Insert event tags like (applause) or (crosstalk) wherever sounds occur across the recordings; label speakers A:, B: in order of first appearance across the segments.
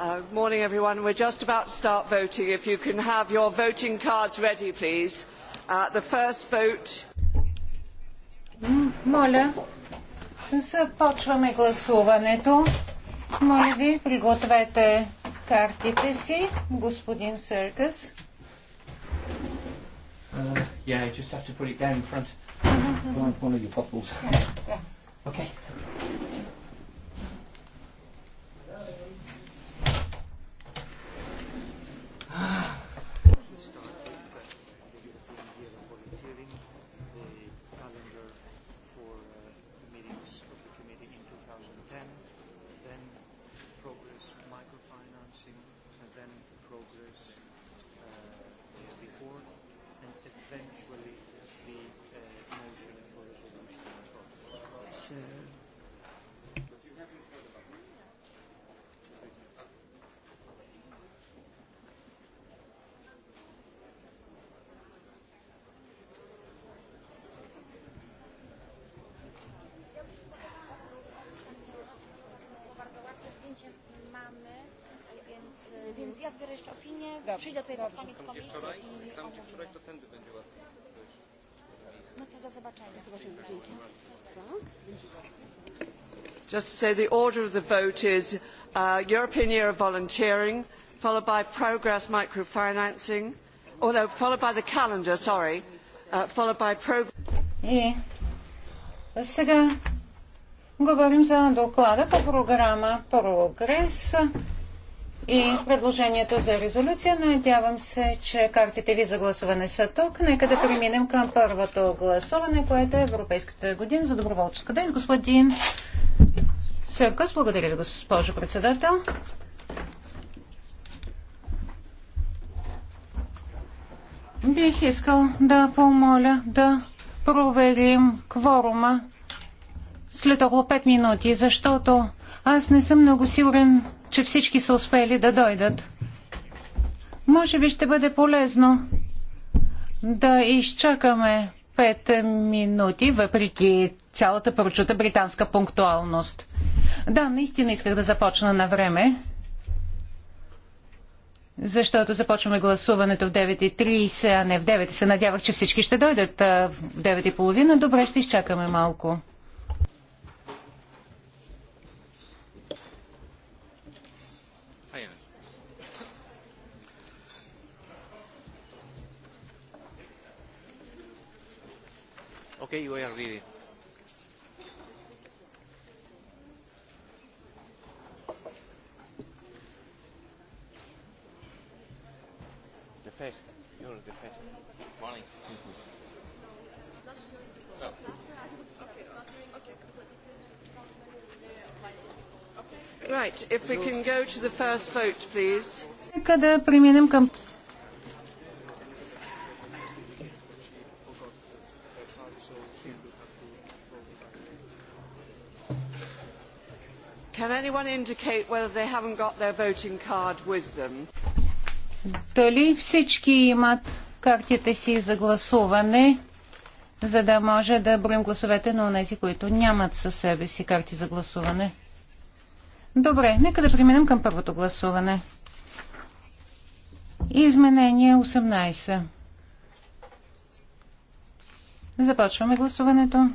A: Good morning, everyone. We're just about to start voting. If you can have your voting cards ready, please. The first vote.
B: Моля, започваме гласуването. Моля ви, пригответе картите си, господин Съркъс.
C: yeah, you just have to put it down in front. One, of your bottles. yeah. Okay.
B: koniec komisji i Tam gdzie wczoraj,
C: to tędy będzie łatwiej.
B: No to do zobaczenia. Do zobaczenia. Dzięki.
A: Just say the order of the vote is uh, European Year of Volunteering, followed by Progress Microfinancing, or no, followed by the calendar, sorry, uh, followed by Progress.
B: И сега говорим за доклада по програма Прогрес и предложението за резолюция. Надявам се, че картите ви за гласуване са тук. Нека да преминем към първото гласуване, което е Европейската година за доброволческа дейност. Господин Съркъс, благодаря ви, госпожо председател. Бих искал да помоля да проверим кворума след около 5 минути, защото аз не съм много сигурен че всички са успели да дойдат. Може би ще бъде полезно да изчакаме 5 минути, въпреки цялата прочута британска пунктуалност. Да, наистина исках да започна на време, защото започваме гласуването в 9.30, а не в 9. Се надявах, че всички ще дойдат в 9.30. Добре, ще изчакаме малко.
C: Ok, voy a abrir. The first. You're the first. Morning.
B: Right,
A: if we can go to the first vote, please.
B: Нека да преминем към
A: Can anyone indicate whether they haven't got their voting card with them?
B: Дали всички имат картите си за гласуване, за да може да броим гласовете на тези, които нямат със себе си карти за гласуване? Добре, нека да преминем към първото гласуване. Изменение 18. Започваме гласуването.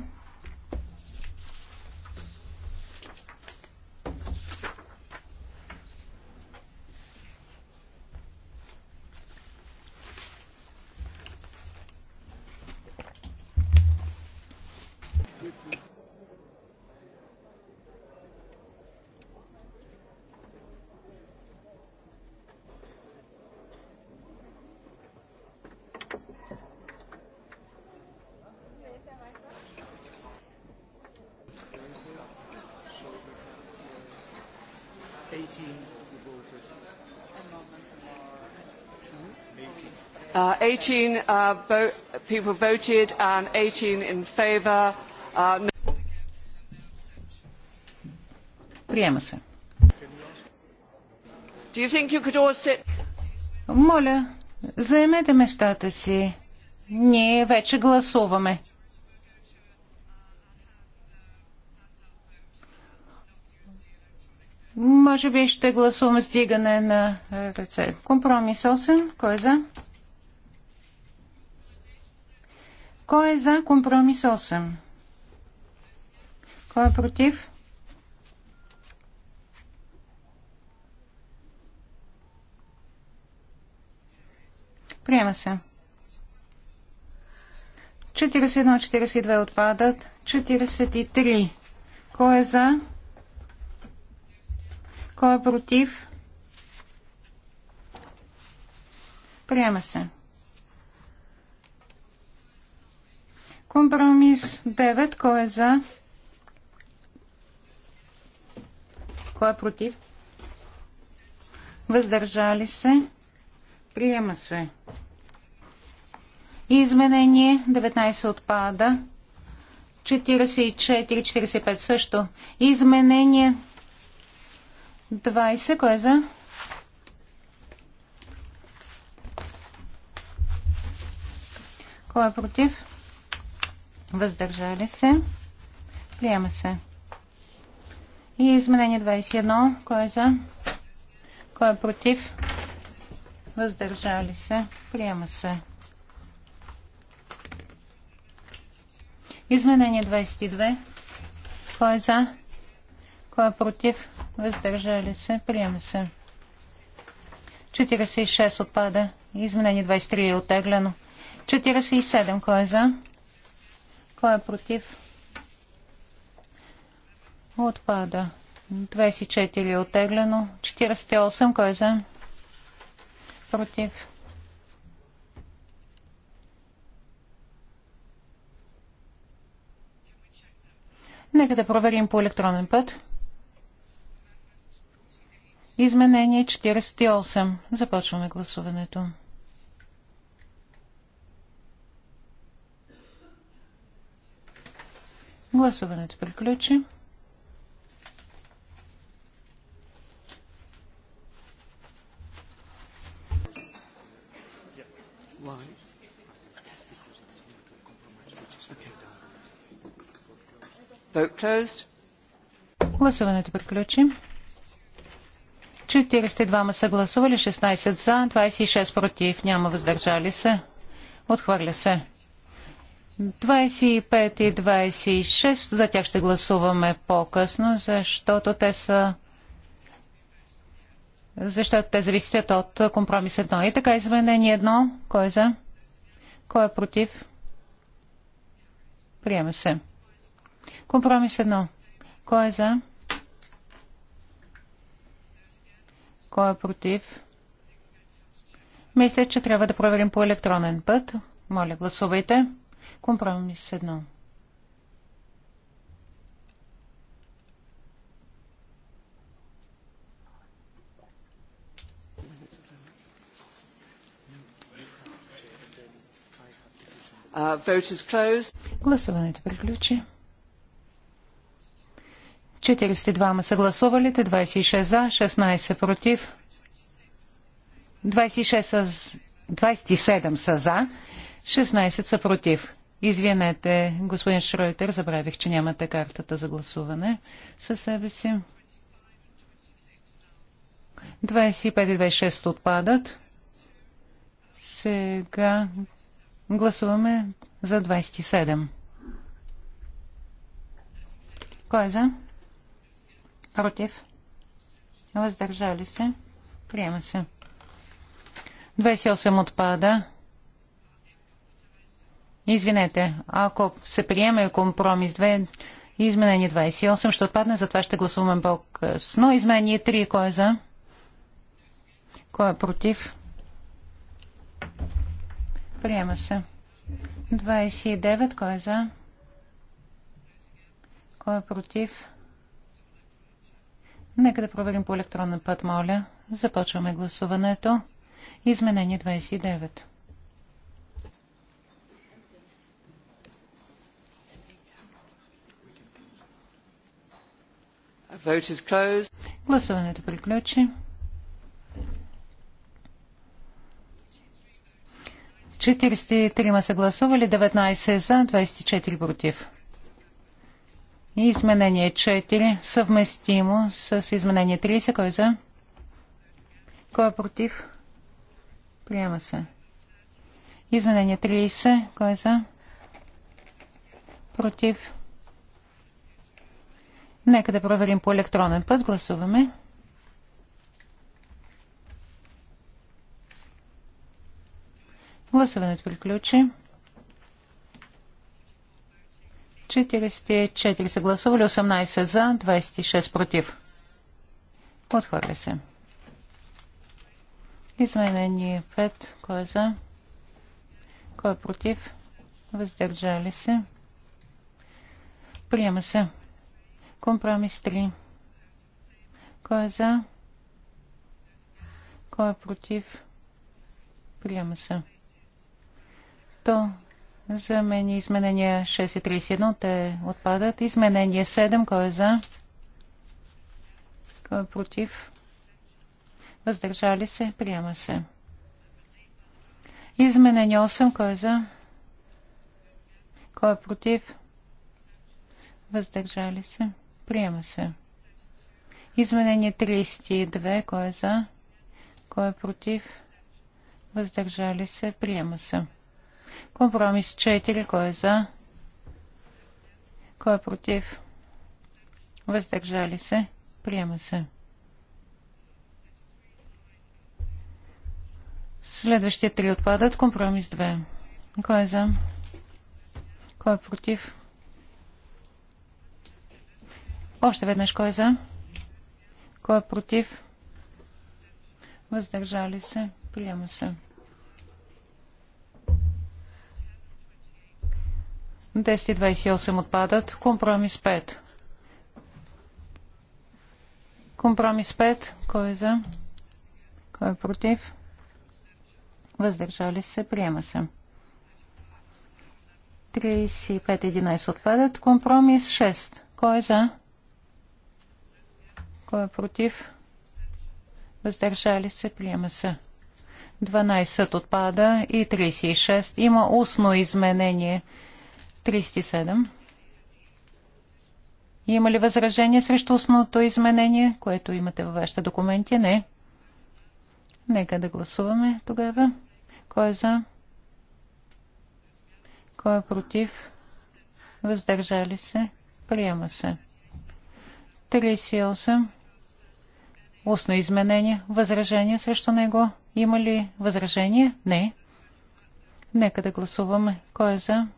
A: 18 uh, vote, people voted and 18 in favor.
B: Uh, Приема се.
A: Do you think you could all sit...
B: Моля, заемете местата си. Ние вече гласуваме. Може би ще гласуваме с дигане на ръце. Компромис 8. Кой е за? Кой е за компромис 8? Кой е против? Приема се. 41-42 отпадат. 43. Кой е за? Кой е против? Приема се. 44-45. Компромис 9. Кой е за? Кой е против? Въздържали се? Приема се. Изменение 19 отпада. 44-45 също. Изменение 20. Кой е за? Кой е против? Въздържали се. Приема се. И изменение 21. Кой е за? Кой е против? Въздържали се. Приема се. Изменение 22. Кой е за? Кой е против? Въздържали се. Приема се. 46 отпада. Изменение 23 е оттеглено. 47. Кой е за? Кой е против? Отпада. 24 е отеглено. 48. Кой е за? Против. Нека да проверим по електронен път. Изменение 48. Започваме гласуването. Гласуването приключи. Гласуването приключи. 42 ма са гласували, 16 за, 26 против, няма въздържали се. Отхвърля се. 25 и 26, за тях ще гласуваме по-късно, защото те са защото те зависят от компромис 1. И така, изменение 1. Кой е за? Кой е против? Приема се. Компромис 1. Кой е за? Кой е против? Мисля, че трябва да проверим по електронен път. Моля, гласувайте. Компромис с едно.
A: Uh,
B: Гласуването приключи. 42 са гласувалите, 26 за, 16 против, 26 са, 27 са за, 16 са против. Извинете, господин Шройтер, забравих, че нямате картата за гласуване със себе си. 25 и 26 отпадат. Сега гласуваме за 27. Кой е за? Против? Въздържали се? Приема се. 28 отпада. Извинете, ако се приеме компромис 2, изменение 28 ще отпадне, затова ще гласуваме Бог с. Но изменение 3, кой е за? Кой е против? Приема се. 29, кой е за? Кой е против? Нека да проверим по електронен път, моля. Започваме гласуването. Изменение 29. Гласуването приключи. 43 са гласували, 19 е за, 24 против. Изменение 4 съвместимо с изменение 30. Кой е за? Кой е против? Приема се. Изменение 30. Кой е за? Против. Нека да проверим по електронен път. Гласуваме. Гласуването приключи. 44 са гласували, 18 за, 26 против. Отхвърля се. Изменение 5. Кой е за? Кой е против? Въздържали се. Приема се. Компромис 3. Кой е за? Кой е против? Приема се. То за мен изменение 6.31. Те отпадат. Изменение 7. Кой е за? Кой е против? Въздържали се? Приема се. Изменение 8. Кой е за? Кой е против? Въздържали се? Приема се. Изменение 32. Кой е за? Кой е против? Въздържали се. Приема се. Компромис 4. Кой е за? Кой е против? Въздържали се. Приема се. Следващия три отпадат. Компромис 2. Кой е за? Кой е против? Още веднъж кой е за? Кой е против? Въздържали се. Приема се. 10.28 отпадат. Компромис 5. Компромис 5. Кой е за? Кой е против? Въздържали се. Приема се. 35.11 отпадат. Компромис 6. Кой е за? Кой е против? Въздържали се, приема се. 12 отпада и 36. Има устно изменение. 37. Има ли възражение срещу устното изменение, което имате във вашите документи? Не. Нека да гласуваме тогава. Кой е за? Кой е против? Въздържали се? Приема се. 38 устно изменение, възражение срещу него. Има ли възражение? Не. Нека да гласуваме. Кой е за?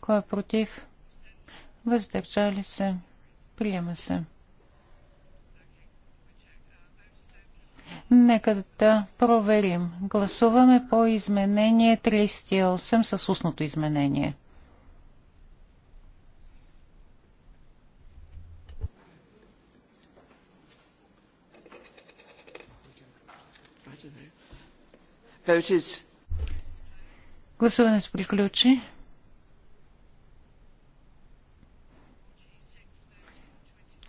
B: Кой е против? Въздържали се. Приема се. Нека да проверим. Гласуваме по изменение 38 с устното изменение. Гласуването приключи.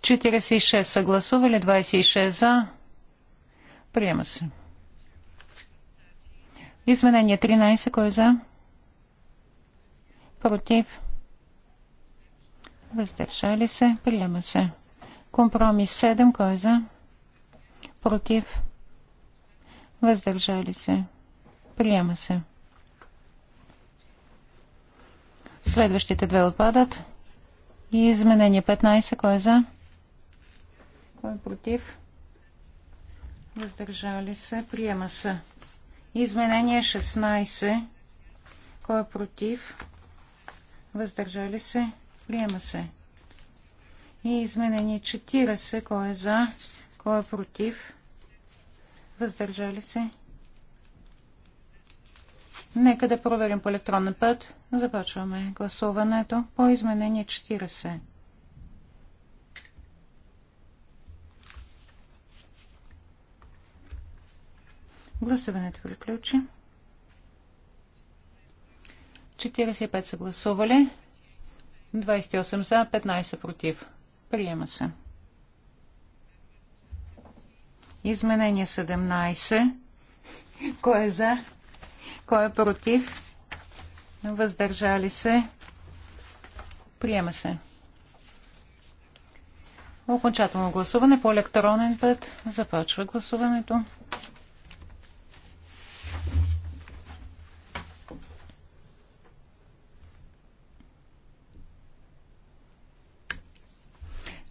B: 46 са гласували, 26 за. Приема се. Изменение 13. Кой е за? Против. Въздържали се. Приема се. Компромис 7. Кой е за? Против. Въздържали се. Приема се. Следващите две отпадат. И изменение 15. Кой е за? Кой е против? Въздържали се. Приема се. Изменение 16. Кой е против? Въздържали се. Приема се. И изменение 40. Кой е за? Кой е против? Въздържали се. Нека да проверим по електронен път. Започваме гласуването по изменение 40. Гласуването приключи. 45 са гласували, 28 за, 15 против. Приема се. Изменение 17. Кой е за? Кой е против? Въздържали се? Приема се. Окончателно гласуване по електронен път. Започва гласуването.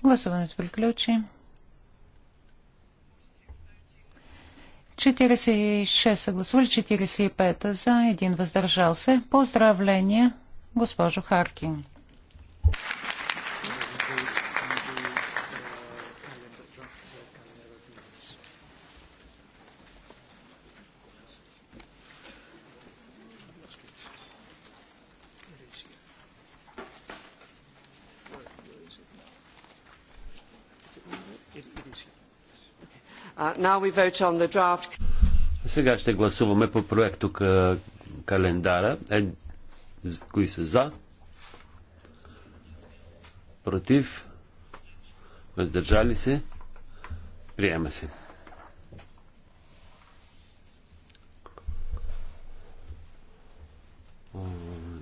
B: Гласуването приключи. 46 са гласували, 45 за, един въздържал се. Поздравления, госпожо Харкин.
D: Сега ще гласуваме по проекто календара. Е, кои са за? Против? Въздържали се? Приема се.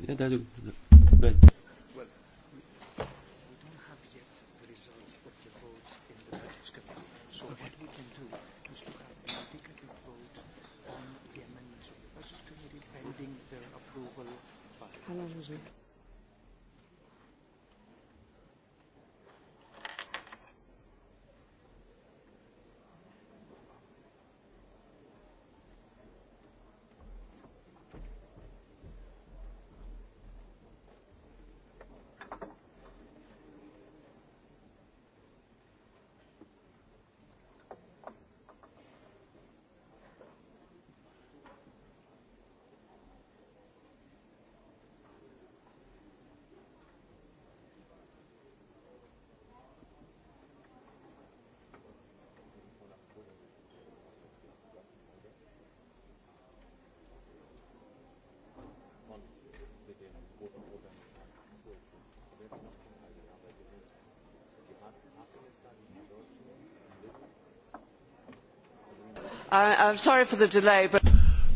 D: Я дай. Halalosur.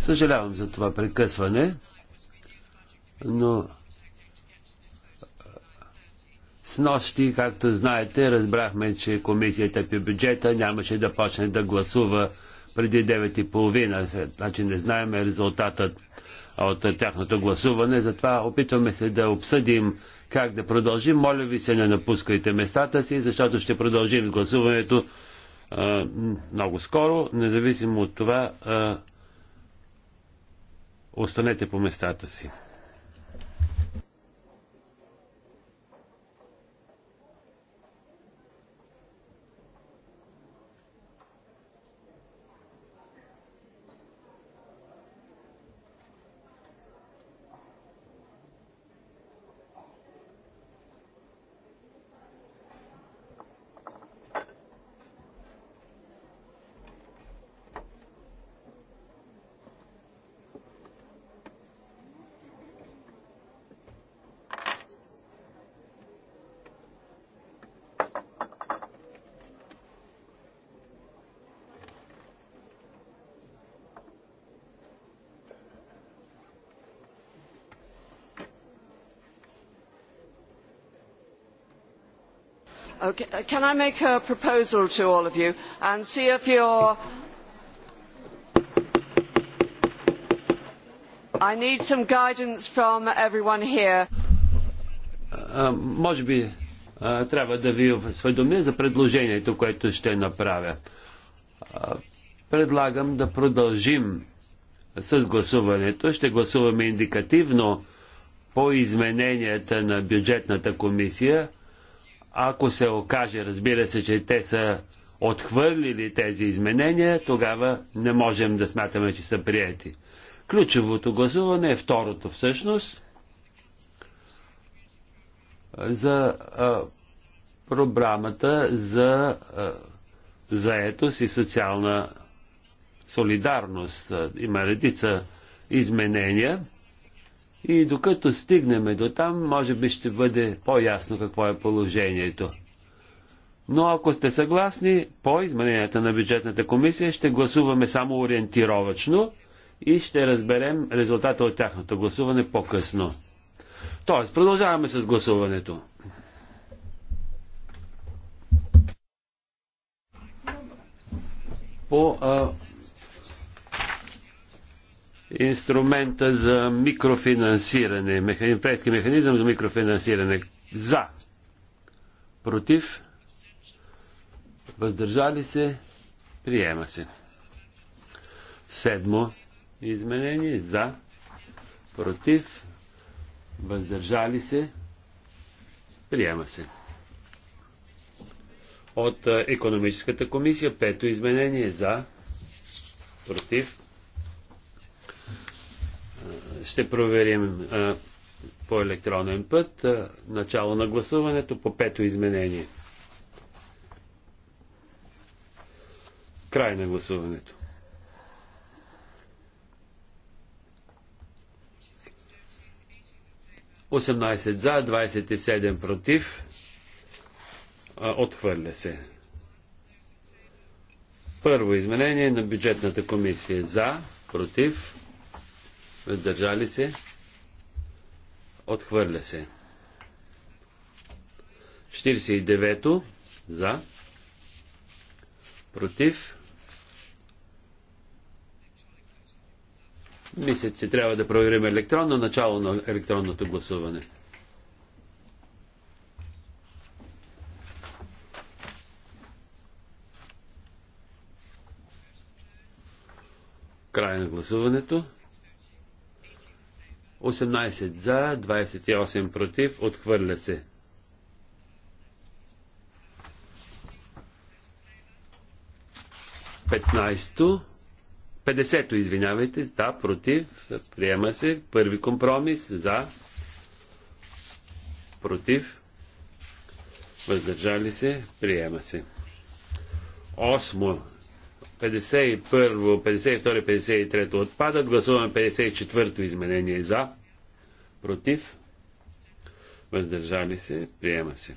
D: Съжалявам за това прекъсване, но с нощи, както знаете, разбрахме, че комисията по бюджета нямаше да почне да гласува преди 9.30. Значи не знаем резултатът от тяхното гласуване, затова опитваме се да обсъдим как да продължим. Моля ви се, не напускайте местата си, защото ще продължим с гласуването много скоро, независимо от това, останете по местата си.
A: Uh, can I make a proposal to all of you and see if you're... I need some guidance from everyone here.
D: Може би трябва да ви осведомя за предложението, което ще направя. Предлагам да продължим с гласуването. Ще гласуваме индикативно по измененията на бюджетната комисия – ако се окаже, разбира се, че те са отхвърлили тези изменения, тогава не можем да смятаме, че са приети. Ключовото гласуване е второто всъщност за а, програмата за а, заетост и социална солидарност. Има редица изменения. И докато стигнем до там, може би ще бъде по-ясно какво е положението. Но ако сте съгласни, по измененията на бюджетната комисия ще гласуваме само ориентировачно и ще разберем резултата от тяхното гласуване по-късно. Тоест, продължаваме с гласуването. По а, инструмента за микрофинансиране, европейски механизъм за микрофинансиране. За. Против. Въздържали се. Приема се. Седмо изменение. За. Против. Въздържали се. Приема се. От економическата комисия пето изменение за, против, ще проверим а, по електронен път а, начало на гласуването по пето изменение. Край на гласуването. Осемнайсет за, 27 против. А, отхвърля се. Първо изменение на бюджетната комисия за, против въздържали се, отхвърля се. 49-то за, против, мисля, че трябва да проверим електронно начало на електронното гласуване. Край на гласуването. 18 за, 28 против, отхвърля се. Петнайсто, 50 извинявайте, за, против, приема се, първи компромис, за, против, въздържали се, приема се. Осмо 51, 52, 53 отпадат. Гласуваме 54-то изменение за. Против. Въздържали се. Приема се.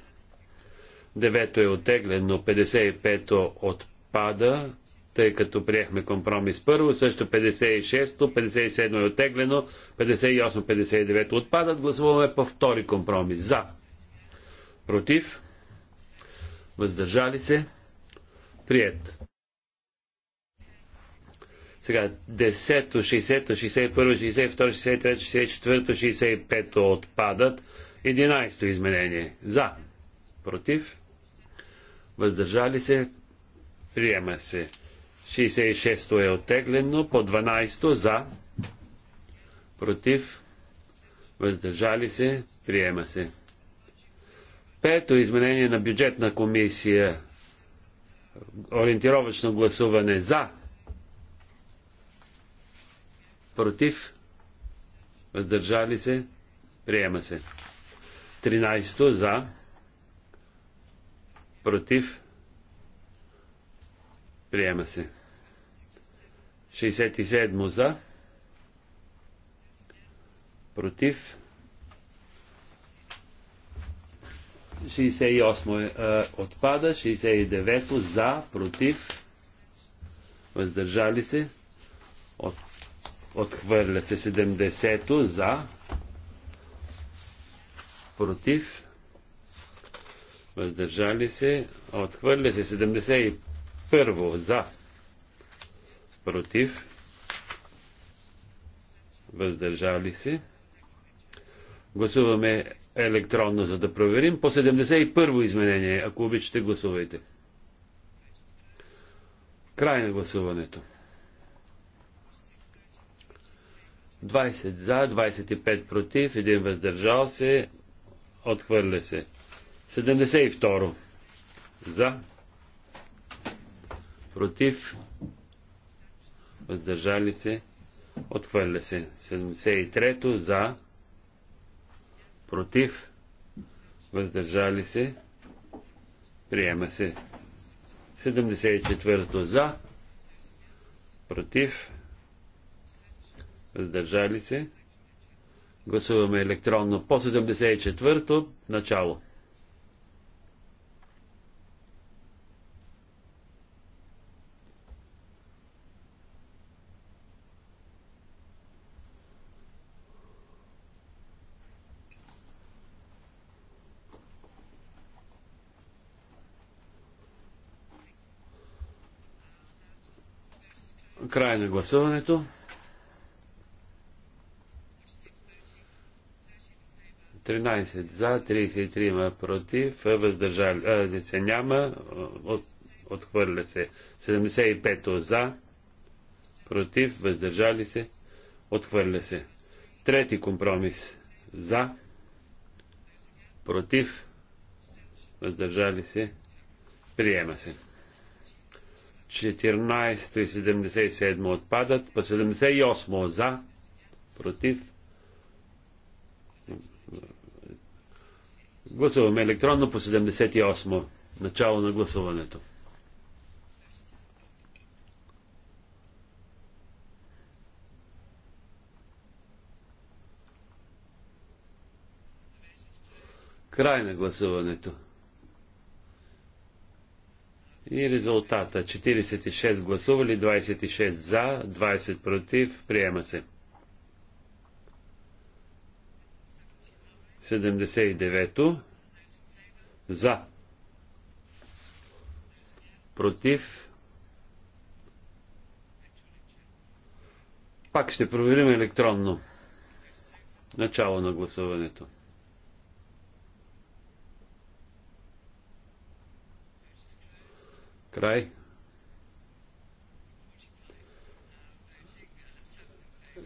D: Девето е отеглено. 55-то отпада, тъй като приехме компромис първо. Също 56-то, 57-то е отеглено. 58 59-то отпадат. Гласуваме по втори компромис. За. Против. Въздържали се. Прият. Сега, 10-то, 60-то, 61-то, 62-то, 63-то, 64-то, 65-то отпадат. 11-то изменение. За. Против. Въздържали се. Приема се. 66-то е оттеглено. По 12-то за. Против. Въздържали се. Приема се. Пето изменение на бюджетна комисия. Ориентировъчно гласуване за против, въздържали се, приема се. 13 за, против, приема се. 67 за, против, 68 е, е, отпада, 69 за, против, въздържали се, Отхвърля се 70-то за. Против. Въздържали се. Отхвърля се 71-во за. Против. Въздържали се. Гласуваме електронно, за да проверим. По 71-во изменение, ако обичате, гласувайте. Край на гласуването. 20 за, 25 против, един въздържал се, отхвърля се. 72 за, против, въздържали се, отхвърля се. 73 за, против, въздържали се, приема се. 74 за, против, въздържали се. Гласуваме електронно по 74-то начало. Край на гласуването. 13 за, 33 против, въздържали се няма, от, отхвърля се. 75 за, против, въздържали се, отхвърля се. Трети компромис за, против, въздържали се, приема се. 14 и 77 отпадат, по 78 за, против, Гласуваме електронно по 78. о Начало на гласуването. Край на гласуването. И резултата 46 гласували, 26 за, 20 против, приема се. 79-то за против пак ще проверим електронно начало на гласуването. Край.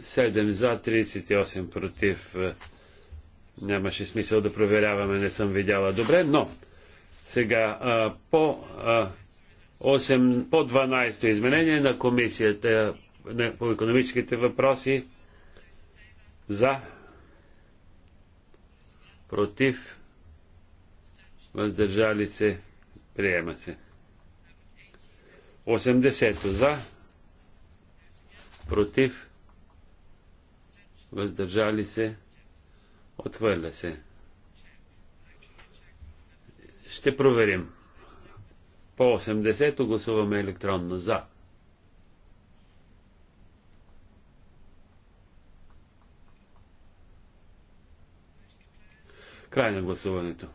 D: Седем за, 38 против. Нямаше смисъл да проверяваме, не съм видяла добре, но сега а, по, а, 8, по 12-то изменение на комисията на, по економическите въпроси за против въздържали се приема се 80-то за против въздържали се Отхвърля се. Ще проверим. По 80-то гласуваме електронно за. Край на гласуването.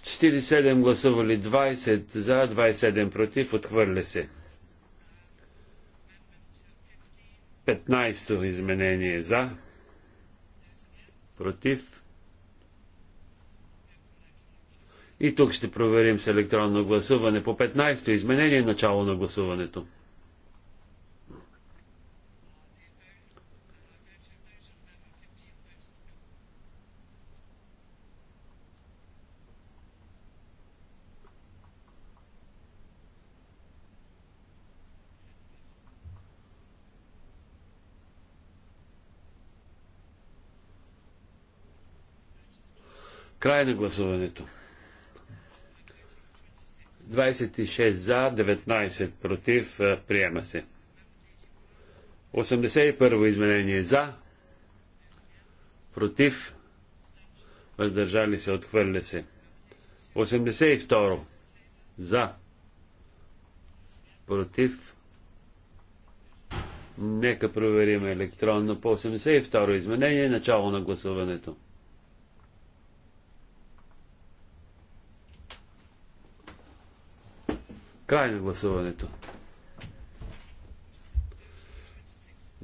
D: 47 гласували 20 за, 27 против, отхвърля се. 15-то изменение за, против. И тук ще проверим с електронно гласуване по 15-то изменение начало на гласуването. Край на гласуването. 26 за, 19 против, приема се. 81-во изменение за, против, въздържали се, отхвърля се. 82 за, против, нека проверим електронно по 82 изменение, начало на гласуването. Край на гласуването.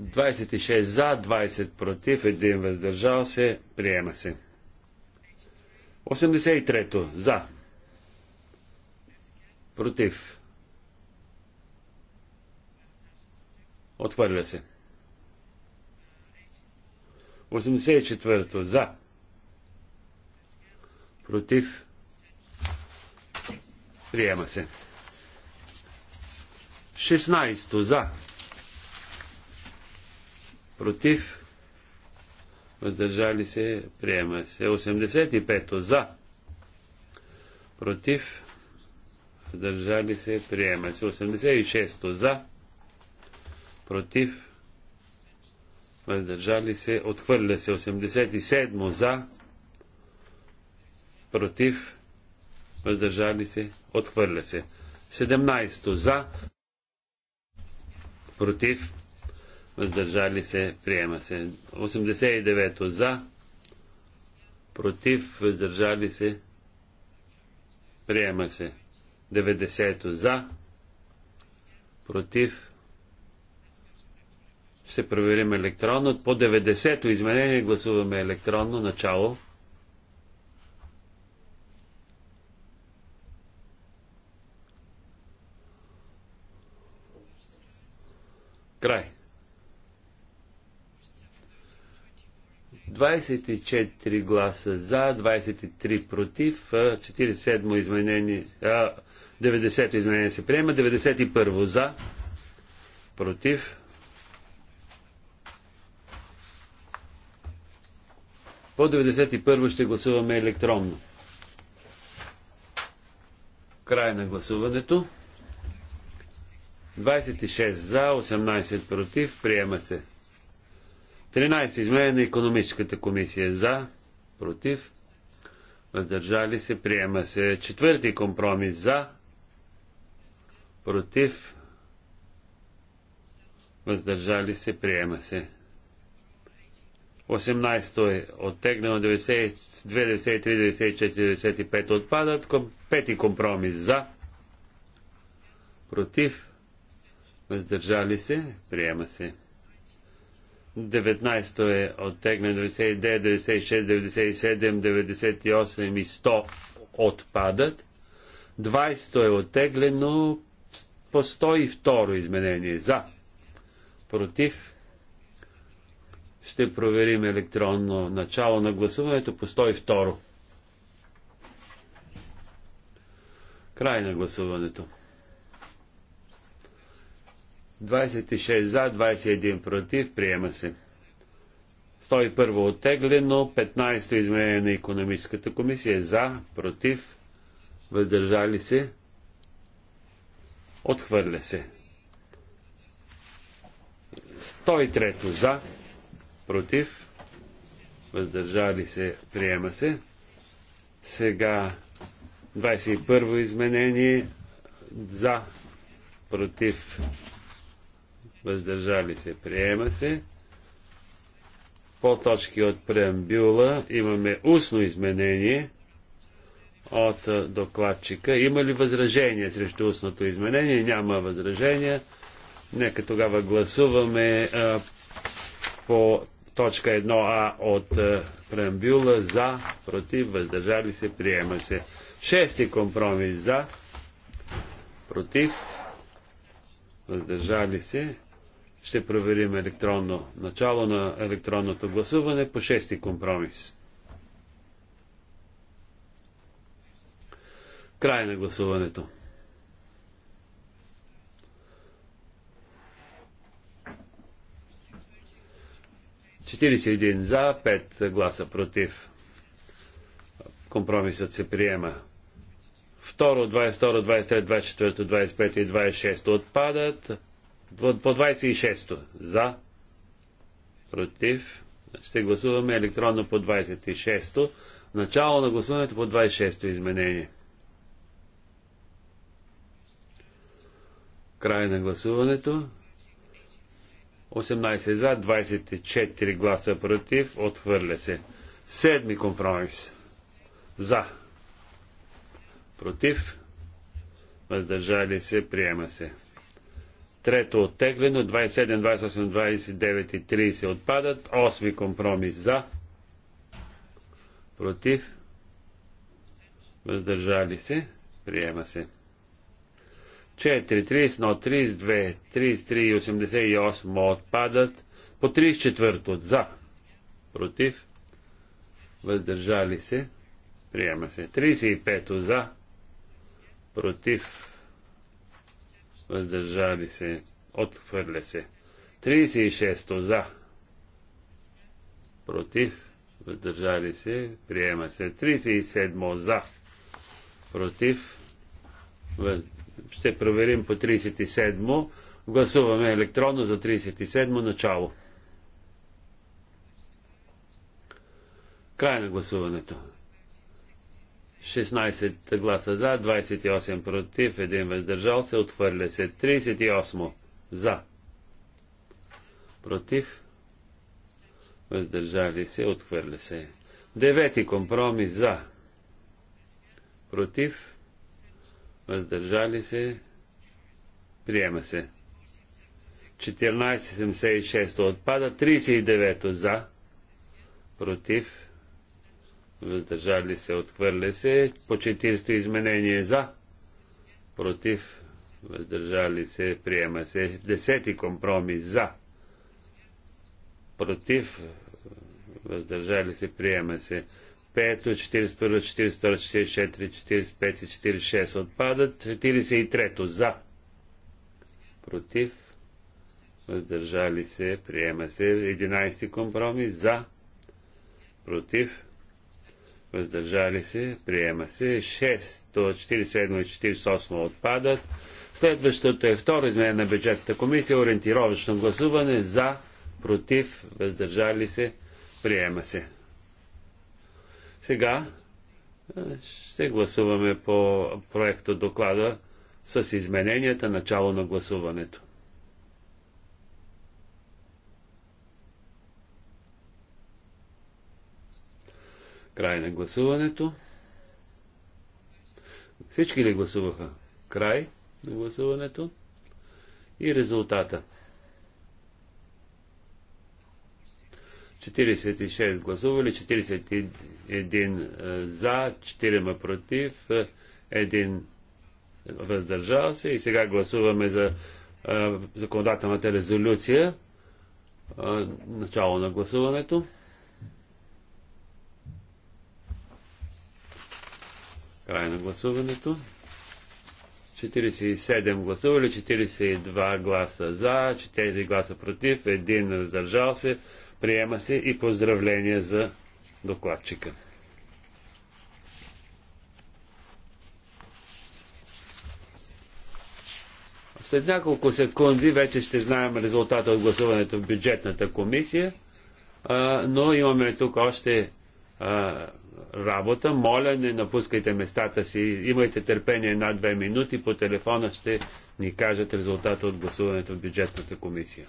D: 26 за, 20 против, 1 въздържал се, приема се. 83-то за. Против. Отхвърля се. 84-то за. Против. Приема се. 16 за. Против. Въздържали се. Приема се. 85 за. Против. Въздържали се. Приема се. 86 за. Против. Въздържали се. Отхвърля се. 87 за. Против. Въздържали се. Отхвърля се. 17 за против, въздържали се, приема се. 89 за, против, въздържали се, приема се. 90 за, против, ще проверим електронно. По 90-то изменение гласуваме електронно начало. Край. 24 гласа за, 23 против, 47 изменение, 90 изменение се приема, 91 за, против. По 91 ще гласуваме електронно. Край на гласуването. 26 за, 18 против. Приема се. 13. Изменение на економическата комисия за, против. Въздържали се. Приема се. Четвърти компромис за, против. Въздържали се. Приема се. 18 е оттегнено, 92, 93, 94, 95 отпадат. Пети компромис за, против въздържали се, приема се. 19 е оттегне 99, 96, 97, 98 и 100 отпадат. 20 е оттеглено по 102 изменение. За. Против. Ще проверим електронно начало на гласуването по 102. Край на гласуването. 26 за, 21 против, приема се. 101 оттеглено, 15 изменение на економическата комисия за, против, въздържали се, отхвърля се. 103 за, против, въздържали се, приема се. Сега 21 изменение за, против, въздържали се, приема се. По точки от преамбюла имаме устно изменение от докладчика. Има ли възражение срещу устното изменение? Няма възражения. Нека тогава гласуваме а, по точка 1а от а, преамбюла за, против, въздържали се, приема се. Шести компромис за, против, въздържали се, ще проверим електронно начало на електронното гласуване по шести компромис. Край на гласуването. един за, 5 гласа против. Компромисът се приема. Второ, 22, 23, 24, 25 и 26 отпадат. По, 26-то. За. Против. Ще гласуваме електронно по 26-то. Начало на гласуването по 26-то изменение. Край на гласуването. 18 за, 24 гласа против. Отхвърля се. Седми компромис. За. Против. Въздържали се. Приема се. Трето оттеглено. 27, 28, 29 и 30 отпадат. Осми компромис за. Против. Въздържали се. Приема се. 4, 31, 32, 33 и 88 отпадат. По 34 за. Против. Въздържали се. Приема се. 35 за. Против въздържали се, отхвърля се. 36 за, против, въздържали се, приема се. 37 за, против, ще проверим по 37 Гласуваме електронно за 37 начало. Край на гласуването. 16 гласа за, 28 против, 1 въздържал се, отхвърля се. 38 за, против, въздържали се, отхвърля се. Девети компромис за, против, въздържали се, приема се. 1476 отпада, 39 за, против, въздържали се, отхвърля се. По 40 изменение за, против, въздържали се, приема се. Десети компромис за, против, въздържали се, приема се. 5, 41, 42, 44, 45 46 отпадат. 43 за, против, въздържали се, приема се. 11 компромис за, против, въздържали се, приема се. 6 от 47 и 48 отпадат. Следващото е второ изменение на бюджетната комисия, ориентировъчно гласуване за, против, въздържали се, приема се. Сега ще гласуваме по проекто доклада с измененията начало на гласуването. Край на гласуването. Всички ли гласуваха? Край на гласуването. И резултата. 46 гласували, 41 е, за, 4 против, 1 е, въздържал се. И сега гласуваме за е, законодателната резолюция. Начало на гласуването. края на гласуването. 47 гласували, 42 гласа за, 4 гласа против, 1 раздържал се. Приема се и поздравление за докладчика. След няколко секунди вече ще знаем резултата от гласуването в бюджетната комисия, но имаме тук още работа. Моля, не напускайте местата си. Имайте търпение една-две минути. По телефона ще ни кажат резултата от гласуването в бюджетната комисия.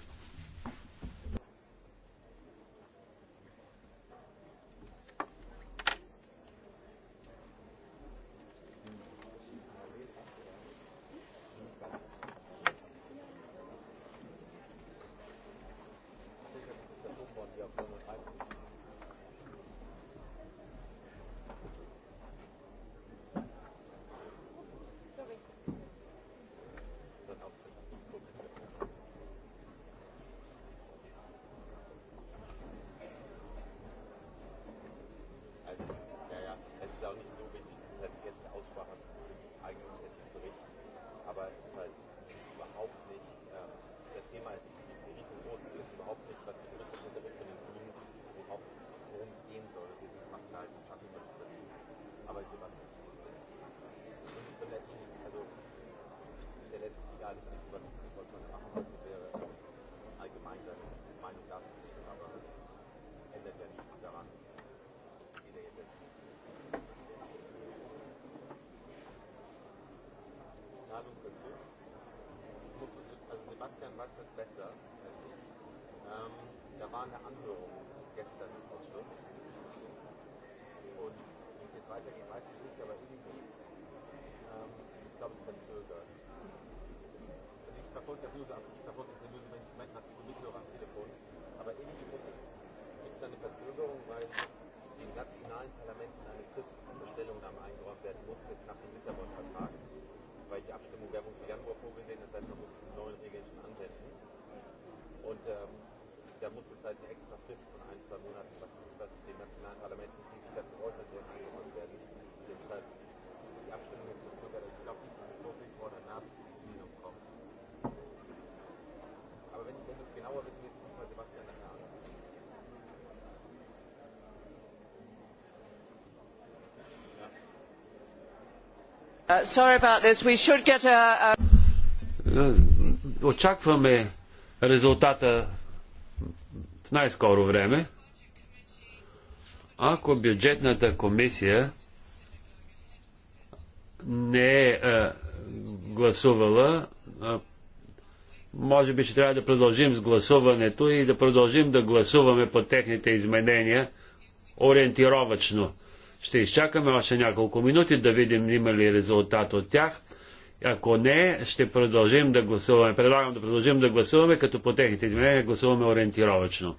E: dazu. Das musste, also Sebastian weiß das besser als ich. Ähm, da war eine Anhörung gestern im Ausschuss. Und wie es jetzt weitergeht, weiß ich nicht, aber irgendwie ähm, ist es, glaube ich, verzögert. Also ich verfolge das News, ich verfolge das News, wenn ich meine, was ich nicht nur am Telefon. Aber irgendwie muss es, gibt es eine Verzögerung, weil den nationalen Parlamenten eine Frist zur Stellungnahme eingeräumt werden muss, jetzt nach dem Lissabon-Vertrag weil die Abstimmung wäre für Januar vorgesehen, das heißt, man muss diese neuen Regeln schon anwenden. Und ähm, da muss jetzt halt eine extra Frist von ein, zwei Monaten, was, was den nationalen Parlamenten, die sich dazu äußern sollen, eingeräumt werden. Deshalb ist die Abstimmung jetzt verzögert. Also ich glaube nicht,
A: Uh,
D: е, очакваме резултата в най-скоро време. Ако бюджетната комисия не е, е гласувала, е, може би ще трябва да продължим с гласуването и да продължим да гласуваме по техните изменения ориентировачно. Ще изчакаме още няколко минути да видим има ли резултат от тях. Ако не, ще продължим да гласуваме. Предлагам да продължим да гласуваме, като по техните изменения гласуваме ориентировачно.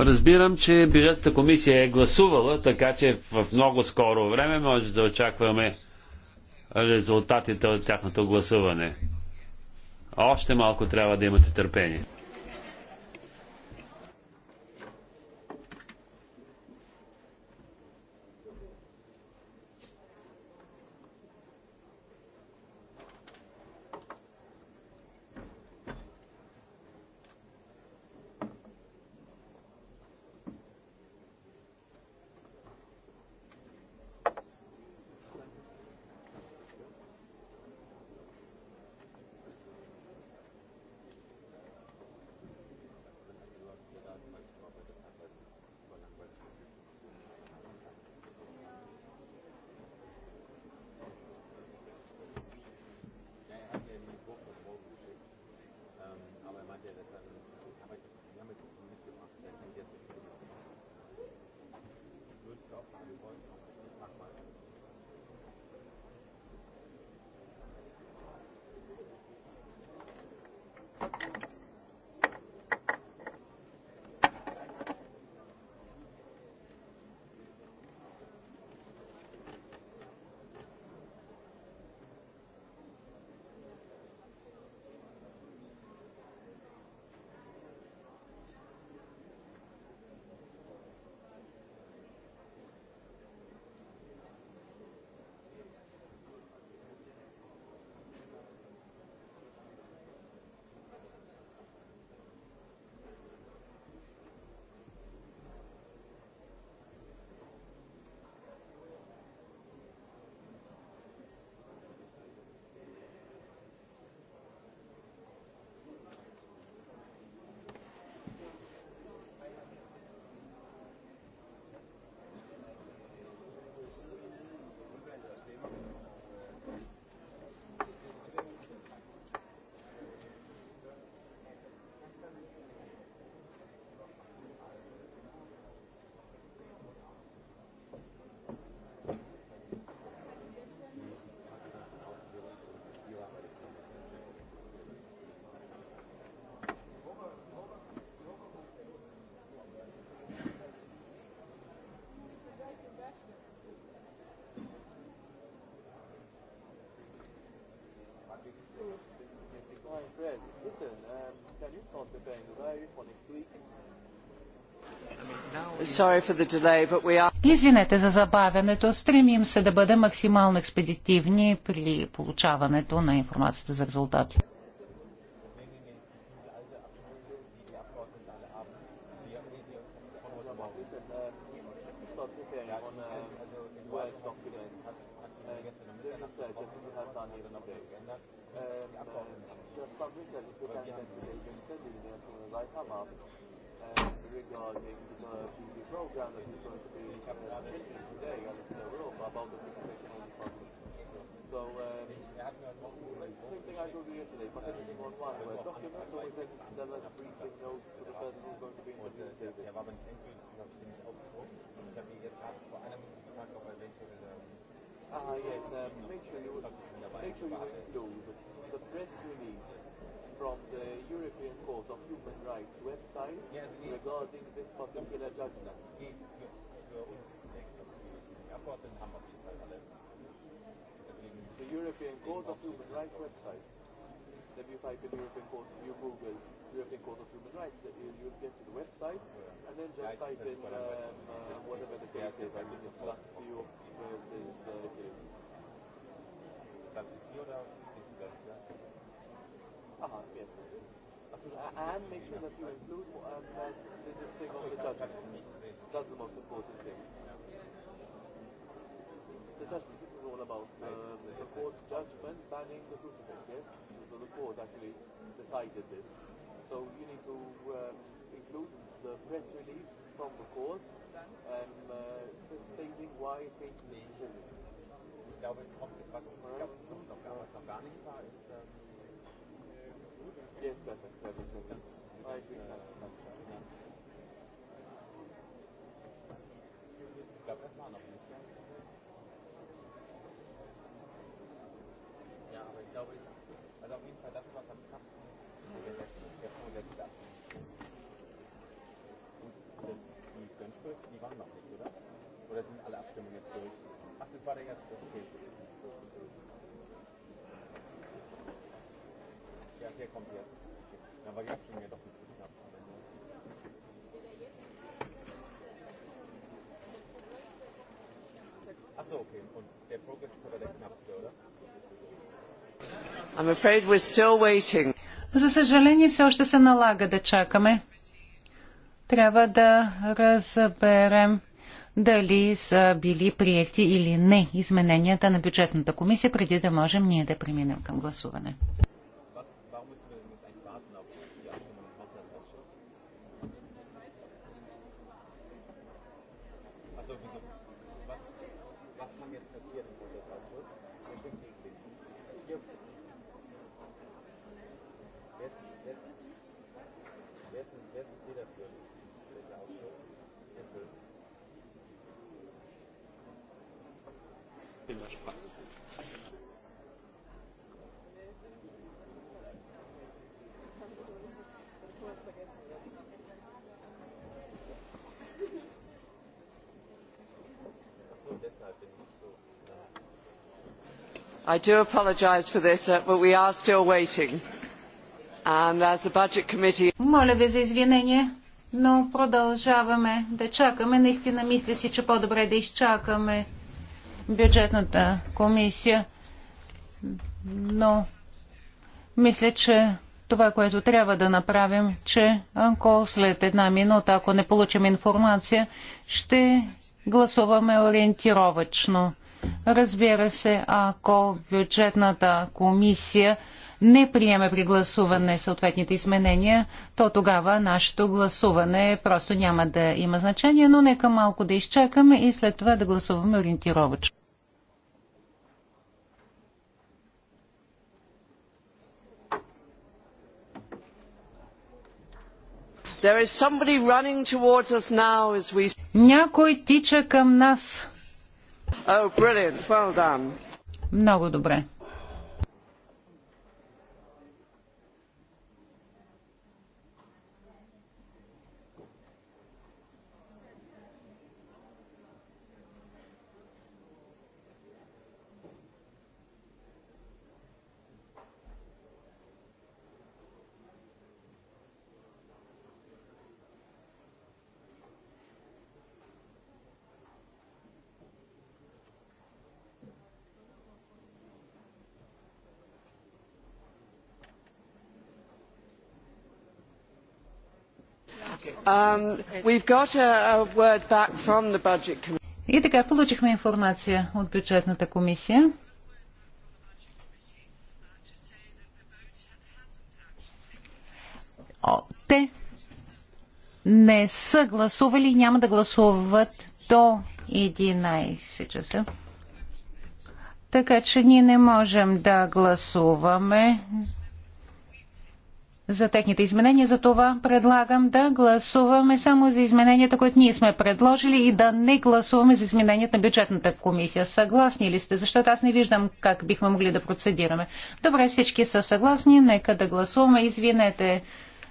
D: Разбирам, че бюджетната комисия е гласувала, така че в много скоро време може да очакваме резултатите от тяхното гласуване. Още малко трябва да имате търпение.
C: Fred, listen, um, can you start for next
A: week?
B: Извинете за забавянето. Стремим се да бъдем максимално експедитивни при получаването на информацията за резултатите.
C: the European Court of Human Rights website. Then you type in European Court, you Google European Court of Human Rights, you, you get to the website, and then just type in um, uh, whatever the case is. I think it's Lazio versus
E: uh, Lazio oder yes
C: and make sure that you include um in the thing of the judgment. That's the most important thing. The judgment, this is all about um, the court judgment banning the crucifix, yes? So the court actually decided this. So you need to um, include the press release from the court um, uh, stating why it made the decision. Ich glaube, es kommt etwas,
E: ich glaube, was noch gar nicht war, ist, ähm, Ja, ich glaube, ich, auf jeden Fall das, was am ist, ist der, letzte, die die waren noch nicht, oder? Oder sind alle Abstimmungen jetzt durch? Ach, das war der erste, das ist okay. der kommt jetzt. jetzt schon mir doch knapp. Achso, okay. Und der Progress ist aber der knappste, oder?
B: I'm afraid we're still waiting. За съжаление, все още се налага да чакаме. Трябва да разберем дали са били прияти или не измененията на бюджетната комисия, преди да можем ние да преминем към гласуване.
A: I do apologise for this, uh, but we are still waiting. And as the budget
B: committee... Моля ви за извинение, но продължаваме да чакаме. Наистина мисля си, че по-добре да изчакаме бюджетната комисия. Но мисля, че това, което трябва да направим, че ако след една минута, ако не получим информация, ще гласуваме ориентировачно. Разбира се, ако бюджетната комисия не приеме при гласуване съответните изменения, то тогава нашето гласуване просто няма да има значение, но нека малко да изчакаме и след това да гласуваме ориентировъчно. We... Някой тича към нас.
A: Oh,
B: Много добре. Um, и така получихме информация от бюджетната комисия. Те не са гласували и няма да гласуват до 11 часа. Така че ние не можем да гласуваме за техните изменения. За това предлагам да гласуваме само за измененията, които ние сме предложили и да не гласуваме за измененията на бюджетната комисия. Съгласни ли сте? Защото аз не виждам как бихме могли да процедираме. Добре, всички са съгласни. Нека да гласуваме. Извинете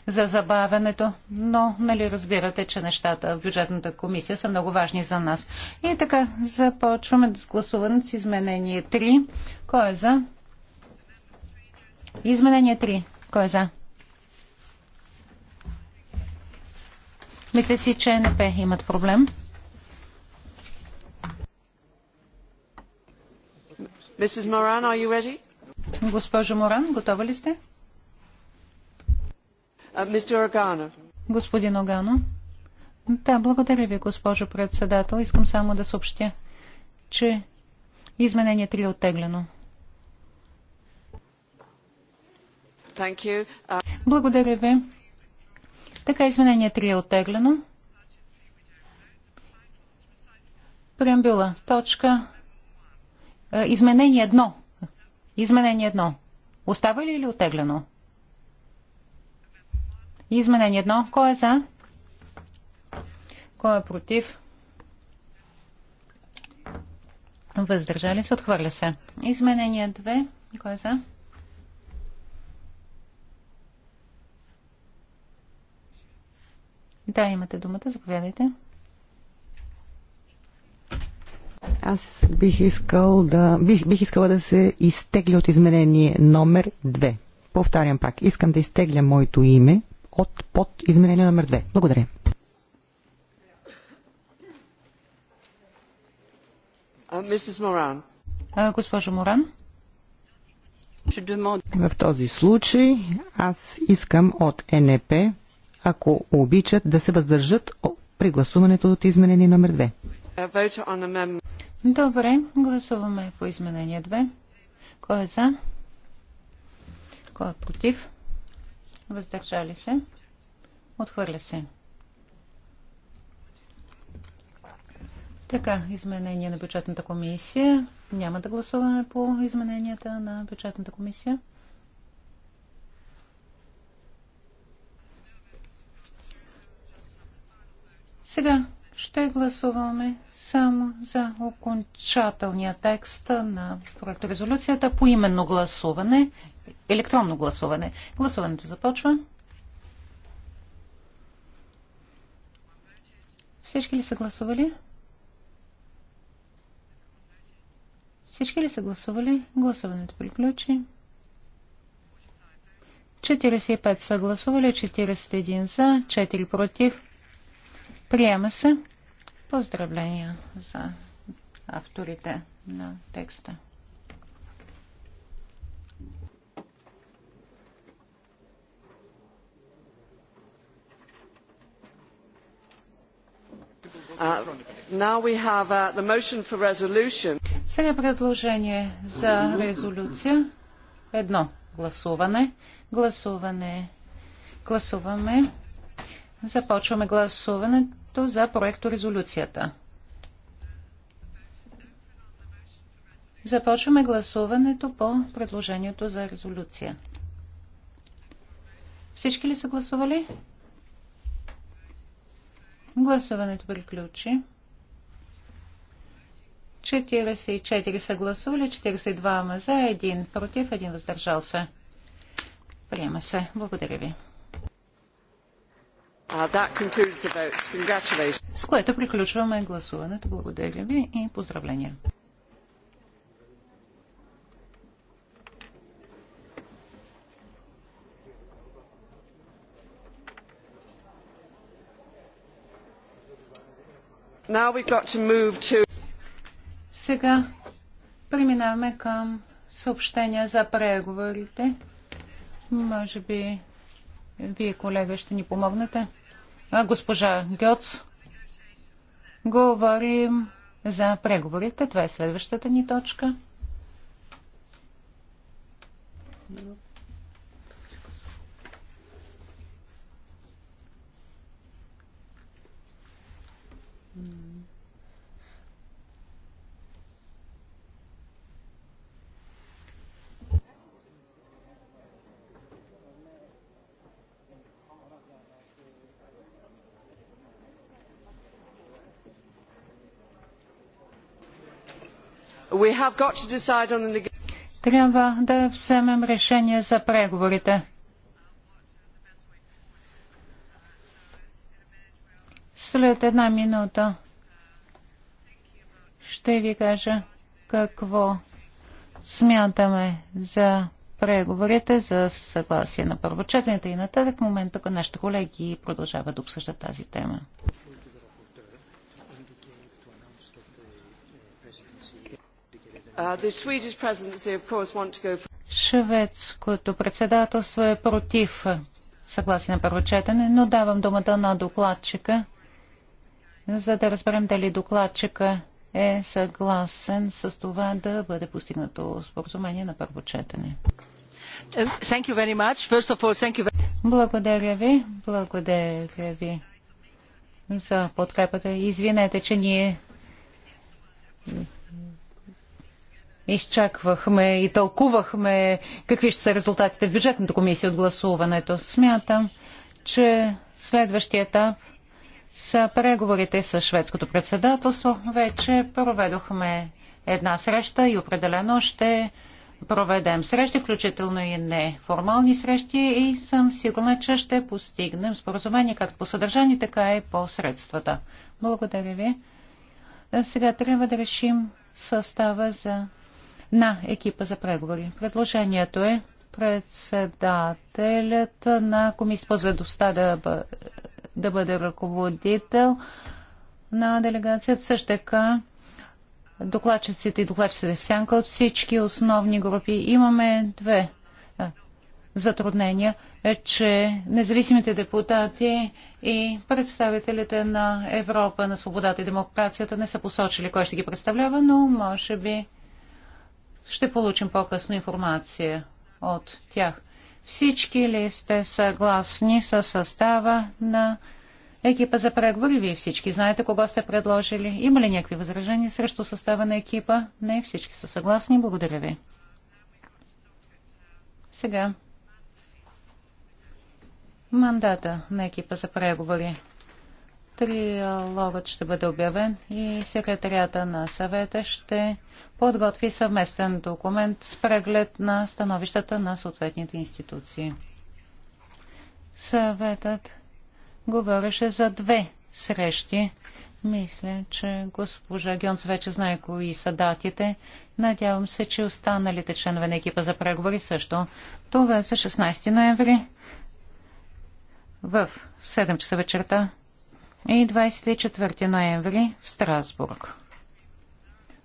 B: за забавянето, но нали разбирате, че нещата в бюджетната комисия са много важни за нас. И така, започваме да гласуваме с изменение 3. Кой е за? Изменение 3. Кой е за? Мисля си, че НП имат проблем. Госпожо Моран, готова ли сте? Uh, Господин Огано. Да, благодаря ви, госпожо председател. Искам само да съобщя, че изменение 3 е оттеглено.
A: Uh,
B: благодаря ви. Така изменение 3 е оттеглено. Преамбюла. Точка. Е, изменение 1. Изменение 1. Остава ли или е оттеглено? Изменение 1. Кой е за? Кой е против? Въздържали се. Отхвърля се. Изменение 2. Кой е за? Да, имате думата, заповядайте.
F: Аз бих, искал да, бих, бих искала да се изтегля от изменение номер 2. Повтарям пак, искам да изтегля моето име от под изменение номер 2. Благодаря.
B: Госпожо Моран.
F: В този случай аз искам от НП ако обичат да се въздържат при гласуването от изменение номер
A: 2.
B: Добре, гласуваме по изменение 2. Кой е за? Кой е против? Въздържали се? Отхвърля се. Така, изменение на бюджетната комисия. Няма да гласуваме по измененията на бюджетната комисия. Сега ще гласуваме само за окончателния текст на проект резолюцията по именно гласуване, електронно гласуване. Гласуването започва. Всички ли са гласували? Всички ли са гласували? Гласуването приключи. 45 са гласували, 41 за, 4 против, Приема се. Поздравления за авторите на текста.
A: Uh, uh,
B: Сега предложение за резолюция. Едно гласуване. Гласуване. Гласуваме Започваме гласуването за проекто резолюцията. Започваме гласуването по предложението за резолюция. Всички ли са гласували? Гласуването приключи. 44 са гласували, 42 за, 1 против, 1 въздържал се. Приема се. Благодаря ви.
A: Uh, С което
B: приключваме гласуването. Благодаря ви и поздравления.
A: To to...
B: Сега преминаваме към съобщения за преговорите. Може би вие, колега, ще ни помогнете. А, госпожа Гьоц, говорим за преговорите. Това е следващата ни точка. Трябва да вземем решение за преговорите. След една минута ще ви кажа какво смятаме за преговорите за съгласие на първочетените и нататък. В момента нашите колеги продължават да обсъждат тази тема.
A: Uh,
B: Шведското председателство е против съгласие на първо четене, но давам думата на докладчика, за да разберем дали докладчика е съгласен с това да бъде постигнато споразумение на първо четене. Uh, Благодаря ви. Благодаря ви за подкрепата. Извинете, че ние изчаквахме и тълкувахме какви ще са резултатите в бюджетната комисия от гласуването. Смятам, че следващия етап са преговорите с шведското председателство. Вече проведохме една среща и определено ще проведем срещи, включително и неформални срещи и съм сигурна, че ще постигнем споразумение както по съдържание, така и по средствата. Благодаря ви. Сега трябва да решим състава за на екипа за преговори. Предложението е председателят на комисията по заедостта да, да бъде ръководител на делегацията. Също така докладчиците и докладчиците в сянка от всички основни групи. Имаме две затруднения, е, че независимите депутати и представителите на Европа, на свободата и демокрацията не са посочили кой ще ги представлява, но може би ще получим по-късно информация от тях. Всички ли сте съгласни с състава на екипа за преговори? Вие всички знаете кого сте предложили. Има ли някакви възражения срещу състава на екипа? Не, всички са съгласни. Благодаря ви. Сега. Мандата на екипа за преговори. Триалогът ще бъде обявен и секретарията на съвета ще подготви съвместен документ с преглед на становищата на съответните институции. Съветът говореше за две срещи. Мисля, че госпожа Гьонц вече знае кои са датите. Надявам се, че останалите членове на екипа за преговори също. Това е за 16 ноември в 7 часа вечерта и 24 ноември в Страсбург.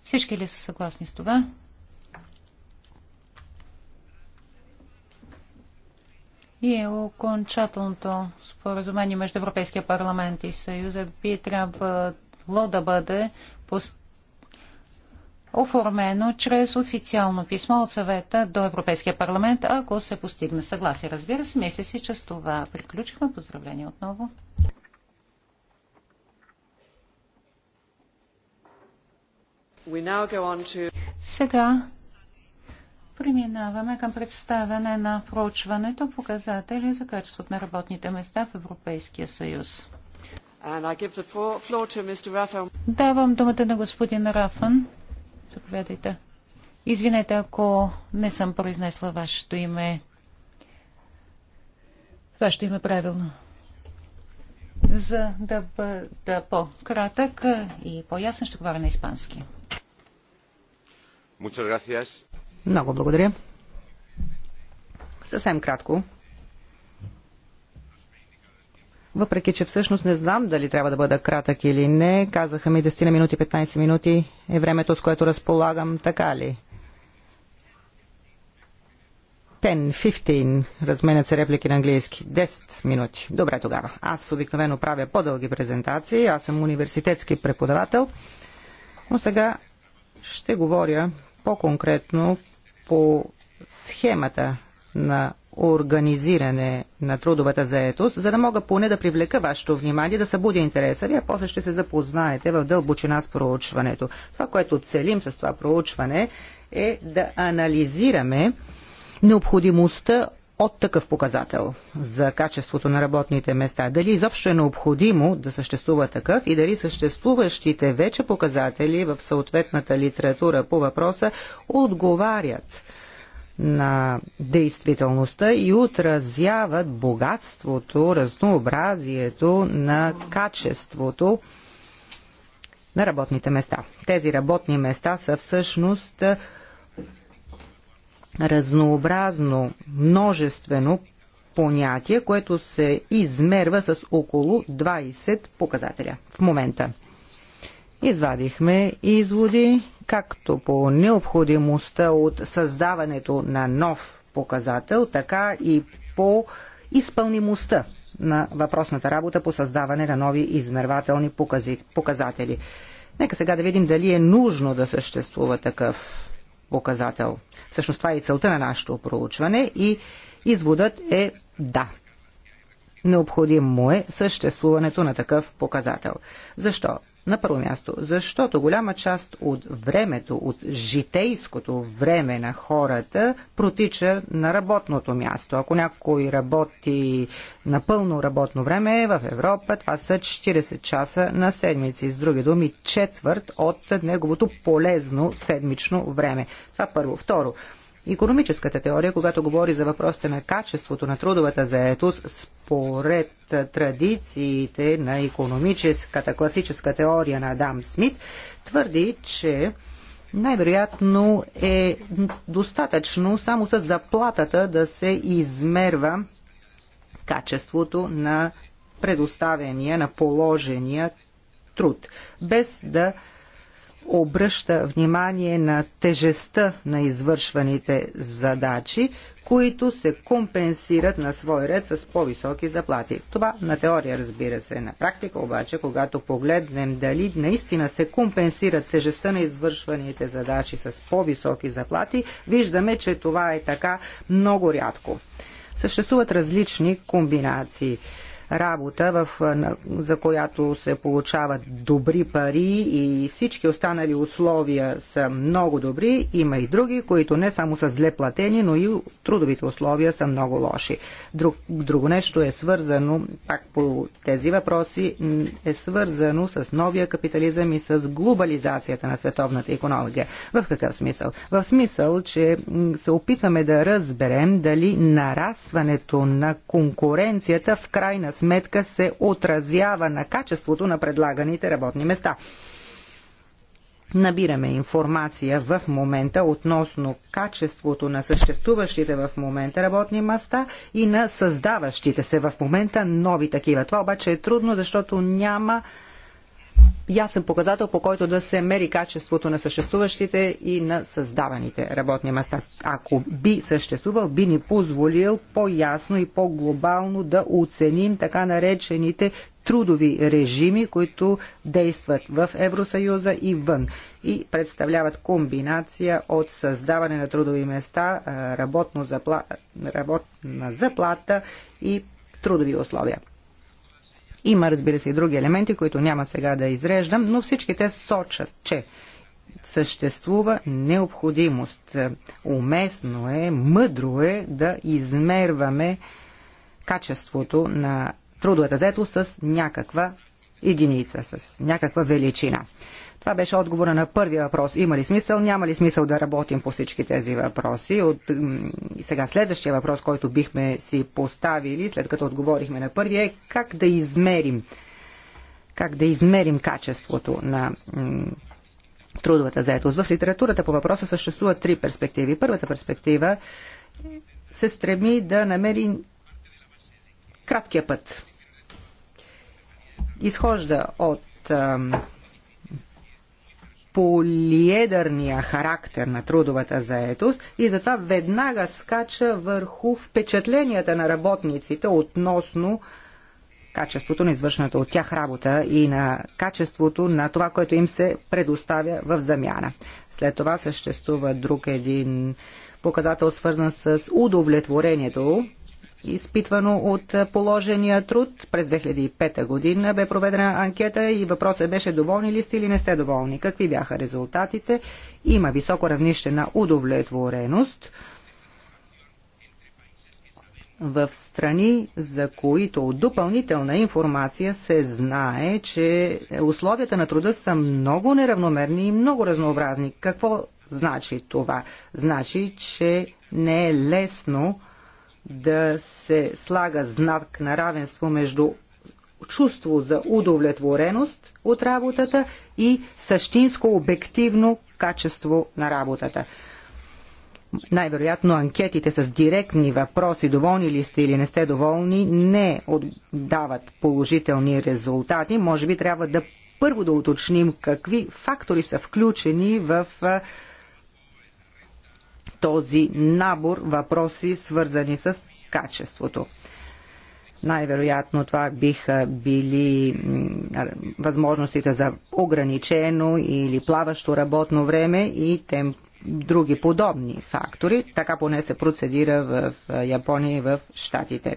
B: Всички ли са съгласни с това? И е окончателното споразумение между Европейския парламент и Съюза би трябвало да бъде пост... оформено чрез официално писмо от съвета до Европейския парламент, ако се постигне съгласие. Разбира се, мисля си, че с това приключихме. Поздравления отново. Сега преминаваме към представяне на проучването показатели за качеството на работните места в Европейския съюз. Давам думата на господин Рафан. Заповядайте. Извинете, ако не съм произнесла вашето име. Вашето име правилно. За да бъда по-кратък и по-ясен, ще говоря на испански. Много благодаря. Съвсем кратко.
F: Въпреки, че всъщност не знам дали трябва да бъда кратък или не, казаха ми 10 минути, 15 минути е времето, с което разполагам, така ли? 10-15, разменят се реплики на английски. 10 минути. Добре тогава. Аз обикновено правя по-дълги презентации. Аз съм университетски преподавател. Но сега ще говоря по-конкретно по схемата на организиране на трудовата заетост, за да мога поне да привлека вашето внимание, да събудя интереса ви, а после ще се запознаете в дълбочина с проучването. Това, което целим с това проучване е да анализираме необходимостта от такъв показател за качеството на работните места. Дали изобщо е необходимо да съществува такъв и дали съществуващите вече показатели в съответната литература по въпроса отговарят на действителността и отразяват богатството, разнообразието на качеството на работните места. Тези работни места са всъщност разнообразно, множествено понятие, което се измерва с около 20 показателя в момента. Извадихме изводи, както по необходимостта от създаването на нов показател, така и по изпълнимостта на въпросната работа по създаване на нови измервателни показатели. Нека сега да видим дали е нужно да съществува такъв показател. Всъщност това е и целта на нашето проучване и изводът е да. Необходимо е съществуването на такъв показател. Защо? На първо място, защото голяма част от времето, от житейското време на хората протича на работното място. Ако някой работи на пълно работно време в Европа, това са 40 часа на седмици. С други думи, четвърт от неговото полезно седмично време. Това първо. Второ, Икономическата теория, когато говори за въпросите на качеството на трудовата заетост, според традициите на економическата класическа теория на Адам Смит, твърди, че най-вероятно е достатъчно само с заплатата да се измерва качеството на предоставения, на положения труд, без да обръща внимание на тежестта на извършваните задачи, които се компенсират на свой ред с по-високи заплати. Това на теория разбира се. На практика обаче, когато погледнем дали наистина се компенсират тежестта на извършваните задачи с по-високи заплати, виждаме, че това е така много рядко. Съществуват различни комбинации работа, в, за която се получават добри пари и всички останали условия са много добри. Има и други, които не само са зле платени, но и трудовите условия са много лоши. Друг, друго нещо е свързано, пак по тези въпроси, е свързано с новия капитализъм и с глобализацията на световната економика. В какъв смисъл? В смисъл, че се опитваме да разберем дали нарастването на конкуренцията в крайна сметка сметка се отразява на качеството на предлаганите работни места. Набираме информация в момента относно качеството на съществуващите в момента работни места и на създаващите се в момента нови такива. Това обаче е трудно, защото няма ясен показател, по който да се мери качеството на съществуващите и на създаваните работни места. Ако би съществувал, би ни позволил по-ясно и по-глобално да оценим така наречените трудови режими, които действат в Евросъюза и вън и представляват комбинация от създаване на трудови места, работно запла... работна заплата и трудови условия. Има, разбира се, и други елементи, които няма сега да изреждам, но всички те сочат, че съществува необходимост. Уместно е, мъдро е да измерваме качеството на трудовата заето с някаква единица, с някаква величина. Това беше отговора на първия въпрос. Има ли смисъл? Няма ли смисъл да работим по всички тези въпроси? От, сега следващия въпрос, който бихме си поставили, след като отговорихме на първия, е как да измерим как да измерим качеството на трудовата заетост. В литературата по въпроса съществуват три перспективи. Първата перспектива се стреми да намери краткия път. Изхожда от ам, полиедърния характер на трудовата заетост и затова веднага скача върху впечатленията на работниците относно качеството на извършената от тях работа и на качеството на това, което им се предоставя в замяна. След това съществува друг един показател, свързан с удовлетворението изпитвано от положения труд. През 2005 година бе проведена анкета и въпросът е, беше доволни ли сте или не сте доволни. Какви бяха резултатите? Има високо равнище на удовлетвореност в страни, за които от допълнителна информация се знае, че условията на труда са много неравномерни и много разнообразни. Какво значи това? Значи, че не е лесно да се слага знак на равенство между чувство за удовлетвореност от работата и същинско обективно качество на работата. Най-вероятно анкетите с директни въпроси, доволни ли сте или не сте доволни, не дават положителни резултати. Може би трябва да първо да уточним какви фактори са включени в този набор въпроси, свързани с качеството. Най-вероятно това биха били възможностите за ограничено или плаващо работно време и тем други подобни фактори. Така поне се процедира в Япония и в Штатите.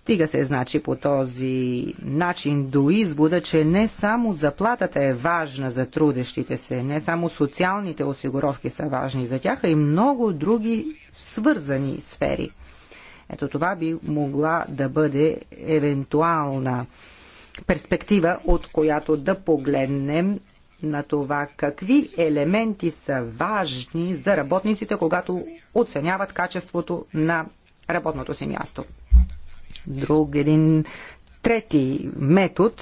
F: Стига се, значи, по този начин до извода, че не само заплатата е важна за трудещите се, не само социалните осигуровки са важни за тях, а и много други свързани сфери. Ето това би могла да бъде евентуална перспектива, от която да погледнем на това какви елементи са важни за работниците, когато оценяват качеството на работното си място друг, един трети метод,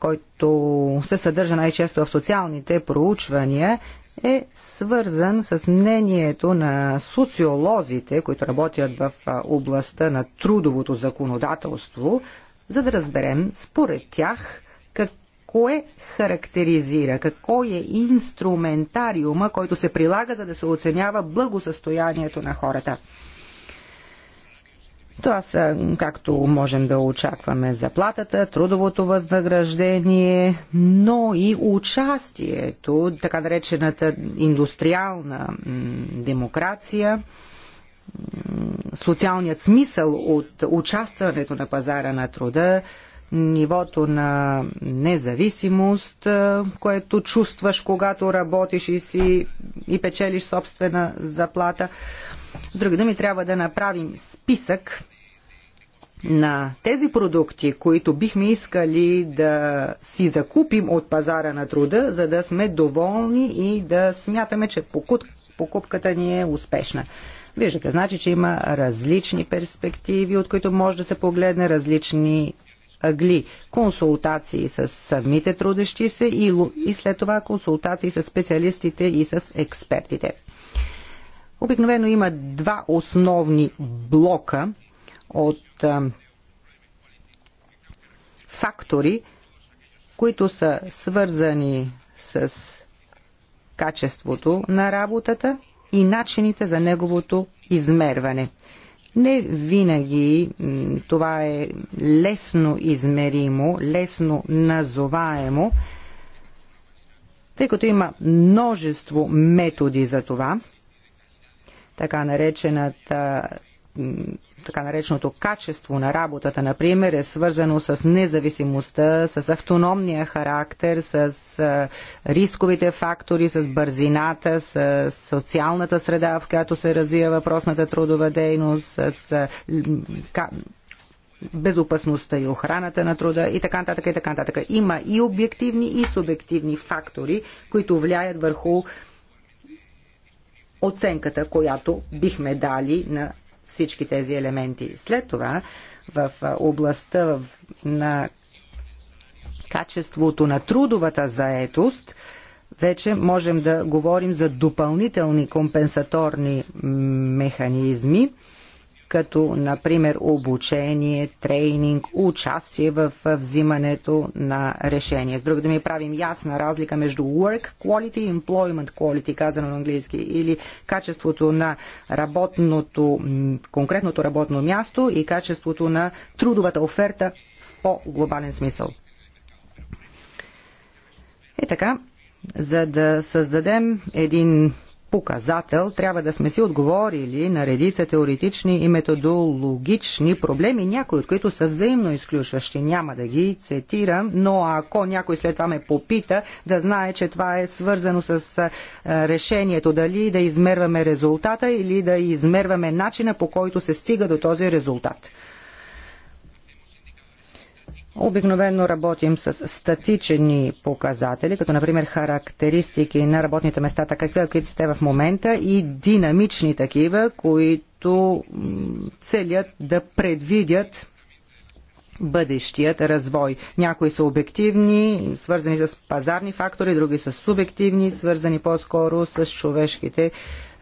F: който се съдържа най-често в социалните проучвания, е свързан с мнението на социолозите, които работят в областта на трудовото законодателство, за да разберем според тях как кое характеризира, какво е инструментариума, който се прилага, за да се оценява благосъстоянието на хората. Това са, както можем да очакваме, заплатата, трудовото възнаграждение, но и участието, така наречената индустриална демокрация, социалният смисъл от участването на пазара на труда, нивото на независимост, което чувстваш, когато работиш и, си, и печелиш собствена заплата. С други думи, трябва да направим списък на тези продукти, които бихме искали да си закупим от пазара на труда, за да сме доволни и да смятаме, че покупката ни е успешна. Виждате, значи, че има различни перспективи, от които може да се погледне различни ъгли. Консултации с самите трудещи се и, и след това консултации с специалистите и с експертите. Обикновено има два основни блока – от фактори, които са свързани с качеството на работата и начините за неговото измерване. Не винаги това е лесно измеримо, лесно назоваемо, тъй като има множество методи за това, така наречената така нареченото качество на работата, например, е свързано с независимостта, с автономния характер, с рисковите фактори, с бързината, с социалната среда, в която се развива въпросната трудова дейност, с безопасността и охраната на труда и така нататък и така нататък. Има и обективни и субективни фактори, които влияят върху оценката, която бихме дали на всички тези елементи. След това в областта на качеството на трудовата заетост вече можем да говорим за допълнителни компенсаторни механизми като например обучение, тренинг, участие в взимането на решение. С други да ми правим ясна разлика между work quality и employment quality, казано на английски, или качеството на работното, конкретното работно място и качеството на трудовата оферта в по-глобален смисъл. И така, за да създадем един показател, трябва да сме си отговорили на редица теоретични и методологични проблеми, някои от които са взаимно изключващи. Няма да ги цитирам, но ако някой след това ме попита, да знае, че това е свързано с решението дали да измерваме резултата или да измерваме начина по който се стига до този резултат. Обикновено работим с статични показатели, като например характеристики на работните места, така каквито сте в момента и динамични такива, които целят да предвидят бъдещият развой. Някои са обективни, свързани с пазарни фактори, други са субективни, свързани по-скоро с човешките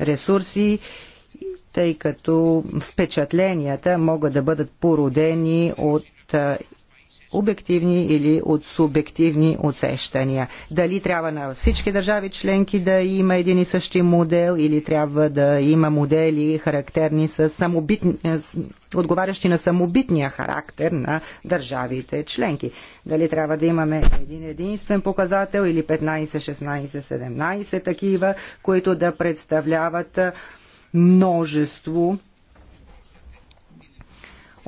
F: ресурси тъй като впечатленията могат да бъдат породени от обективни или от субективни усещания. Дали трябва на всички държави членки да има един и същи модел или трябва да има модели характерни с самобитни, е, отговарящи на самобитния характер на държавите членки. Дали трябва да имаме един единствен показател или 15, 16, 17 такива, които да представляват е, множество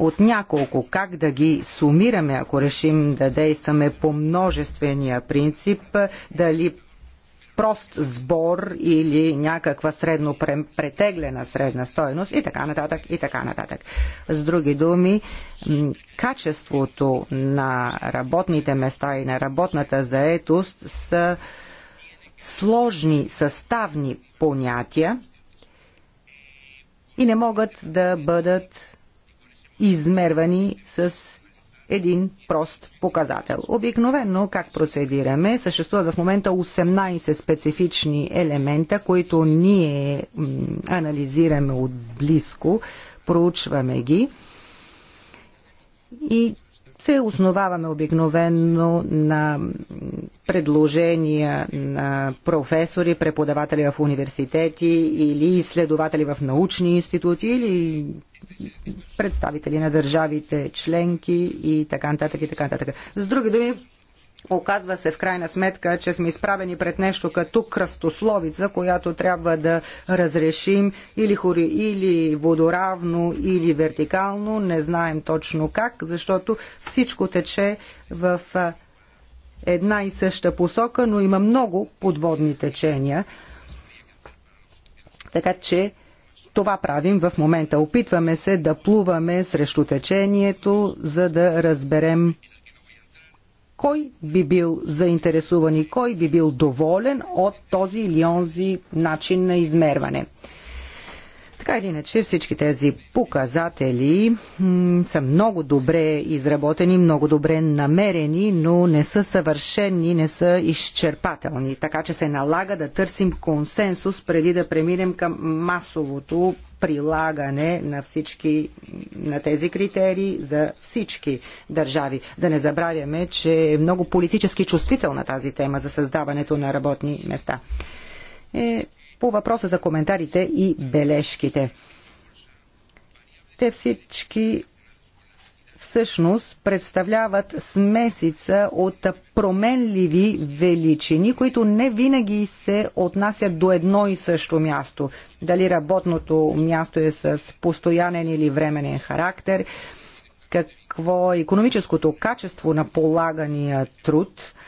F: от няколко. Как да ги сумираме, ако решим да действаме по множествения принцип, дали прост сбор или някаква средно претеглена средна стоеност и така нататък и така нататък. С други думи, качеството на работните места и на работната заетост са сложни съставни понятия и не могат да бъдат измервани с един прост показател. Обикновено как процедираме? Съществуват в момента 18 специфични елемента, които ние анализираме отблизко, проучваме ги и се основаваме обикновенно на предложения на професори, преподаватели в университети или изследователи в научни институти или представители на държавите, членки и така нататък и така нататък. С други думи, Оказва се в крайна сметка, че сме изправени пред нещо като кръстословица, която трябва да разрешим или, хори, или водоравно, или вертикално, не знаем точно как, защото всичко тече в една и съща посока, но има много подводни течения. Така че това правим в момента. Опитваме се да плуваме срещу течението, за да разберем кой би бил заинтересуван и кой би бил доволен от този или онзи начин на измерване. Така или иначе, всички тези показатели са много добре изработени, много добре намерени, но не са съвършени, не са изчерпателни. Така че се налага да търсим консенсус преди да преминем към масовото прилагане на всички на тези критерии за всички държави. Да не забравяме, че е много политически чувствителна тази тема за създаването на работни места. Е, по въпроса за коментарите и бележките. Те всички всъщност представляват смесица от променливи величини, които не винаги се отнасят до едно и също място. Дали работното място е с постоянен или временен характер, какво е економическото качество на полагания труд –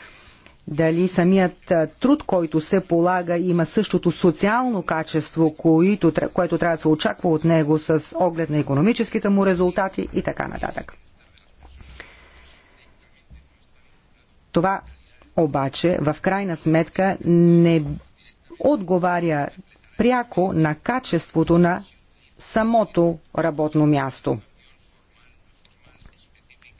F: дали самият труд, който се полага, има същото социално качество, което, което трябва да се очаква от него с оглед на економическите му резултати и така нататък. Това обаче в крайна сметка не отговаря пряко на качеството на самото работно място.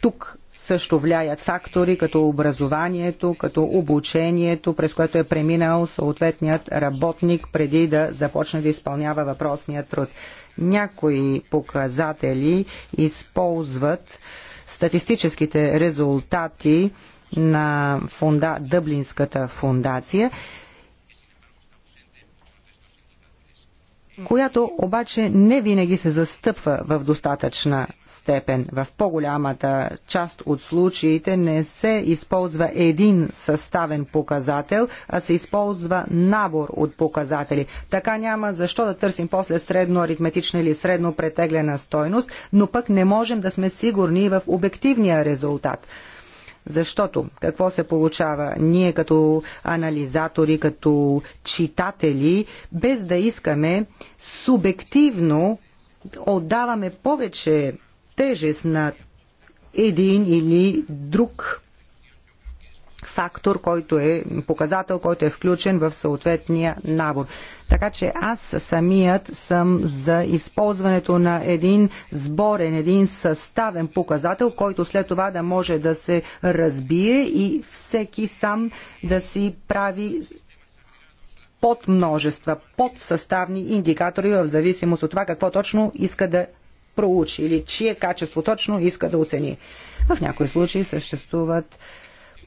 F: Тук също влияят фактори като образованието, като обучението, през което е преминал съответният работник преди да започне да изпълнява въпросния труд. Някои показатели използват статистическите резултати на фунда, Дъблинската фундация която обаче не винаги се застъпва в достатъчна степен. В по-голямата част от случаите не се използва един съставен показател, а се използва набор от показатели. Така няма защо да търсим после средно аритметична или средно претеглена стойност, но пък не можем да сме сигурни и в обективния резултат. Защото какво се получава? Ние като анализатори, като читатели, без да искаме, субективно отдаваме повече тежест на един или друг фактор, който е показател, който е включен в съответния набор. Така че аз самият съм за използването на един сборен, един съставен показател, който след това да може да се разбие и всеки сам да си прави под множества, под съставни индикатори в зависимост от това какво точно иска да проучи или чие качество точно иска да оцени. В някои случаи съществуват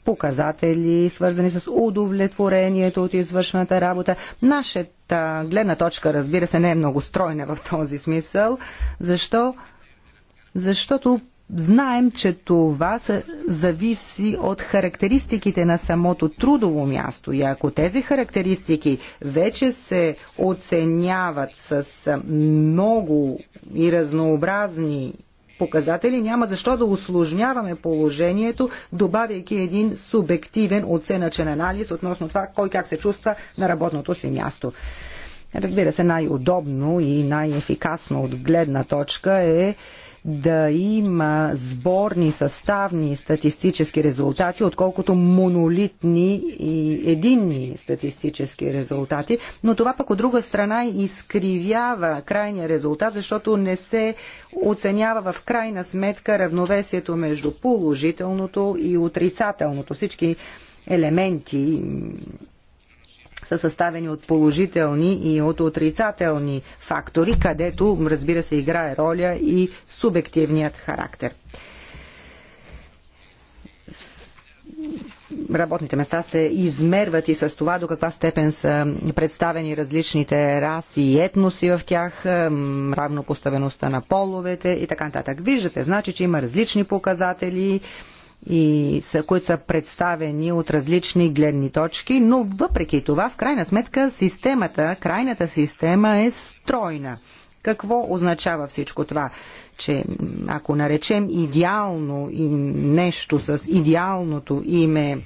F: показатели, свързани с удовлетворението от извършената работа. Нашата гледна точка, разбира се, не е много стройна в този смисъл. Защо? Защото знаем, че това зависи от характеристиките на самото трудово място. И ако тези характеристики вече се оценяват с много и разнообразни показатели. Няма защо да усложняваме положението, добавяйки един субективен оценъчен анализ относно това кой как се чувства на работното си място. Разбира се, най-удобно и най-ефикасно от гледна точка е да има сборни, съставни статистически резултати, отколкото монолитни и единни статистически резултати. Но това пък от друга страна изкривява крайния резултат, защото не се оценява в крайна сметка равновесието между положителното и отрицателното. Всички елементи са съставени от положителни и от отрицателни фактори, където, разбира се, играе роля и субективният характер. работните места се измерват и с това до каква степен са представени различните раси и етноси в тях, равнопоставеността на половете и така нататък. Виждате, значи, че има различни показатели, и са, които са представени от различни гледни точки, но въпреки това, в крайна сметка, системата, крайната система е стройна. Какво означава всичко това? Че ако наречем идеално нещо с идеалното име,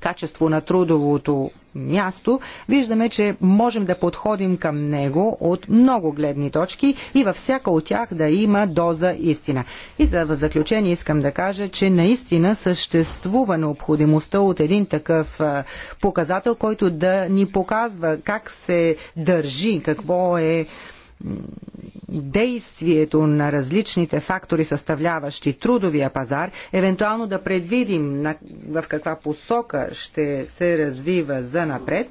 F: качество на трудовото място, виждаме, че можем да подходим към него от много гледни точки и във всяка от тях да има доза истина. И за в заключение искам да кажа, че наистина съществува необходимостта от един такъв показател, който да ни показва как се държи, какво е действието на различните фактори, съставляващи трудовия пазар, евентуално да предвидим на, в каква посока ще се развива за напред,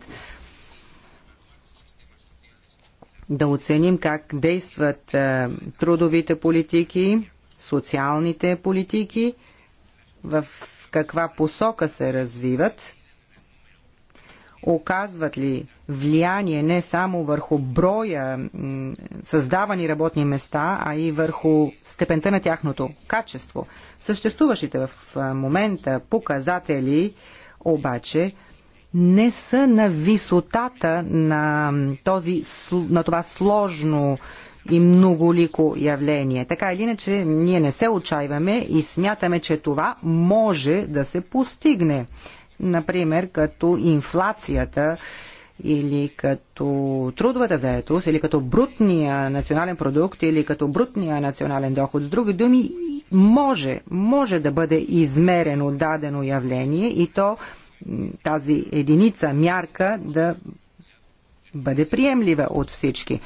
F: да оценим как действат е, трудовите политики, социалните политики, в каква посока се развиват – оказват ли влияние не само върху броя създавани работни места, а и върху степента на тяхното качество. Съществуващите в момента показатели обаче не са на висотата на, този, на това сложно и многолико явление. Така или иначе, ние не се отчаиваме и смятаме, че това може да се постигне например като инфлацията или като трудовата заетост, или като брутния национален продукт, или като брутния национален доход. С други думи, може, може да бъде измерено дадено явление и то тази единица, мярка да бъде приемлива от всички.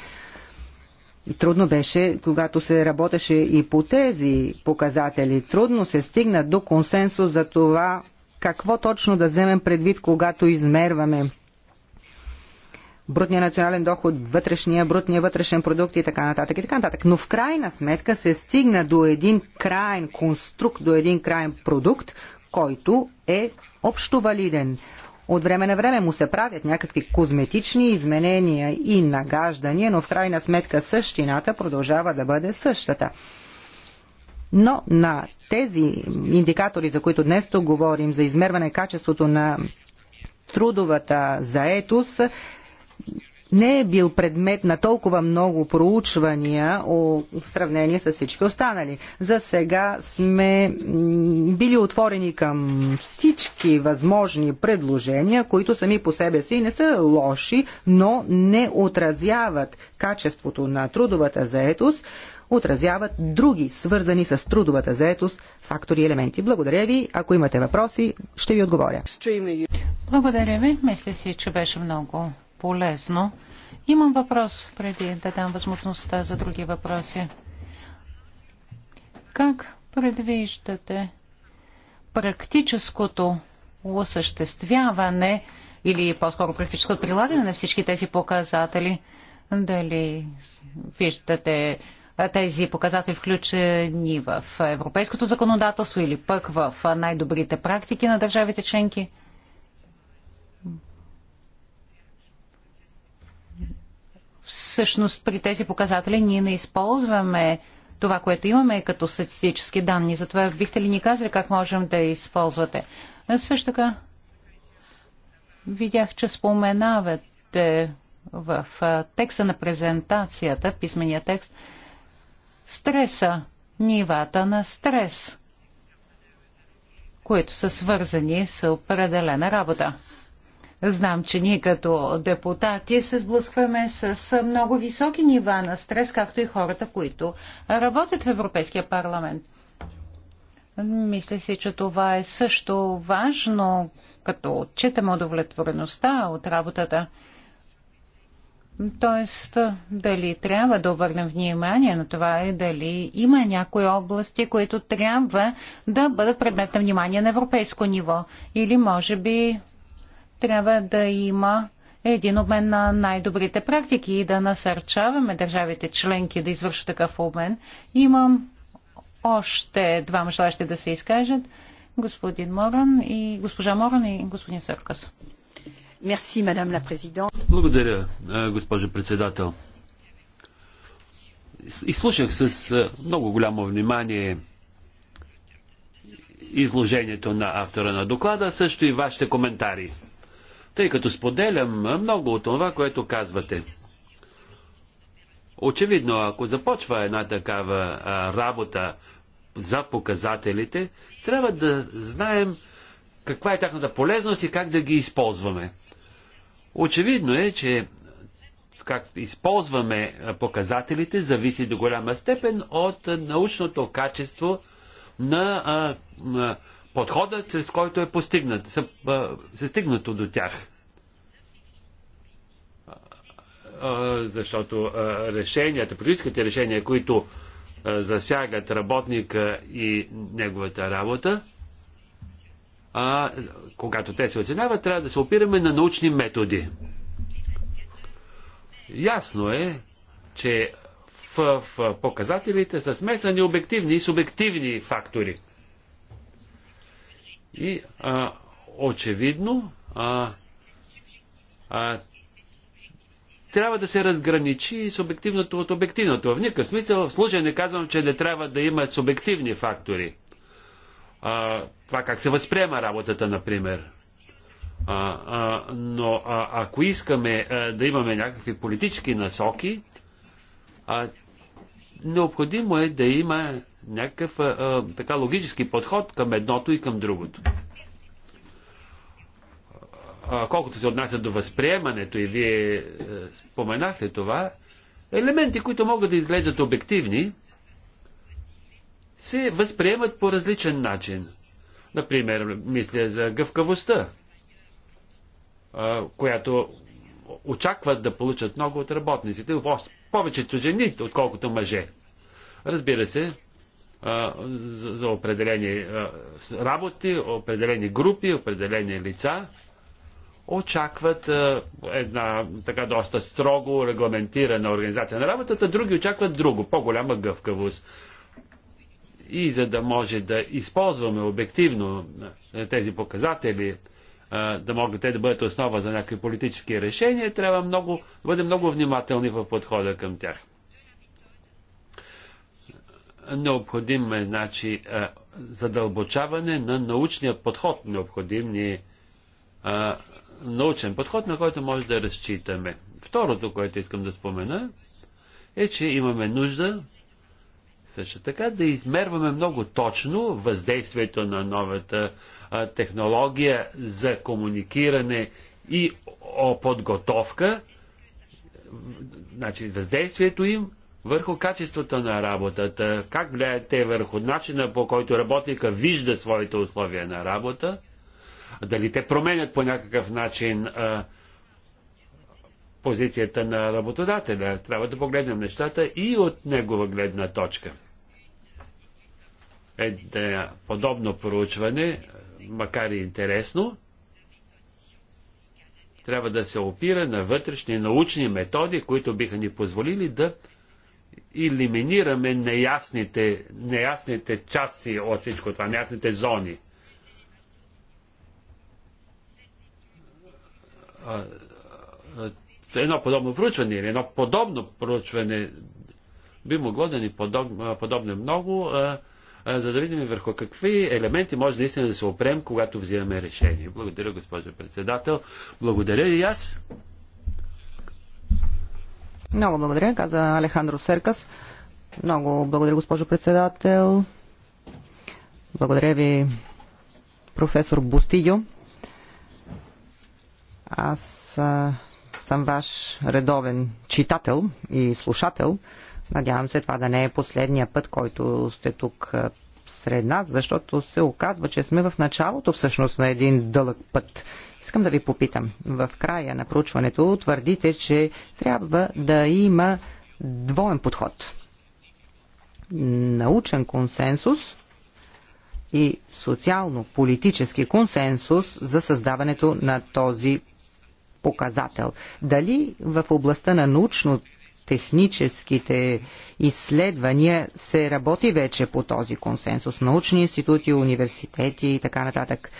F: И трудно беше, когато се работеше и по тези показатели. Трудно се стигна до консенсус за това какво точно да вземем предвид, когато измерваме брутния национален доход, вътрешния, брутния вътрешен продукт и така нататък и така нататък. Но в крайна сметка се стигна до един крайен конструкт, до един крайен продукт, който е общо валиден. От време на време му се правят някакви козметични изменения и нагаждания, но в крайна сметка същината продължава да бъде същата. Но на тези индикатори, за които днес тук говорим, за измерване качеството на трудовата заетост, не е бил предмет на толкова много проучвания в сравнение с всички останали. За сега сме били отворени към всички възможни предложения, които сами по себе си не са лоши, но не отразяват качеството на трудовата заетост, отразяват други, свързани с трудовата заетост, фактори и елементи. Благодаря ви. Ако имате въпроси, ще ви отговоря.
B: Благодаря ви. Мисля си, че беше много полезно. Имам въпрос преди да дам възможността за други въпроси. Как предвиждате практическото осъществяване или по-скоро практическото прилагане на всички тези показатели? Дали виждате тези показатели включени в европейското законодателство или пък в най-добрите практики на държавите членки? Всъщност при тези показатели ние не използваме това, което имаме като статистически данни. Затова бихте ли ни казали как можем да използвате? Също така, видях, че споменавате в текста на презентацията, писмения текст, стреса, нивата на стрес, които са свързани с определена работа. Знам, че ние като депутати се сблъскваме с много високи нива на стрес, както и хората, които работят в Европейския парламент. Мисля си, че това е също важно, като отчитаме удовлетвореността от работата. Тоест, дали трябва да обърнем внимание на това и е дали има някои области, които трябва да бъдат предмет на внимание на европейско ниво. Или може би трябва да има един обмен на най-добрите практики и да насърчаваме държавите членки да извършат такъв обмен. Имам още двама желащи да се изкажат. Господин Моран и госпожа Моран и господин Съркас madame la
D: Благодаря, госпожо председател. Изслушах с много голямо внимание изложението на автора на доклада, също и вашите коментари. Тъй като споделям много от това, което казвате. Очевидно, ако започва една такава работа за показателите, трябва да знаем каква е тяхната полезност и как да ги използваме. Очевидно е, че как използваме показателите зависи до голяма степен от научното качество на, а, на подхода, чрез който е постигнат, се, се стигнато до тях. А, защото а, решенията, политическите решения, които засягат работника и неговата работа, а, когато те се оценяват, трябва да се опираме на научни методи. Ясно е, че в, в показателите са смесани обективни и субективни фактори. И а, очевидно а, а, трябва да се разграничи субективното от обективното. В никакъв смисъл, в случай не казвам, че не трябва да има субективни фактори а, това как се възприема работата, например. А, а, но а, ако искаме а, да имаме някакви политически насоки, а, необходимо е да има някакъв а, така логически подход към едното и към другото. А, колкото се отнася до възприемането, и вие а, е, споменахте това, елементи, които могат да изглеждат обективни, се възприемат по различен начин. Например, мисля за гъвкавостта, която очакват да получат много от работниците, повечето жени, отколкото мъже. Разбира се, за определени работи, определени групи, определени лица, очакват една така доста строго регламентирана организация на работата, други очакват друго, по-голяма гъвкавост и за да може да използваме обективно е, тези показатели, е, да могат те да бъдат основа за някакви политически решения, трябва много, да бъдем много внимателни в подхода към тях. Необходим е значи, е, задълбочаване на научния подход, необходим ни научен подход, на който може да разчитаме. Второто, което искам да спомена, е, че имаме нужда също така да измерваме много точно въздействието на новата а, технология за комуникиране и о, подготовка, значи въздействието им върху качеството на работата, как влияят те върху начина по който работника вижда своите условия на работа, дали те променят по някакъв начин а, позицията на работодателя. Трябва да погледнем нещата и от негова гледна точка едно подобно проучване, макар и интересно, трябва да се опира на вътрешни научни методи, които биха ни позволили да елиминираме неясните, неясните части от всичко това, неясните зони. Едно подобно проучване или едно подобно проучване би могло да ни подобне много а, за да видим върху какви елементи може наистина да се опрем, когато взимаме решение. Благодаря, госпожо председател. Благодаря и аз.
F: Много благодаря, каза Алехандро Серкас. Много благодаря, госпожо председател. Благодаря ви, професор Бустидио. Аз а, съм ваш редовен читател и слушател. Надявам се това да не е последния път, който сте тук сред нас, защото се оказва, че сме в началото всъщност на един дълъг път. Искам да ви попитам. В края на проучването твърдите, че трябва да има двоен подход. Научен консенсус и социално-политически консенсус за създаването на този показател. Дали в областта на научното техническите изследвания се работи вече по този консенсус. Научни институти, университети и така нататък.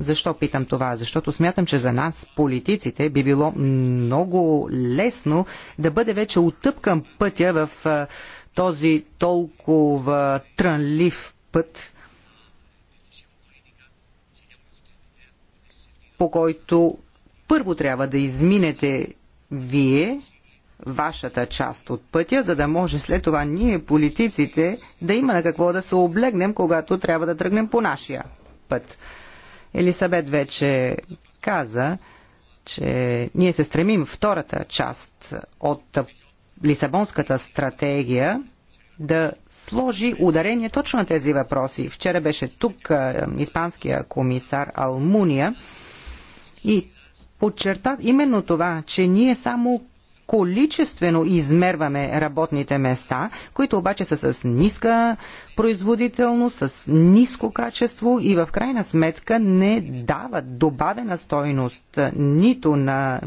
F: Защо питам това? Защото смятам, че за нас, политиците, би било много лесно да бъде вече отъпкан пътя в този толкова трънлив път, по който първо трябва да изминете вие, вашата част от пътя, за да може след това ние, политиците, да има на какво да се облегнем, когато трябва да тръгнем по нашия път. Елисабет вече каза, че ние се стремим втората част от Лисабонската стратегия да сложи ударение точно на тези въпроси. Вчера беше тук испанския комисар Алмуния и подчерта именно това, че ние само количествено измерваме работните места, които обаче са с ниска производителност, с ниско качество и в крайна сметка не дават добавена стойност нито на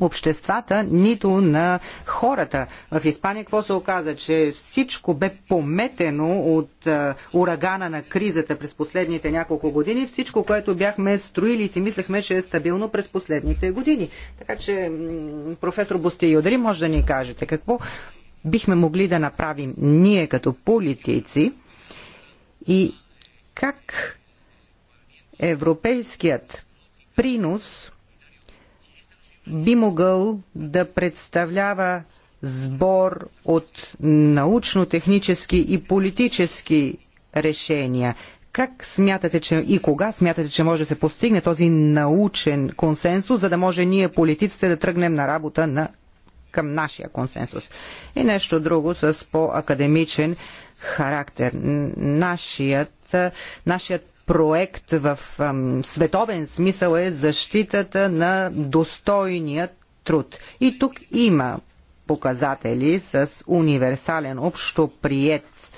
F: обществата, нито на хората. В Испания какво се оказа? Че всичко бе пометено от а, урагана на кризата през последните няколко години. Всичко, което бяхме строили и си мислехме, че е стабилно през последните години. Така че, професор Бостио, дали може да ни кажете какво бихме могли да направим ние като политици и как европейският принос би могъл да представлява сбор от научно-технически и политически решения. Как смятате, че и кога смятате, че може да се постигне този научен консенсус, за да може ние политиците да тръгнем на работа на, към нашия консенсус? И нещо друго с по-академичен характер. Нашият, нашият проект в световен смисъл е защитата на достойния труд. И тук има показатели с универсален, общо прият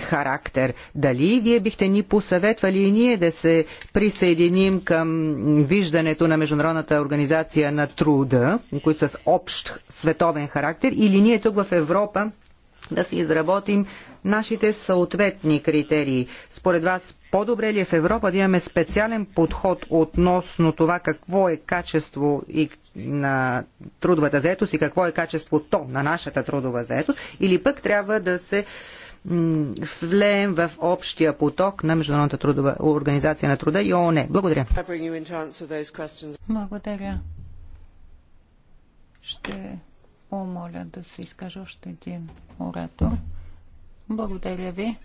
F: характер. Дали вие бихте ни посъветвали и ние да се присъединим към виждането на Международната организация на труда, които с общ световен характер, или ние тук в Европа да си изработим нашите съответни критерии. Според вас, по-добре ли е в Европа да имаме специален подход относно това какво е качество и на трудовата заетост и какво е качеството на нашата трудова заетост, или пък трябва да се влеем в общия поток на Международната трудова организация на труда и ООН. Благодаря.
B: Благодаря. Ще помоля да се изкаже още един оратор. Благодаря ви.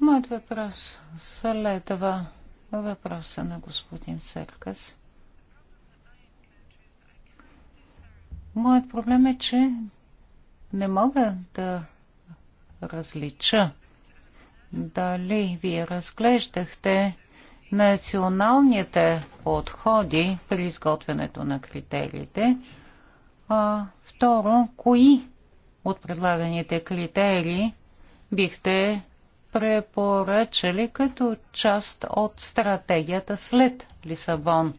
B: Моят въпрос следва въпроса на господин Серкас. Моят проблем е, че не мога да различа дали вие разглеждахте националните подходи при изготвянето на критериите. А, второ, кои от предлаганите критерии бихте препоръчали като част от стратегията след Лисабон,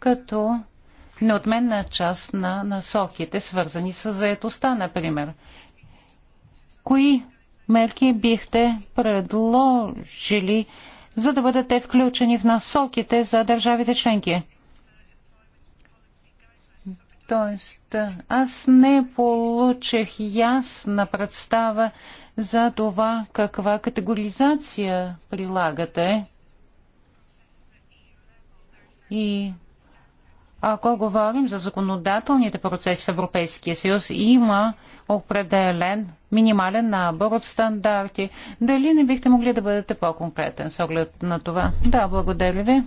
B: като неотменна част на насоките, свързани с заедостта, например. Кои мерки бихте предложили за да бъдат те включени в насоките за държавите членки. Тоест, аз не получих ясна представа за това каква категоризация прилагате и ако говорим за законодателните процеси в Европейския съюз, има определен минимален набор от стандарти. Дали не бихте могли да бъдете по-конкретен с оглед на това? Да, благодаря ви.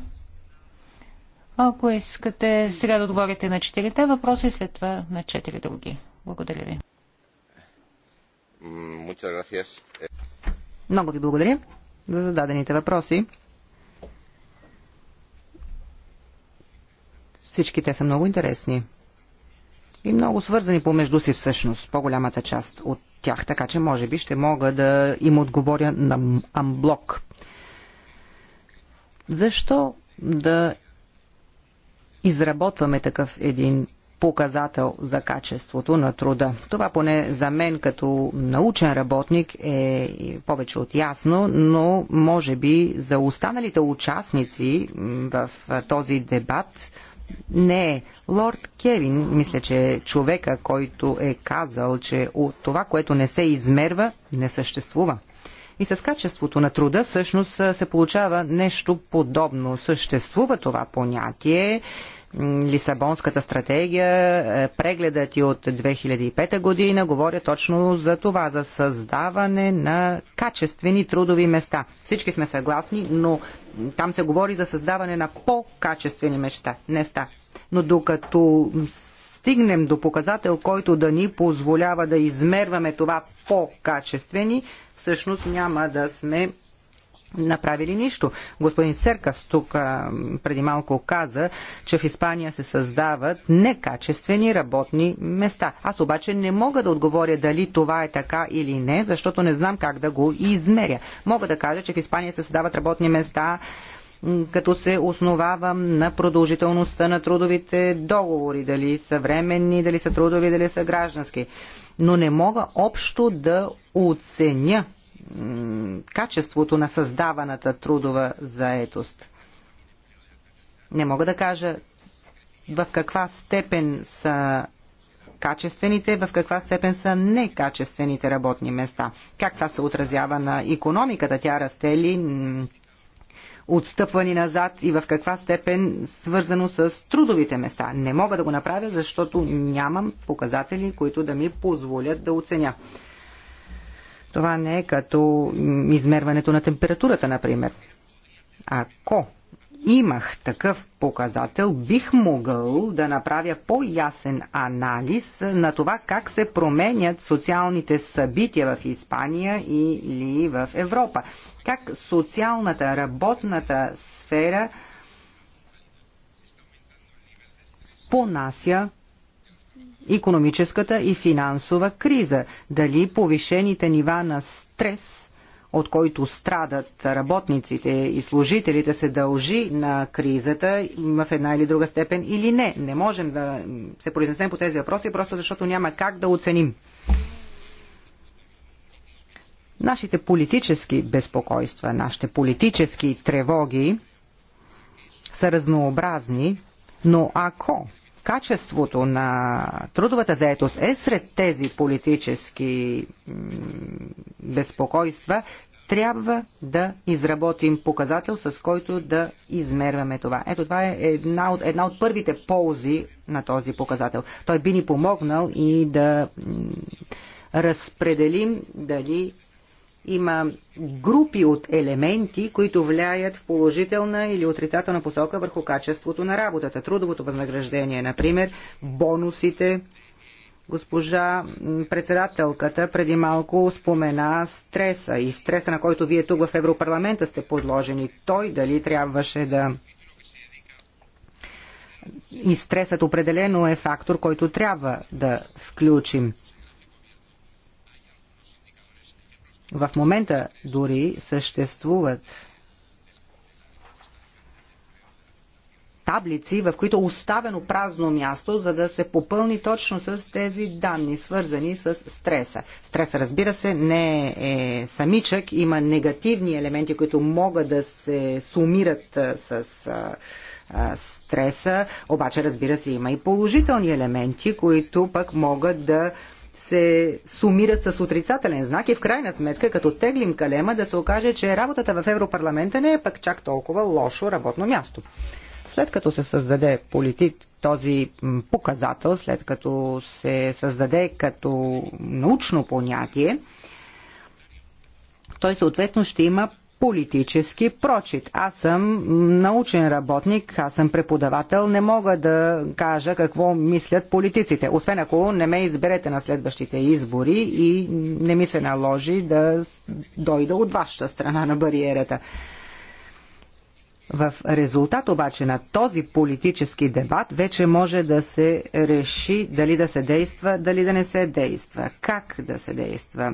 B: Ако искате сега да отговорите на четирите въпроси, след това на четири други. Благодаря ви. Много ви благодаря за зададените въпроси.
F: Всички те са много интересни. И много свързани помежду си всъщност, по-голямата част от тях, така че може би ще мога да им отговоря на амблок. Защо да изработваме такъв един показател за качеството на труда. Това поне за мен като научен работник е повече от ясно, но може би за останалите участници в този дебат не Лорд Кевин, мисля, че е човека, който е казал, че от това, което не се измерва, не съществува. И с качеството на труда всъщност се получава нещо подобно. Съществува това понятие, Лисабонската стратегия, е, прегледът и от 2005 година говоря точно за това, за създаване на качествени трудови места. Всички сме съгласни, но там се говори за създаване на по-качествени места. Но докато стигнем до показател, който да ни позволява да измерваме това по-качествени, всъщност няма да сме направили нищо. Господин Серкас тук преди малко каза, че в Испания се създават некачествени работни места. Аз обаче не мога да отговоря дали това е така или не, защото не знам как да го измеря. Мога да кажа, че в Испания се създават работни места като се основавам на продължителността на трудовите договори, дали са временни, дали са трудови, дали са граждански. Но не мога общо да оценя качеството на създаваната трудова заетост. Не мога да кажа в каква степен са качествените, в каква степен са некачествените работни места. Как това се отразява на економиката? Тя расте ли отстъпвани назад и в каква степен свързано с трудовите места. Не мога да го направя, защото нямам показатели, които да ми позволят да оценя. Това не е като измерването на температурата, например. Ако имах такъв показател, бих могъл да направя по-ясен анализ на това как се променят социалните събития в Испания или в Европа. Как социалната, работната сфера понася економическата и финансова криза. Дали повишените нива на стрес, от който страдат работниците и служителите, се дължи на кризата в една или друга степен или не. Не можем да се произнесем по тези въпроси, просто защото няма как да оценим. Нашите политически безпокойства, нашите политически тревоги са разнообразни, но ако качеството на трудовата заетост е сред тези политически безпокойства, трябва да изработим показател, с който да измерваме това. Ето това е една от, една от първите ползи на този показател. Той би ни помогнал и да разпределим дали има групи от елементи, които влияят в положителна или отрицателна посока върху качеството на работата. Трудовото възнаграждение, например, бонусите. Госпожа председателката преди малко спомена стреса и стреса, на който вие тук в Европарламента сте подложени. Той дали трябваше да и стресът определено е фактор, който трябва да включим. В момента дори съществуват таблици, в които е оставено празно място, за да се попълни точно с тези данни, свързани с стреса. Стреса, разбира се, не е самичък, има негативни елементи, които могат да се сумират с стреса, обаче разбира се има и положителни елементи, които пък могат да се сумират с отрицателен знак и в крайна сметка, като теглим калема, да се окаже, че работата в Европарламента не е пък чак толкова лошо работно място. След като се създаде политик, този показател, след като се създаде като научно понятие, той съответно ще има политически прочит. Аз съм научен работник, аз съм преподавател, не мога да кажа какво мислят политиците, освен ако не ме изберете на следващите избори и не ми се наложи да дойда от вашата страна на бариерата. В резултат обаче на този политически дебат вече може да се реши дали да се действа, дали да не се действа, как да се действа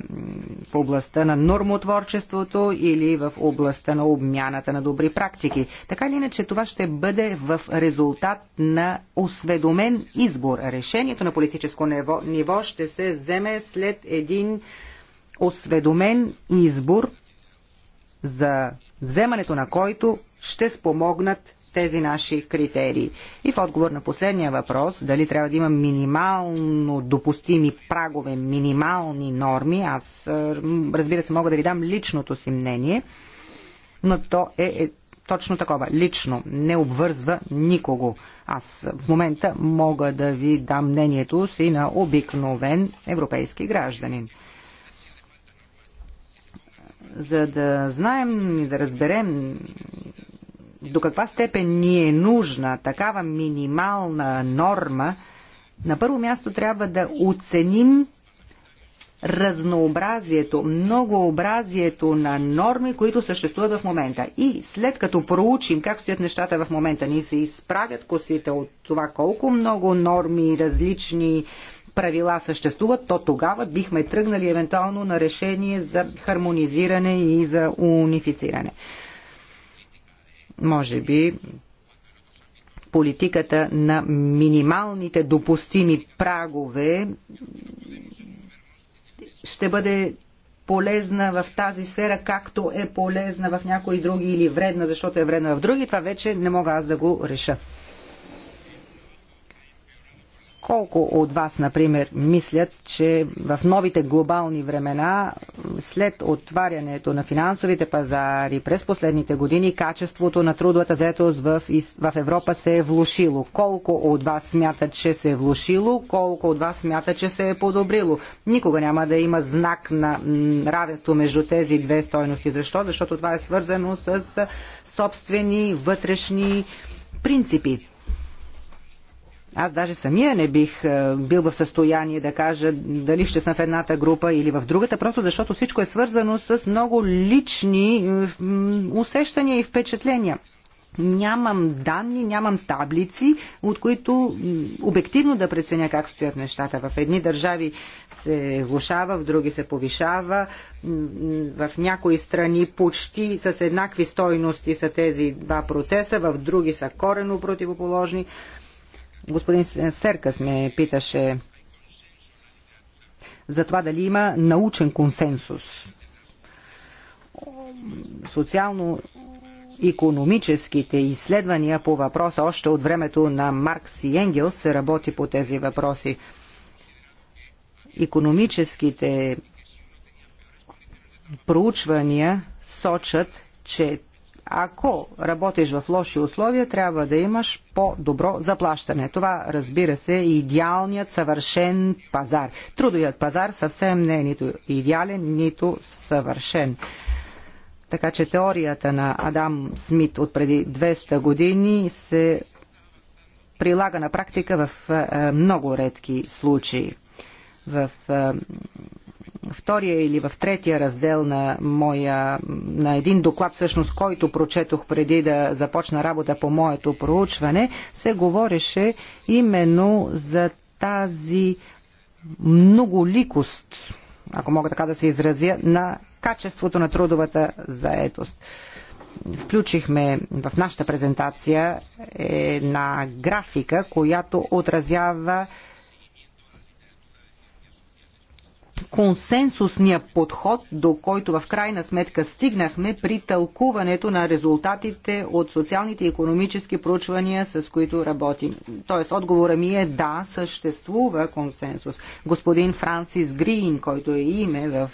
F: в областта на нормотворчеството или в областта на обмяната на добри практики. Така или иначе това ще бъде в резултат на осведомен избор. Решението на политическо ниво, ниво ще се вземе след един осведомен избор за вземането на който ще спомогнат тези наши критерии. И в отговор на последния въпрос, дали трябва да има минимално допустими прагове, минимални норми, аз е, разбира се мога да ви дам личното си мнение, но то е, е точно такова, лично, не обвързва никого. Аз в момента мога да ви дам мнението си на обикновен европейски гражданин за да знаем и да разберем до каква степен ни е нужна такава минимална норма, на първо място трябва да оценим разнообразието, многообразието на норми, които съществуват в момента. И след като проучим как стоят нещата в момента, ни се изправят косите от това колко много норми, различни правила съществуват, то тогава бихме тръгнали евентуално на решение за хармонизиране и за унифициране може би политиката на минималните допустими прагове ще бъде полезна в тази сфера, както е полезна в някои други или вредна, защото е вредна в други, това вече не мога аз да го реша. Колко от вас, например, мислят, че в новите глобални времена, след отварянето на финансовите пазари през последните години, качеството на трудовата заетост в, в Европа се е влушило? Колко от вас смятат, че се е влушило? Колко от вас смятат, че се е подобрило? Никога няма да има знак на равенство между тези две стойности. Защо? Защото това е свързано с собствени вътрешни принципи. Аз даже самия не бих е, бил в състояние да кажа дали ще съм в едната група или в другата, просто защото всичко е свързано с много лични е, усещания и впечатления. Нямам данни, нямам таблици, от които обективно да преценя как стоят нещата. В едни държави се влушава, в други се повишава. В някои страни почти с еднакви стойности са тези два процеса, в други са корено противоположни господин Серкас ме питаше за това дали има научен консенсус. Социално економическите изследвания по въпроса още от времето на Маркс и Енгелс се работи по тези въпроси. Економическите проучвания сочат, че ако работиш в лоши условия, трябва да имаш по-добро заплащане. Това, разбира се, е идеалният съвършен пазар. Трудовият пазар съвсем не е нито идеален, нито съвършен. Така че теорията на Адам Смит от преди 200 години се прилага на практика в е, е, много редки случаи. В е, втория или в третия раздел на, моя, на един доклад, всъщност, който прочетох преди да започна работа по моето проучване, се говореше именно за тази многоликост, ако мога така да се изразя, на качеството на трудовата заетост включихме в нашата презентация една графика, която отразява консенсусния подход, до който в крайна сметка стигнахме при тълкуването на резултатите от социалните и економически проучвания, с които работим. Тоест, отговора ми е да, съществува консенсус. Господин Франсис Грин, който е име в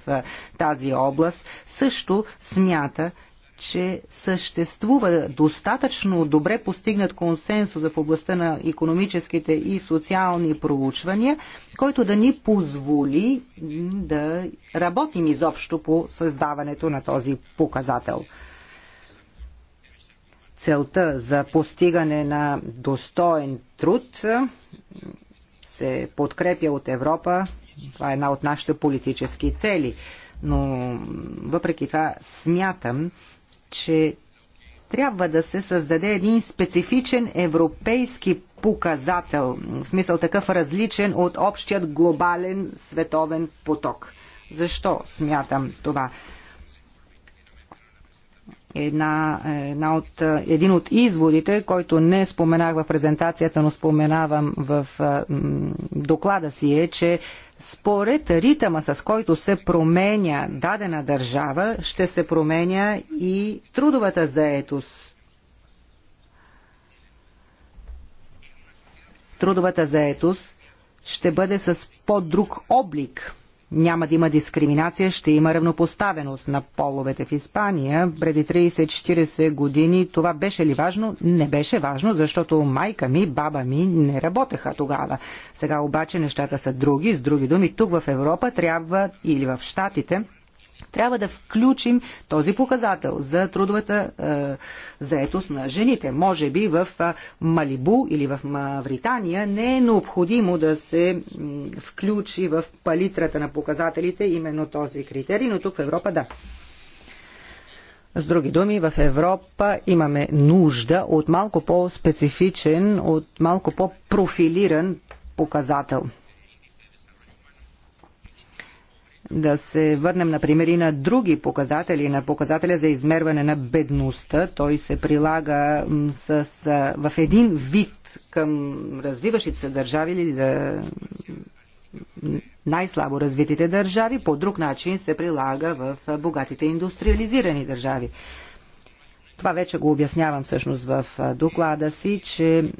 F: тази област, също смята, че съществува достатъчно добре постигнат консенсус в областта на економическите и социални проучвания, който да ни позволи да работим изобщо по създаването на този показател. Целта за постигане на достоен труд се подкрепя от Европа. Това е една от нашите политически цели. Но въпреки това смятам, че трябва да се създаде един специфичен европейски показател, в смисъл такъв различен от общият глобален световен поток. Защо смятам това? Една, една от, един от изводите, който не споменах в презентацията, но споменавам в доклада си е, че според ритъма, с който се променя дадена държава, ще се променя и трудовата заетост. Трудовата заетост ще бъде с по-друг облик – няма да има дискриминация, ще има равнопоставеност на половете в Испания. Преди 30-40 години това беше ли важно? Не беше важно, защото майка ми, баба ми не работеха тогава. Сега обаче нещата са други. С други думи, тук в Европа трябва или в Штатите трябва да включим този показател за трудовата е, заетост на жените. Може би в е, Малибу или в Мавритания не е необходимо да се включи в палитрата на показателите именно този критерий, но тук в Европа да. С други думи, в Европа имаме нужда от малко по-специфичен, от малко по-профилиран показател. Да се върнем, например, и на други показатели, на показателя за измерване на бедността. Той се прилага с, в един вид към развиващите се държави или да най-слабо развитите държави, по друг начин се прилага в богатите индустриализирани държави. Това вече го обяснявам всъщност в доклада си, че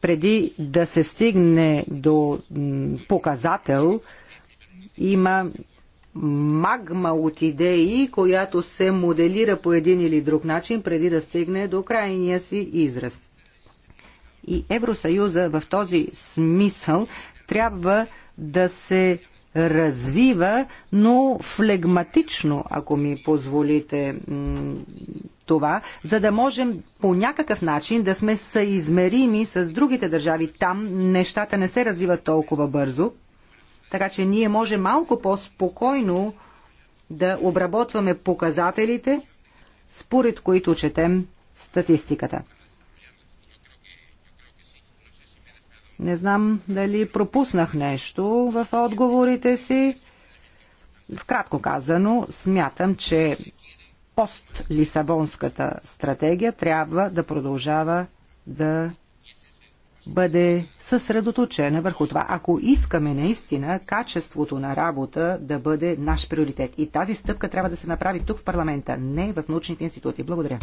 F: преди да се стигне до показател, има магма от идеи, която се моделира по един или друг начин, преди да стигне до крайния си израз. И Евросъюза в този смисъл трябва да се развива, но флегматично, ако ми позволите това, за да можем по някакъв начин да сме съизмерими с другите държави. Там нещата не се развиват толкова бързо, така че ние може малко по-спокойно да обработваме показателите, според които четем статистиката. Не знам дали пропуснах нещо в отговорите си. Вкратко казано, смятам, че пост-Лисабонската стратегия трябва да продължава да бъде съсредоточена върху това, ако искаме наистина качеството на работа да бъде наш приоритет. И тази стъпка трябва да се направи тук в парламента, не в научните институти. Благодаря.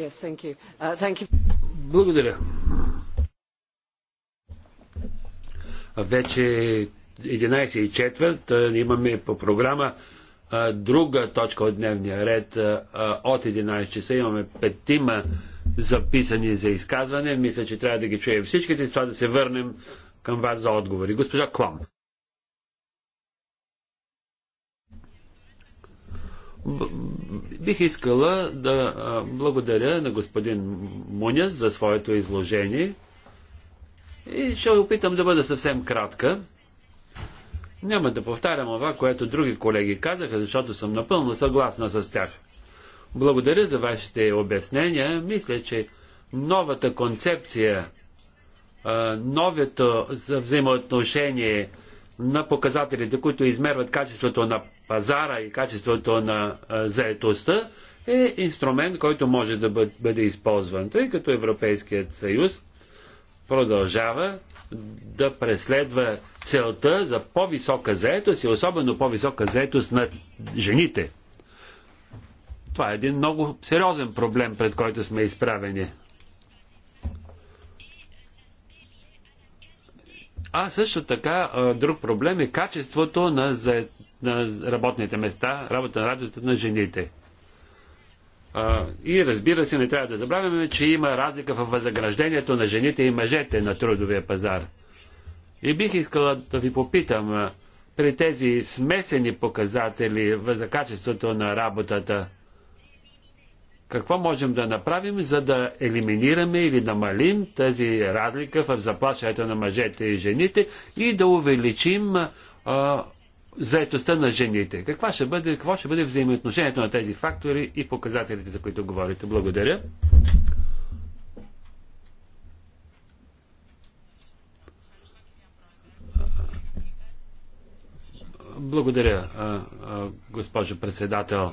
A: Yes, thank you. Uh, thank you.
D: Благодаря. Вече 11 и четвърт имаме по програма друга точка от дневния ред. От 11 часа имаме петима записани за изказване. Мисля, че трябва да ги чуем всичките и с това да се върнем към вас за отговори. Госпожа Клам. Бих искала да благодаря на господин Муняс за своето изложение и ще опитам да бъда съвсем кратка. Няма да повтарям това, което други колеги казаха, защото съм напълно съгласна с тях. Благодаря за вашите обяснения. Мисля, че новата концепция, новото взаимоотношение на показателите, които измерват качеството на пазара и качеството на заетостта, е инструмент, който може да бъде използван, тъй като Европейският съюз продължава да преследва целта за по-висока заетост и особено по-висока заетост на жените. Това е един много сериозен проблем, пред който сме изправени. А също така друг проблем е качеството на, за, на работните места, работа на работата на жените. А, и разбира се, не трябва да забравяме, че има разлика в възнаграждението на жените и мъжете на трудовия пазар. И бих искала да ви попитам, при тези смесени показатели за качеството на работата, какво можем да направим, за да елиминираме или намалим тази разлика в заплащането на мъжете и жените и да увеличим а, заетостта на жените? Каква ще бъде, какво ще бъде взаимоотношението на тези фактори и показателите, за които говорите? Благодаря. Благодаря, госпожо председател.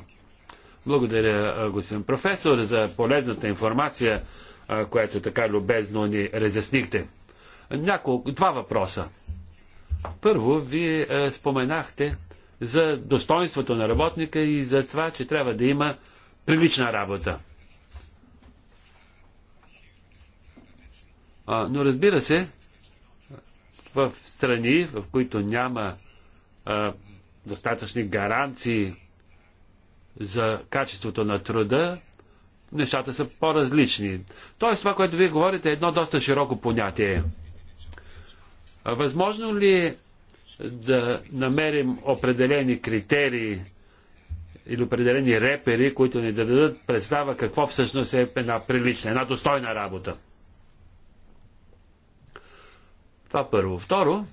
D: Благодаря, господин професор, за полезната информация, която така любезно ни разяснихте. Няколко, два въпроса. Първо, вие споменахте за достоинството на работника и за това, че трябва да има прилична работа. но разбира се, в страни, в които няма достатъчни гаранции за качеството на труда, нещата са по-различни. Тоест, това, което вие говорите, е едно доста широко понятие. Възможно ли е да намерим определени критерии или определени репери, които ни да дадат представа какво всъщност е една прилична, една достойна работа? Това първо. Второ,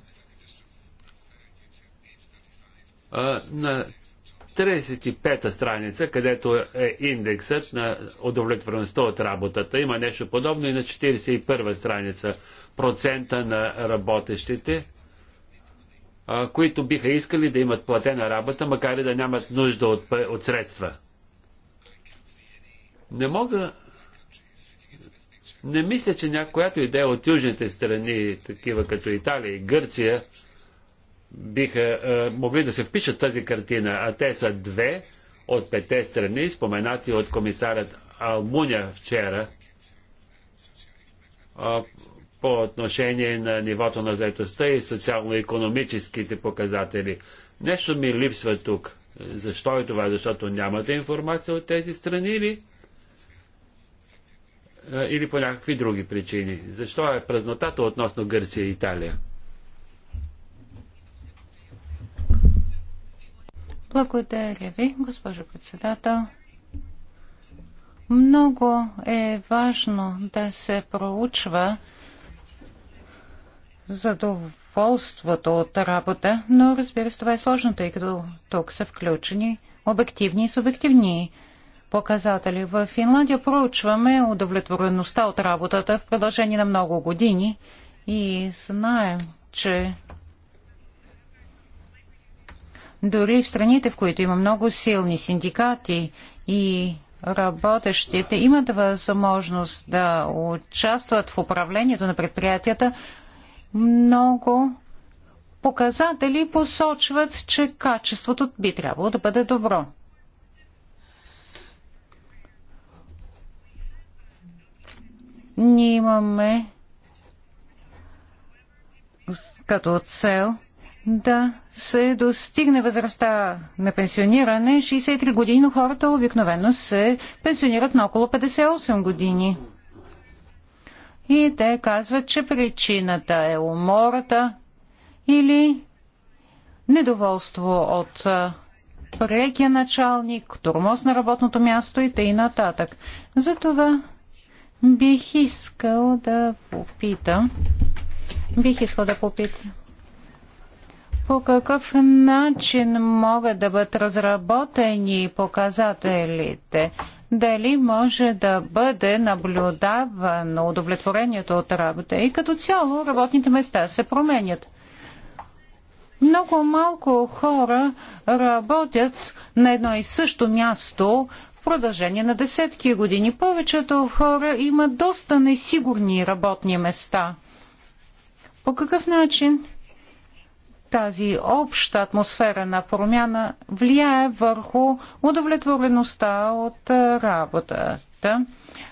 D: на 35-та страница, където е индексът на удовлетвореността от работата. Има нещо подобно и на 41-та страница. Процента на работещите, които биха искали да имат платена работа, макар и да нямат нужда от, от средства. Не мога. Не мисля, че някоято идея от южните страни, такива като Италия и Гърция, биха е, могли да се впишат в тази картина, а те са две от пете страни, споменати от комисарят Алмуня вчера е, по отношение на нивото на заетостта и социално-економическите показатели. Нещо ми липсва тук. Защо е това? Защото нямате информация от тези страни или, е, или по някакви други причини? Защо е празнотата относно Гърция и Италия?
B: Благодаря ви, госпожо председател. Много е важно да се проучва задоволството от работа, но разбира се, това е сложно, тъй като тук са включени обективни и субективни показатели. В Финландия проучваме удовлетвореността от работата в продължение на много години и знаем, че дори в страните, в които има много силни синдикати и работещите имат възможност да участват в управлението на предприятията, много показатели посочват, че качеството би трябвало да бъде добро. Ние имаме като цел – да се достигне възрастта на пенсиониране 63 години, но хората обикновено се пенсионират на около 58 години. И те казват, че причината е умората или недоволство от прекия началник, тормоз на работното място и т.н. нататък. Затова бих искал да попитам. Бих искал да попитам по какъв начин могат да бъдат разработени показателите? Дали може да бъде наблюдавано удовлетворението от работа? И като цяло работните места се променят. Много малко хора работят на едно и също място в продължение на десетки години. Повечето хора имат доста несигурни работни места. По какъв начин тази обща атмосфера на промяна влияе върху удовлетвореността от работата.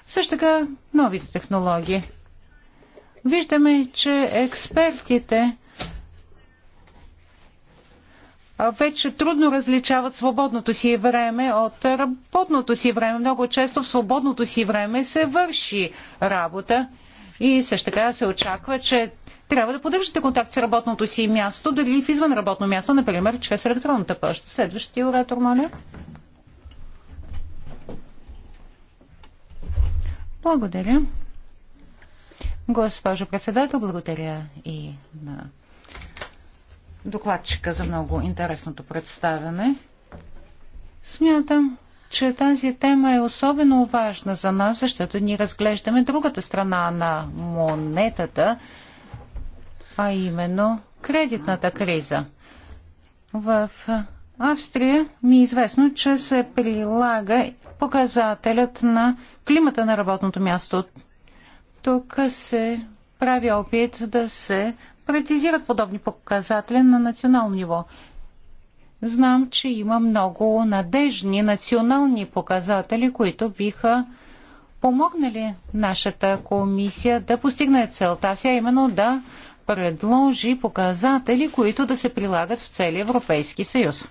B: Също така новите технологии. Виждаме, че експертите вече трудно различават свободното си време от работното си време. Много често в свободното си време се върши работа и също така се очаква, че трябва да поддържате контакт с работното си място, дори в извън работно място, например, чрез електронната почта. Следващия оратор, моля. Благодаря. Госпожо председател, благодаря и на докладчика за много интересното представяне. Смятам, че тази тема е особено важна за нас, защото ние разглеждаме другата страна на монетата, а именно кредитната криза. В Австрия ми е известно, че се прилага показателят на климата на работното място. Тук се прави опит да се прецизират подобни показатели на национално ниво. Знам, че има много надежни национални показатели, които биха помогнали нашата комисия да постигне целта си, а именно да предложи показатели, които да се прилагат в целия Европейски съюз.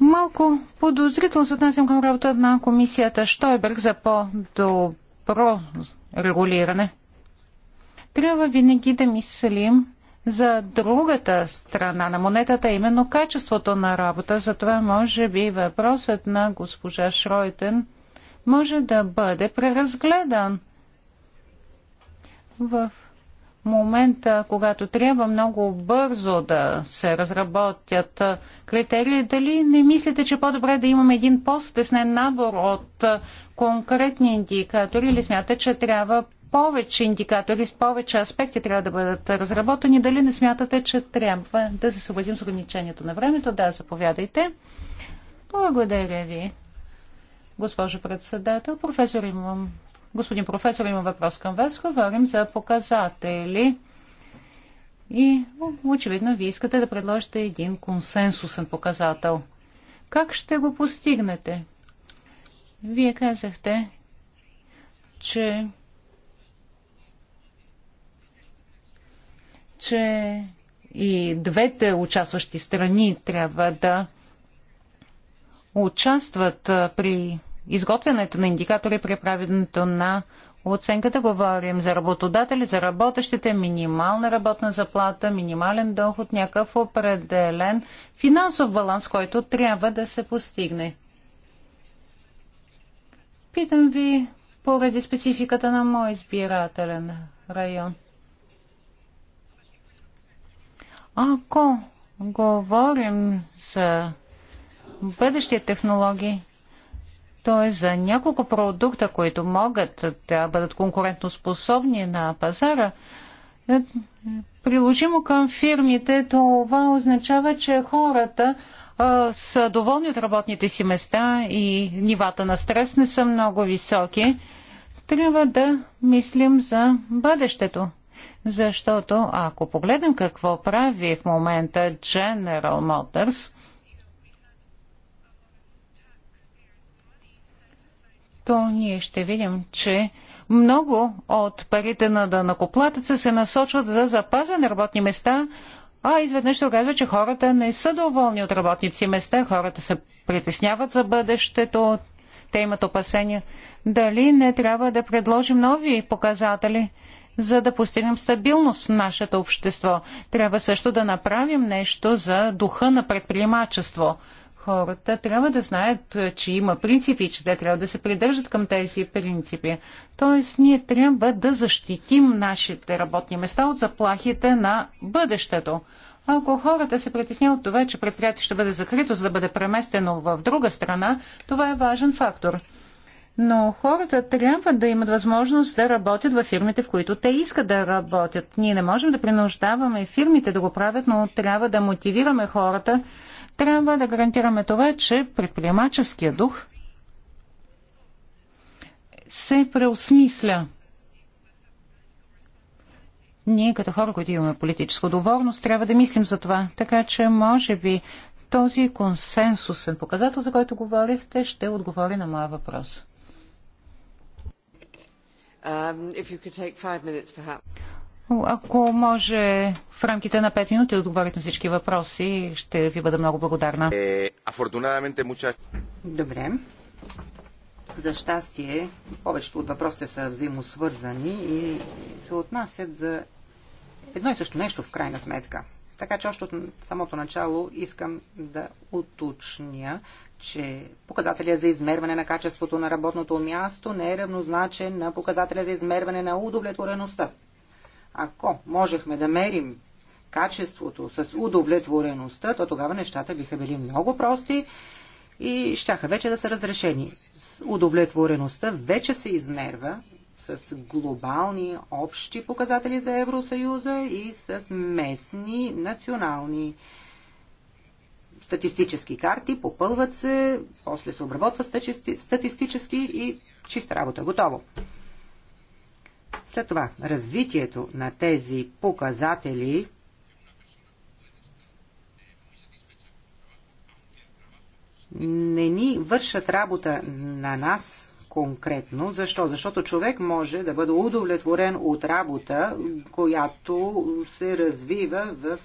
B: Малко подозрително се отнасям към работа на комисията Штойберг за по-добро регулиране. Трябва винаги да мислим за другата страна на монетата, именно качеството на работа. Затова може би въпросът на госпожа Шройтен може да бъде преразгледан. В момента, когато трябва много бързо да се разработят критерии, дали не мислите, че по-добре да имаме един по-стеснен набор от конкретни индикатори или смятате, че трябва повече индикатори, с повече аспекти трябва да бъдат разработени. Дали не смятате, че трябва да се съобразим с ограничението на времето? Да, заповядайте. Благодаря ви, госпожо председател. Професор имам... Господин професор, имам въпрос към вас. Говорим за показатели. И очевидно, вие искате да предложите един консенсусен показател. Как ще го постигнете? Вие казахте, че че и двете участващи страни трябва да участват при изготвянето на индикатори при правенето на оценката. Говорим за работодатели, за работещите, минимална работна заплата, минимален доход, някакъв определен финансов баланс, който трябва да се постигне. Питам ви поради спецификата на мой избирателен район – Ако говорим за бъдещи технологии, т.е. за няколко продукта, които могат да бъдат конкурентоспособни на пазара, е, приложимо към фирмите, това означава, че хората са доволни от работните си места и нивата на стрес не са много високи. Трябва да мислим за бъдещето защото ако погледнем какво прави в момента General Motors, то ние ще видим, че много от парите на данакоплатеца се насочват за запазване работни места, а изведнъж се оказва, че хората не са доволни от работници места, хората се притесняват за бъдещето, те имат опасения. Дали не трябва да предложим нови показатели – за да постигнем стабилност в нашето общество. Трябва също да направим нещо за духа на предприемачество. Хората трябва да знаят, че има принципи и че те трябва да се придържат към тези принципи. Тоест, ние трябва да защитим нашите работни места от заплахите на бъдещето. Ако хората се притесняват от това, че предприятие ще бъде закрито, за да бъде преместено в друга страна, това е важен фактор но хората трябва да имат възможност да работят във фирмите, в които те искат да работят. Ние не можем да принуждаваме фирмите да го правят, но трябва да мотивираме хората. Трябва да гарантираме това, че предприемаческия дух се преосмисля. Ние като хора, които имаме политическа доволност, трябва да мислим за това. Така че, може би, този консенсусен показател, за който говорихте, ще отговори на моя въпрос.
A: Um,
B: ако може в рамките на 5 минути да отговорите на всички въпроси, ще ви бъда много благодарна. Е,
F: Добре. За щастие, повечето от въпросите са взаимосвързани и се отнасят за едно и също нещо в крайна сметка. Така че още от самото начало искам да уточня че показателя за измерване на качеството на работното място не е равнозначен на показателя за измерване на удовлетвореността. Ако можехме да мерим качеството с удовлетвореността, то тогава нещата биха били много прости и щяха вече да са разрешени. С удовлетвореността вече се измерва с глобални общи показатели за Евросъюза и с местни национални показатели статистически карти, попълват се, после се обработват статистически и чиста работа. Готово. След това, развитието на тези показатели не ни вършат работа на нас конкретно. Защо? Защото човек може да бъде удовлетворен от работа, която се развива в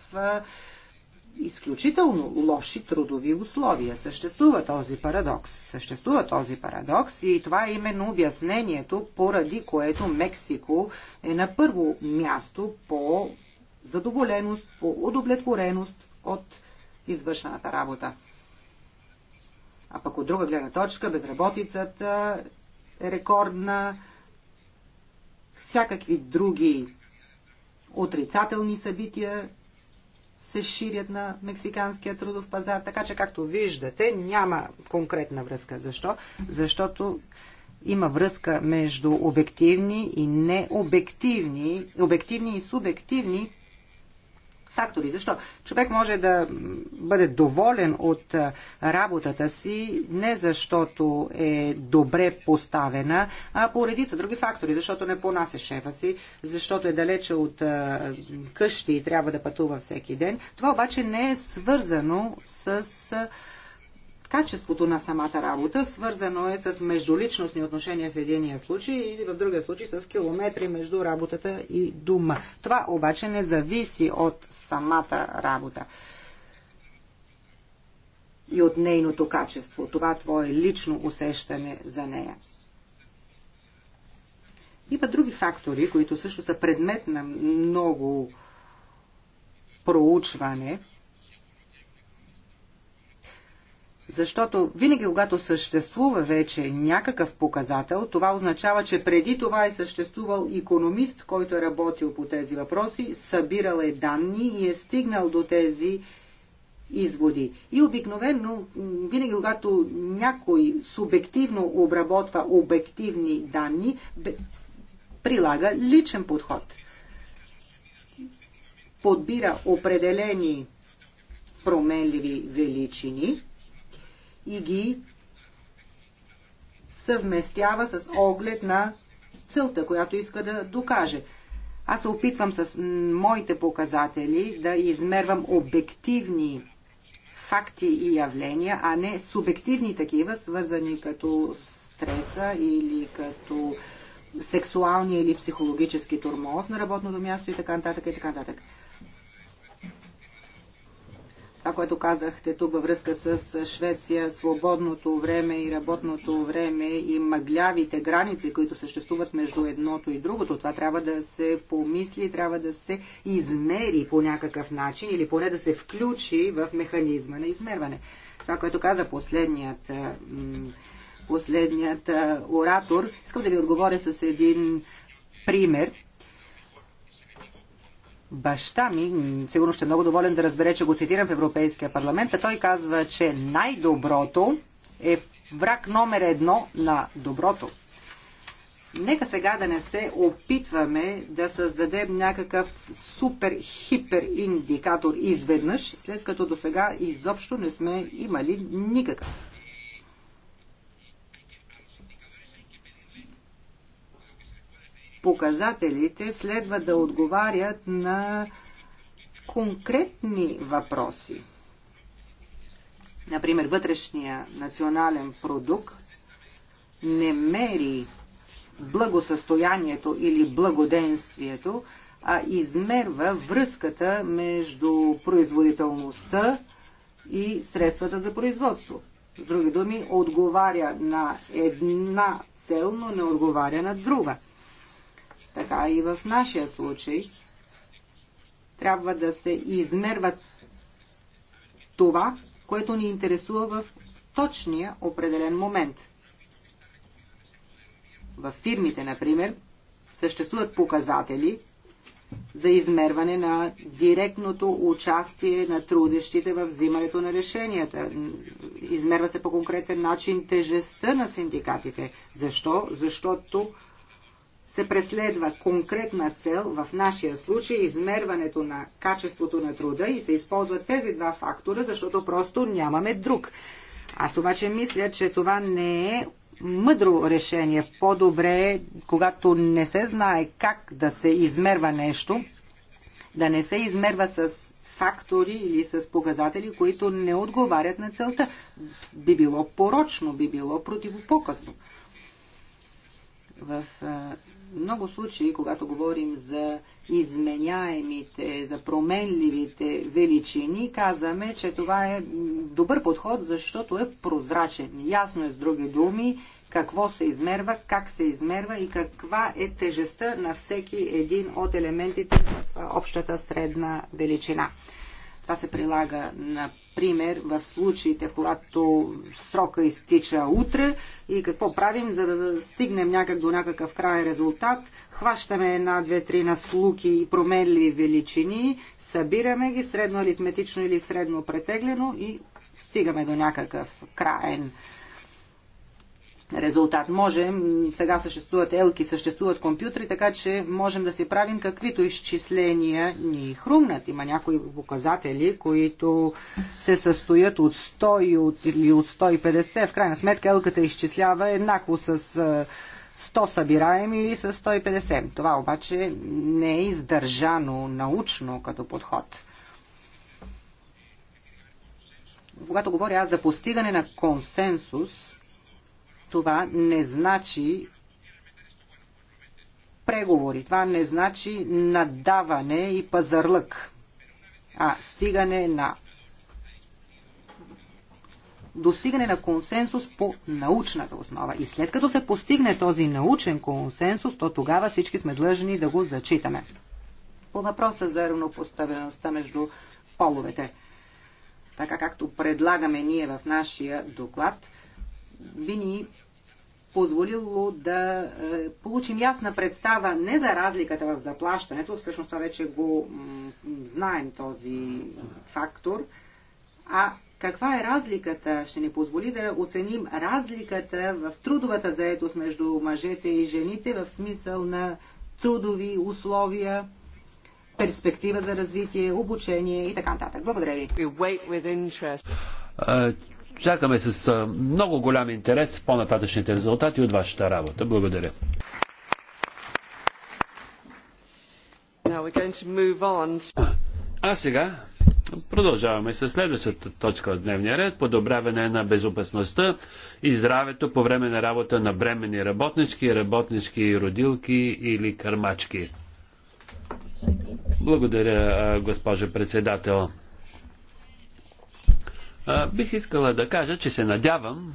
F: изключително лоши трудови условия. Съществува този парадокс. Съществува този парадокс и това е именно обяснението, поради което Мексико е на първо място по задоволеност, по удовлетвореност от извършената работа. А пък от друга гледна точка, безработицата е рекордна, всякакви други отрицателни събития се ширят на мексиканския трудов пазар. Така че, както виждате, няма конкретна връзка. Защо? Защото има връзка между обективни и необективни, обективни и субективни фактори. Защо? Човек може да бъде доволен от работата си не защото е добре поставена, а по редица други фактори. Защото не понася шефа си, защото е далече от къщи и трябва да пътува всеки ден. Това обаче не е свързано с качеството на самата работа. Свързано е с междуличностни отношения в единия случай или в другия случай с километри между работата и дума. Това обаче не зависи от самата работа и от нейното качество. Това твое лично усещане за нея. Има други фактори, които също са предмет на много проучване – Защото винаги, когато съществува вече някакъв показател, това означава, че преди това е съществувал економист, който е работил по тези въпроси, събирал е данни и е стигнал до тези изводи. И обикновено, винаги когато някой субективно обработва обективни данни, прилага личен подход. Подбира определени променливи величини – и ги съвместява с оглед на целта, която иска да докаже. Аз се опитвам с моите показатели да измервам обективни факти и явления, а не субективни такива, свързани като стреса или като сексуалния или психологически турмоз на работното място и така нататък и така нататък това, което казахте тук във връзка с Швеция, свободното време и работното време и мъглявите граници, които съществуват между едното и другото, това трябва да се помисли, трябва да се измери по някакъв начин или поне да се включи в механизма на измерване. Това, което каза последният, последният оратор, искам да ви отговоря с един пример – баща ми, сигурно ще е много доволен да разбере, че го цитирам в Европейския парламент, а той казва, че най-доброто е враг номер едно на доброто. Нека сега да не се опитваме да създадем някакъв супер-хипер индикатор изведнъж, след като до сега изобщо не сме имали никакъв. показателите следва да отговарят на конкретни въпроси. Например, вътрешния национален продукт не мери благосъстоянието или благоденствието, а измерва връзката между производителността и средствата за производство. С други думи, отговаря на една цел, но не отговаря на друга така и в нашия случай. Трябва да се измерват това, което ни интересува в точния определен момент. В фирмите, например, съществуват показатели за измерване на директното участие на трудещите в взимането на решенията. Измерва се по конкретен начин тежестта на синдикатите. Защо? Защото се преследва конкретна цел, в нашия случай измерването на качеството на труда и се използват тези два фактора, защото просто нямаме друг. Аз обаче мисля, че това не е мъдро решение. По-добре е, когато не се знае как да се измерва нещо, да не се измерва с фактори или с показатели, които не отговарят на целта. Би било порочно, би било противопоказно. В много случаи, когато говорим за изменяемите, за променливите величини, казваме, че това е добър подход, защото е прозрачен. Ясно е с други думи какво се измерва, как се измерва и каква е тежестта на всеки един от елементите в общата средна величина. Това се прилага на Например, в случаите, когато срока изтича утре и какво правим, за да стигнем някак до някакъв край резултат, хващаме една, две, три наслуки и променливи величини, събираме ги средно аритметично или средно претеглено и стигаме до някакъв краен резултат резултат. Можем, сега съществуват елки, съществуват компютри, така че можем да си правим каквито изчисления ни хрумнат. Има някои показатели, които се състоят от 100 или от 150. В крайна сметка елката изчислява еднакво с 100 е, събираеми или с 150. Това обаче не е издържано научно като подход. Когато говоря аз за постигане на консенсус, това не значи преговори, това не значи надаване и пазарлък, а стигане на достигане на консенсус по научната основа. И след като се постигне този научен консенсус, то тогава всички сме длъжни да го зачитаме. По въпроса за равнопоставеността между половете, така както предлагаме ние в нашия доклад, би ни позволило да е, получим ясна представа не за разликата в заплащането, всъщност това вече го знаем този фактор, а каква е разликата, ще ни позволи да оценим разликата в трудовата заетост между мъжете и жените в смисъл на трудови условия, перспектива за развитие, обучение и така нататък. Благодаря ви
D: чакаме с много голям интерес по-нататъчните резултати от вашата работа. Благодаря. А сега продължаваме с следващата точка от дневния ред. Подобряване на безопасността и здравето по време на работа на бремени работнички, работнички родилки или кърмачки. Благодаря, госпожа председател. А, бих искала да кажа, че се надявам,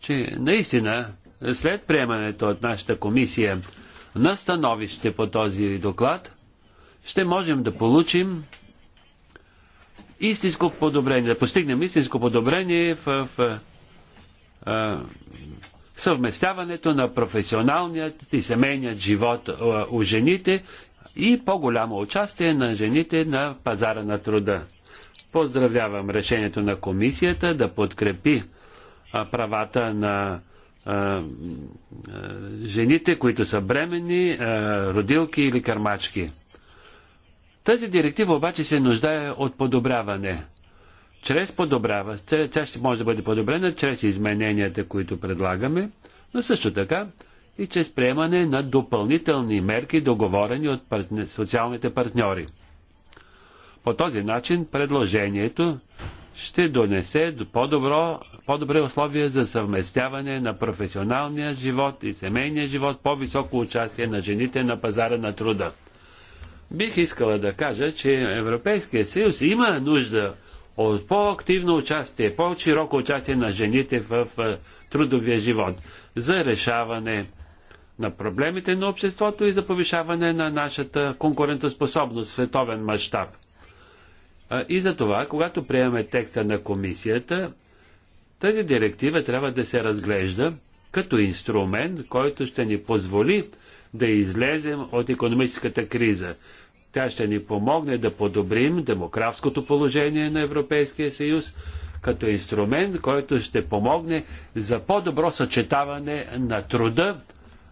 D: че наистина след приемането от нашата комисия на становище по този доклад, ще можем да получим истинско подобрение, да постигнем истинско подобрение в, в а, съвместяването на професионалният и семейният живот у жените и по-голямо участие на жените на пазара на труда. Поздравявам решението на комисията да подкрепи правата на жените, които са бремени, родилки или кърмачки. Тази директива обаче се нуждае от подобряване. Чрез подобрява, тя ще може да бъде подобрена чрез измененията, които предлагаме, но също така и чрез приемане на допълнителни мерки, договорени от партнер, социалните партньори. По този начин предложението ще донесе до по-добро, по-добре условия за съвместяване на професионалния живот и семейния живот, по-високо участие на жените на пазара на труда. Бих искала да кажа, че Европейския съюз има нужда от по-активно участие, по-широко участие на жените в е, трудовия живот за решаване на проблемите на обществото и за повишаване на нашата конкурентоспособност в световен мащаб. И за това, когато приемаме текста на комисията, тази директива трябва да се разглежда като инструмент, който ще ни позволи да излезем от економическата криза. Тя ще ни помогне да подобрим демографското положение на Европейския съюз като инструмент, който ще помогне за по-добро съчетаване на труда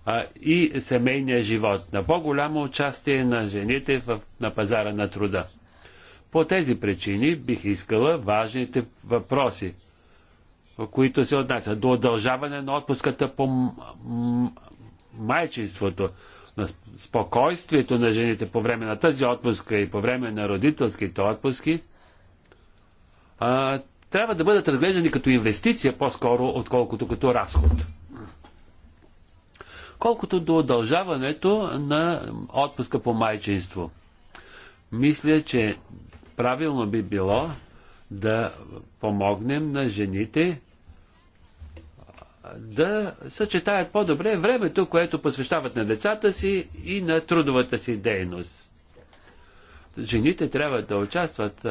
D: а, и семейния живот, на по-голямо участие на жените в, на пазара на труда. По тези причини бих искала важните въпроси, които се отнасят до удължаване на отпуската по майчинството, на спокойствието на жените по време на тази отпуска и по време на родителските отпуски, а, трябва да бъдат разглеждани като инвестиция по-скоро, отколкото като разход. Колкото до удължаването на отпуска по майчинство. Мисля, че правилно би било да помогнем на жените да съчетаят по-добре времето, което посвещават на децата си и на трудовата си дейност. Жените трябва да участват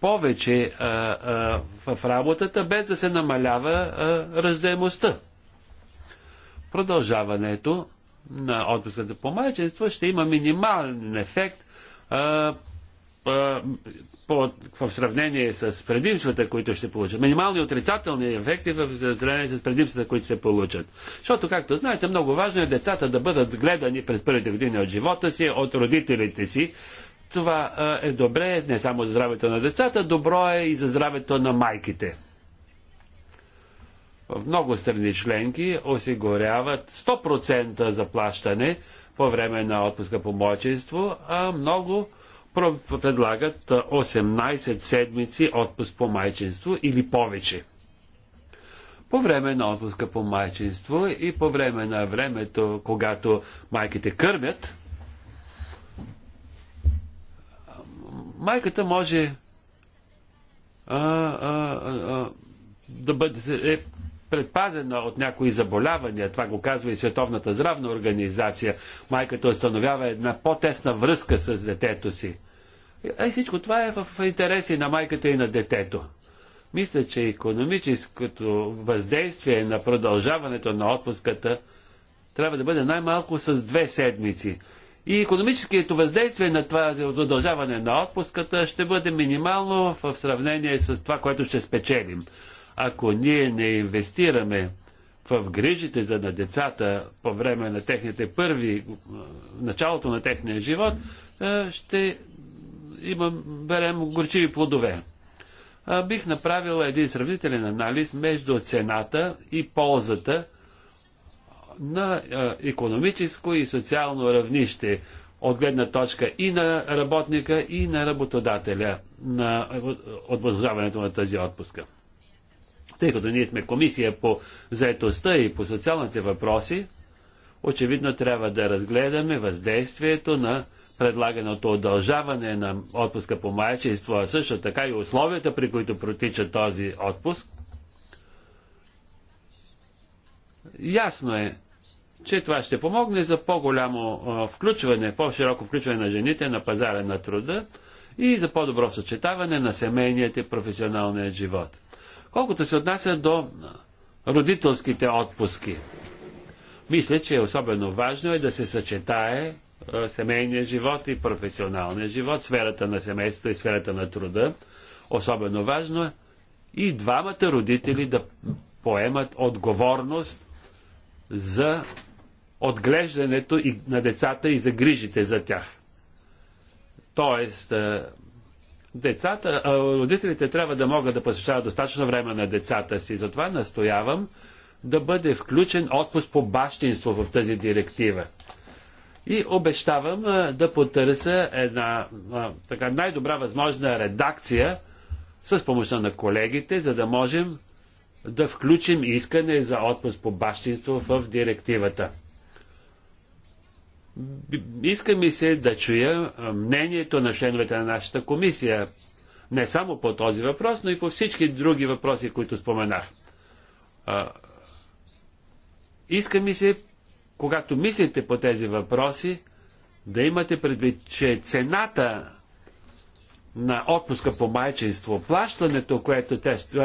D: повече в работата, без да се намалява раздаемостта. Продължаването на отпуската по майчинство ще има минимален ефект по, в сравнение с предимствата, които ще получат. Минимални отрицателни ефекти в сравнение с предимствата, които се получат. Защото, както знаете, много важно е децата да бъдат гледани през първите години от живота си, от родителите си. Това е добре не само за здравето на децата, добро е и за здравето на майките. В много страни членки осигуряват 100% заплащане по време на отпуска по мочество, а много предлагат 18 седмици отпуск по майчинство или повече. По време на отпуска по майчинство и по време на времето, когато майките кърмят, майката може а, а, а, да бъде е предпазена от някои заболявания. Това го казва и Световната здравна организация. Майката установява една по-тесна връзка с детето си. А е, всичко това е в интереси на майката и на детето. Мисля, че економическото въздействие на продължаването на отпуската трябва да бъде най-малко с две седмици. И економическото въздействие на това продължаване на отпуската ще бъде минимално в сравнение с това, което ще спечелим. Ако ние не инвестираме в грижите за на децата по време на техните първи, началото на техния живот, е, ще имам, берем горчиви плодове. А, бих направил един сравнителен анализ между цената и ползата на а, економическо и социално равнище от гледна точка и на работника, и на работодателя на отблагодаряването на тази отпуска. Тъй като ние сме комисия по заетостта и по социалните въпроси, очевидно трябва да разгледаме въздействието на предлаганото удължаване на отпуска по майчество, а също така и условията, при които протича този отпуск, ясно е, че това ще помогне за по-голямо включване, по-широко включване на жените на пазара на труда и за по-добро съчетаване на семейният и професионалния живот. Колкото се отнася до родителските отпуски, мисля, че е особено важно е да се съчетае семейния живот и професионалния живот, сферата на семейството и сферата на труда. Особено важно е и двамата родители да поемат отговорност за отглеждането и на децата и за грижите за тях. Тоест, децата, родителите трябва да могат да посвещават достатъчно време на децата си. Затова настоявам да бъде включен отпуск по бащинство в тази директива. И обещавам да потърся една така най-добра възможна редакция с помощта на колегите, за да можем да включим искане за отпуск по бащинство в директивата. Иска ми се да чуя мнението на членовете на нашата комисия. Не само по този въпрос, но и по всички други въпроси, които споменах. Иска ми се когато мислите по тези въпроси, да имате предвид, че цената на отпуска по майчинство, плащането, което те, е,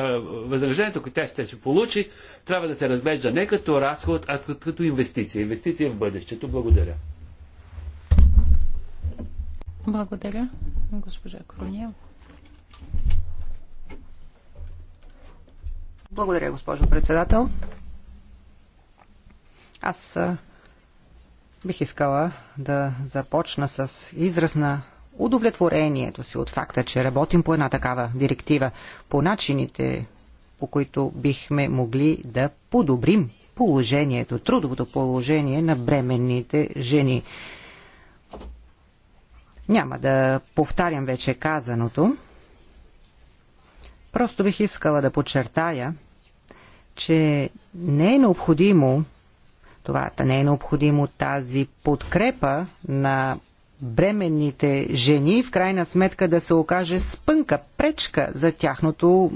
D: възражението, което тя ще, се получи, трябва да се разглежда не като разход, а като инвестиция. Инвестиция в бъдещето. Благодаря.
B: Благодаря, госпожа Корония.
F: Благодаря, госпожо председател. Аз бих искала да започна с израз на удовлетворението си от факта, че работим по една такава директива, по начините, по които бихме могли да подобрим положението, трудовото положение на бременните жени. Няма да повтарям вече казаното. Просто бих искала да подчертая, че не е необходимо това да не е необходимо тази подкрепа на бременните жени в крайна сметка да се окаже спънка, пречка за тяхното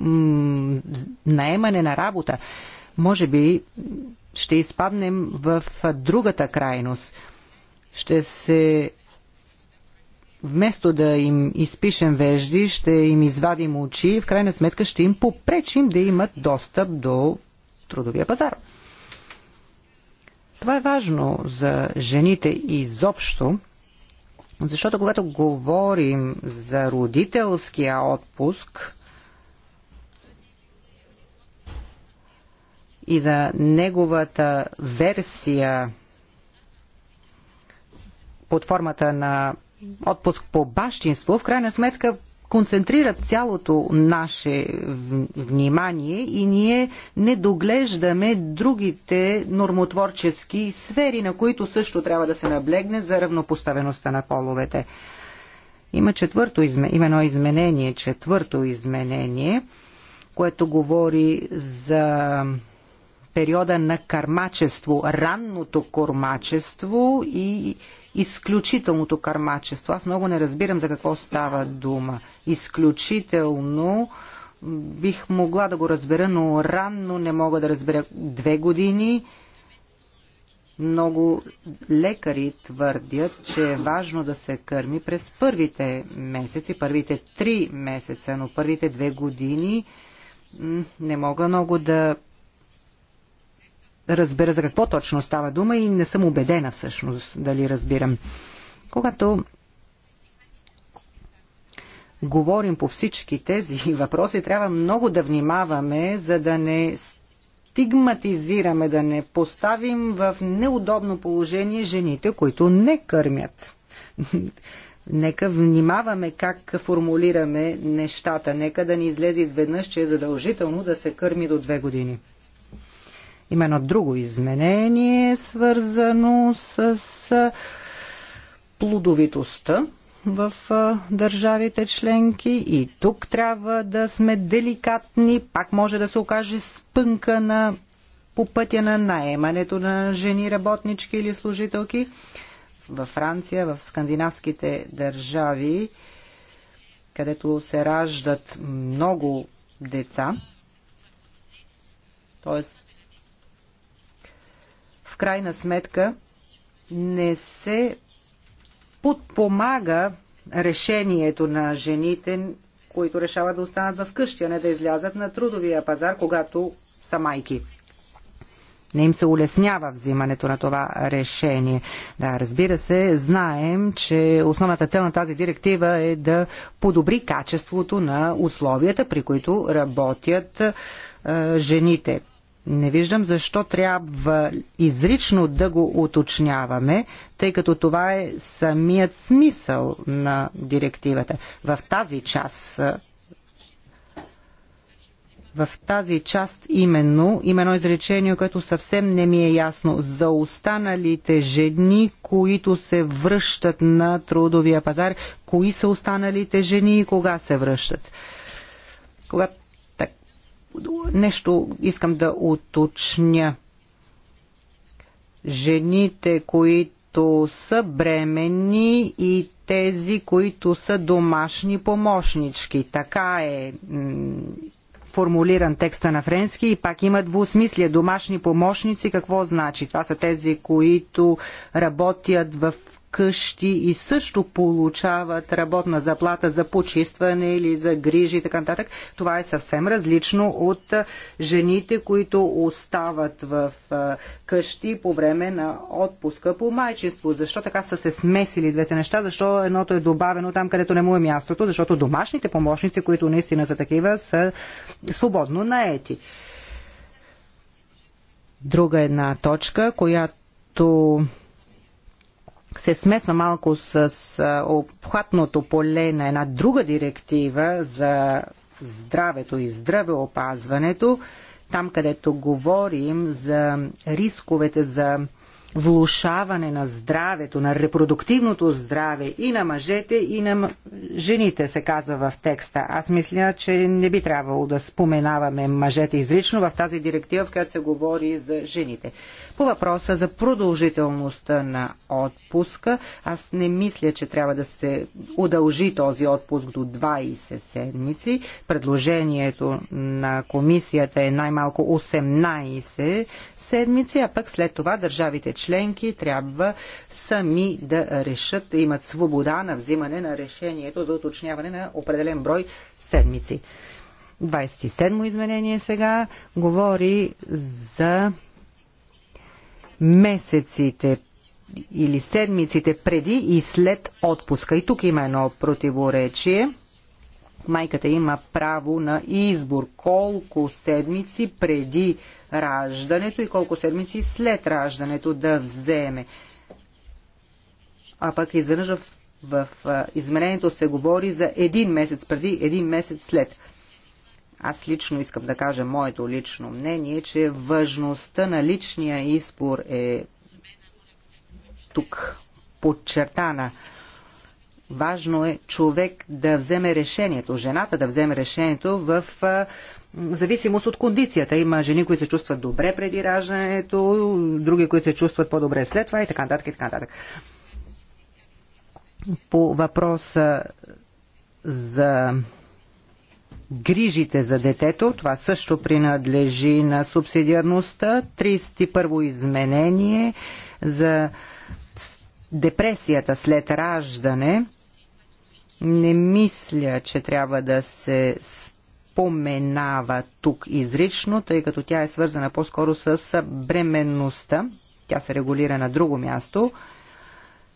F: наемане на работа. Може би ще изпаднем в другата крайност. Ще се вместо да им изпишем вежди, ще им извадим очи и в крайна сметка ще им попречим да имат достъп до трудовия пазар. Това е важно за жените изобщо, защото когато говорим за родителския отпуск и за неговата версия под формата на отпуск по бащинство, в крайна сметка концентрират цялото наше внимание и ние не доглеждаме другите нормотворчески сфери, на които също трябва да се наблегне за равнопоставеността на половете. Има, четвърто, изме... има едно изменение, четвърто изменение, което говори за периода на кармачество, ранното кормачество и изключителното кармачество. Аз много не разбирам за какво става дума. Изключително бих могла да го разбера, но ранно не мога да разбера. Две години много лекари твърдят, че е важно да се кърми през първите месеци, първите три месеца, но първите две години не мога много да разбера за какво точно става дума и не съм убедена всъщност дали разбирам. Когато говорим по всички тези (laughs) въпроси, трябва много да внимаваме, за да не стигматизираме, да не поставим в неудобно положение жените, които не кърмят. (laughs) Нека внимаваме как формулираме нещата. Нека да ни излезе изведнъж, че е задължително да се кърми до две години. Има едно друго изменение, свързано с плодовитостта в държавите членки и тук трябва да сме деликатни, пак може да се окаже спънка на по пътя на наемането на жени работнички или служителки. Във Франция, в скандинавските държави, където се раждат много деца, т.е в крайна сметка не се подпомага решението на жените, които решават да останат вкъщи, а не да излязат на трудовия пазар, когато са майки. Не им се улеснява взимането на това решение. Да, разбира се, знаем, че основната цел на тази директива е да подобри качеството на условията, при които работят е, жените. Не виждам защо трябва изрично да го уточняваме, тъй като това е самият смисъл на директивата. В тази част в тази част именно има едно изречение, което съвсем не ми е ясно. За останалите жени, които се връщат на трудовия пазар, кои са останалите жени и кога се връщат? Когато нещо искам да уточня. Жените, които са бремени и тези, които са домашни помощнички. Така е формулиран текста на френски и пак има двусмислие. Домашни помощници какво значи? Това са тези, които работят в къщи и също получават работна заплата за почистване или за грижи и така нататък. Това е съвсем различно от жените, които остават в къщи по време на отпуска по майчество. Защо така са се смесили двете неща? Защо едното е добавено там, където не му е мястото? Защото домашните помощници, които наистина са такива, са свободно наети. Друга една точка, която се смесва малко с, с обхватното поле на една друга директива за здравето и здравеопазването, там където говорим за рисковете за влушаване на здравето, на репродуктивното здраве и на мъжете, и на жените, се казва в текста. Аз мисля, че не би трябвало да споменаваме мъжете изрично в тази директива, в която се говори за жените. По въпроса за продължителността на отпуска, аз не мисля, че трябва да се удължи този отпуск до 20 седмици. Предложението на комисията е най-малко 18 седмици, а пък след това държавите членки трябва сами да решат, имат свобода на взимане на решението за уточняване на определен брой седмици. 27 изменение сега говори за месеците или седмиците преди и след отпуска. И тук има едно противоречие. Майката има право на избор колко седмици преди раждането и колко седмици след раждането да вземе. А пък изведнъж в, в изменението се говори за един месец преди, един месец след. Аз лично искам да кажа моето лично мнение, че важността на личния избор е тук подчертана. Важно е човек да вземе решението, жената да вземе решението в зависимост от кондицията. Има жени, които се чувстват добре преди раждането, други, които се чувстват по-добре след това и така нататък и така нататък. По въпроса за грижите за детето, това също принадлежи на субсидиарността. 31-во изменение за депресията след раждане. Не мисля, че трябва да се споменава тук изрично, тъй като тя е свързана по-скоро с бременността. Тя се регулира на друго място.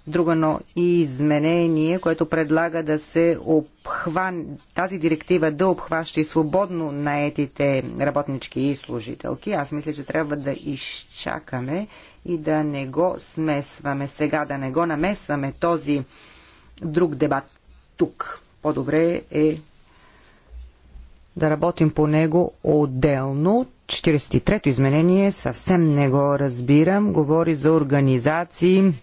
F: Друго но изменение, което предлага да се обхване, тази директива да обхваща и свободно наетите работнички и служителки. Аз мисля, че трябва да изчакаме и да не го смесваме сега, да не го намесваме този друг дебат тук. По-добре е да работим по него отделно. 43-то изменение съвсем не го разбирам. Говори за организации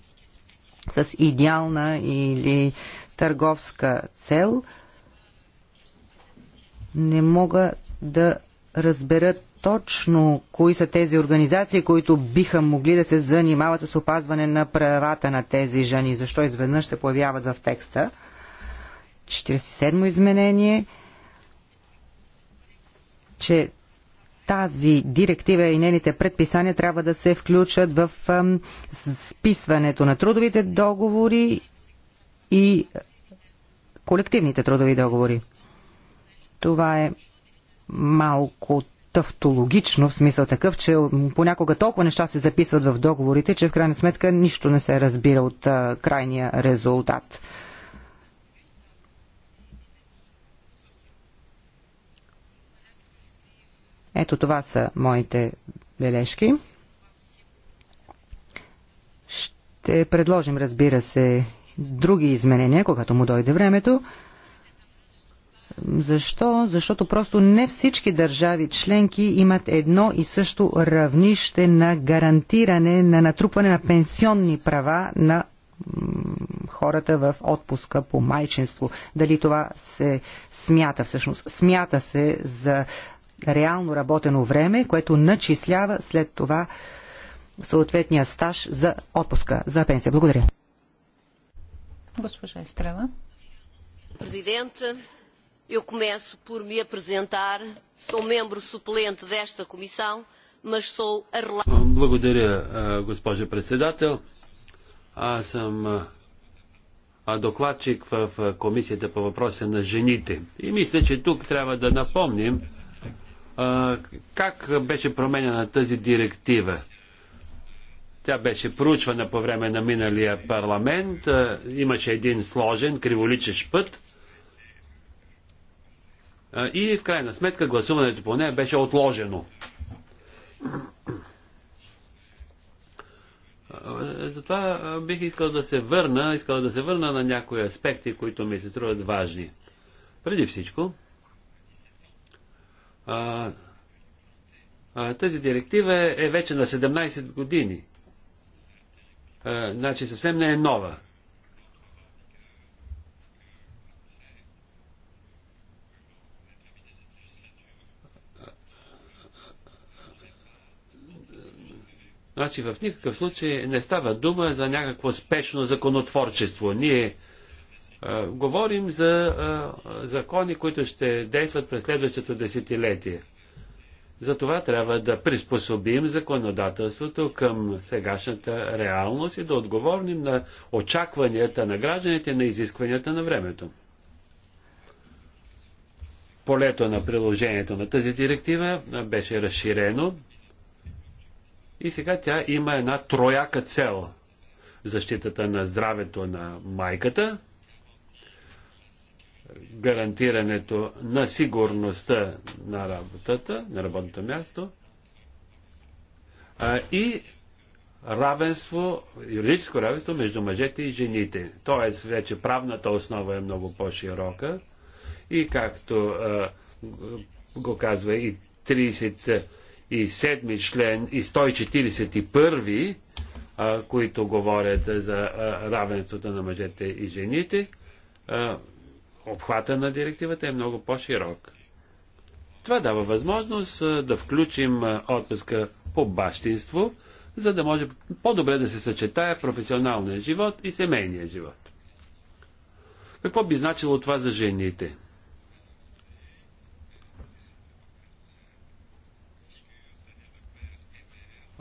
F: с идеална или търговска цел. Не мога да разбера точно кои са тези организации, които биха могли да се занимават с опазване на правата на тези жени. Защо изведнъж се появяват в текста? 47-мо изменение – че тази директива и нейните предписания трябва да се включат в списването на трудовите договори и колективните трудови договори. Това е малко тавтологично, в смисъл такъв, че понякога толкова неща се записват в договорите, че в крайна сметка нищо не се разбира от крайния резултат. Ето това са моите бележки. Ще предложим, разбира се, други изменения, когато му дойде времето. Защо? Защото просто не всички държави членки имат едно и също равнище на гарантиране, на натрупване на пенсионни права на хората в отпуска по майчинство. Дали това се смята всъщност? Смята се за реално работено време, което начислява след това съответния стаж за отпуска, за
B: пенсия. Благодаря. Госпожа Естрела. Президента,
A: eu começo por me apresentar. Sou membro suplente desta comissão, mas sou a relatora.
D: Благодаря, госпожа председател. Аз съм докладчик в Комисията по въпроса на жените. И мисля, че тук трябва да напомним, как беше променена тази директива? Тя беше проучвана по време на миналия парламент. Имаше един сложен, криволичеш път. И в крайна сметка гласуването по нея беше отложено. Затова бих искал да се върна, искал да се върна на някои аспекти, които ми се струват важни. Преди всичко, а, а, тази директива е, е вече на 17 години. А, значи съвсем не е нова. Значи в никакъв случай не става дума за някакво спешно законотворчество. Ние Говорим за закони, които ще действат през следващото десетилетие. Затова трябва да приспособим законодателството към сегашната реалност и да отговорим на очакванията на гражданите, на изискванията на времето. Полето на приложението на тази директива беше разширено и сега тя има една трояка цел. Защитата на здравето на майката – гарантирането на сигурността на работата, на работното място а, и равенство, юридическо равенство между мъжете и жените. Тоест, вече правната основа е много по-широка и както а, го казва и 37 член и 141, а, които говорят за равенството на мъжете и жените, а, обхвата на директивата е много по-широк. Това дава възможност да включим отпуска по бащинство, за да може по-добре да се съчетае професионалния живот и семейния живот. Какво би значило това за жените?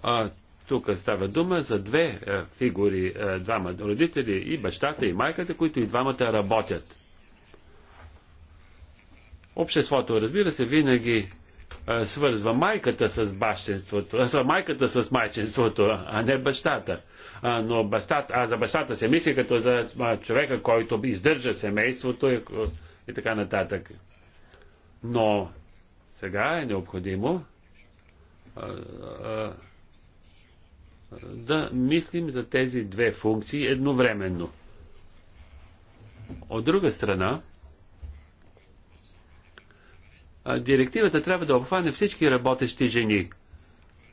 D: А, тук става дума за две а, фигури, а, двама родители, и бащата, и майката, които и двамата работят. Обществото, разбира се, винаги а, свързва майката с бащенството, а, майката с майченството, а не бащата. А, но бащата, а за бащата се мисли като за човека, който издържа семейството и, и така нататък. Но сега е необходимо да мислим за тези две функции едновременно. От друга страна, директивата трябва да обхване всички работещи жени,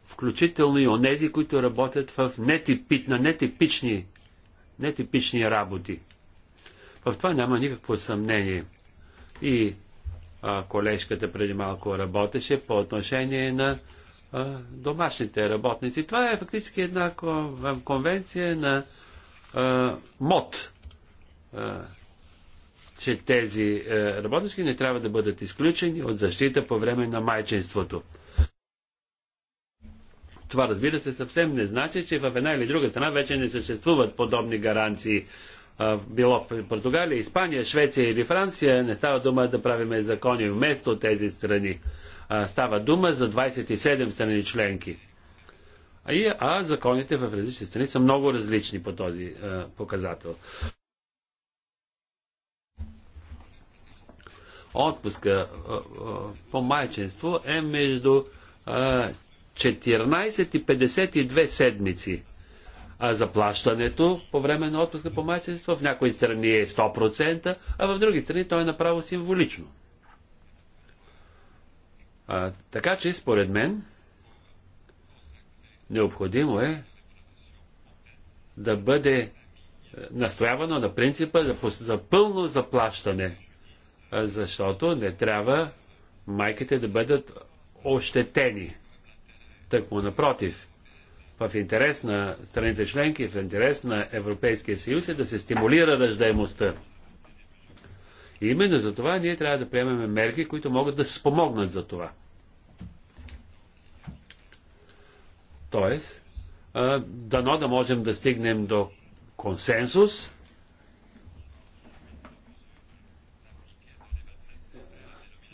D: включително и онези, които работят в нетипит, на нетипични, нетипични работи. В това няма никакво съмнение. И а, колежката преди малко работеше по отношение на а, домашните работници. Това е фактически една конвенция на а, МОД. А, че тези е, работнички не трябва да бъдат изключени от защита по време на майчинството. Това разбира се съвсем не значи, че в една или друга страна вече не съществуват подобни гаранции. Е, било в Португалия, Испания, Швеция или Франция, не става дума да правиме закони вместо тези страни. Става дума за 27 страни членки. А, а законите в различни страни са много различни по този е, показател. отпуска по майчинство е между 14 и 52 седмици. А заплащането по време на отпуска по майчинство в някои страни е 100%, а в други страни то е направо символично. А, така че, според мен, необходимо е да бъде настоявано на принципа за, за пълно заплащане защото не трябва майките да бъдат ощетени. Так му напротив, в интерес на страните членки, в интерес на Европейския съюз е да се стимулира ръждаемостта. И именно за това ние трябва да приемем мерки, които могат да спомогнат за това. Тоест, дано да можем да стигнем до консенсус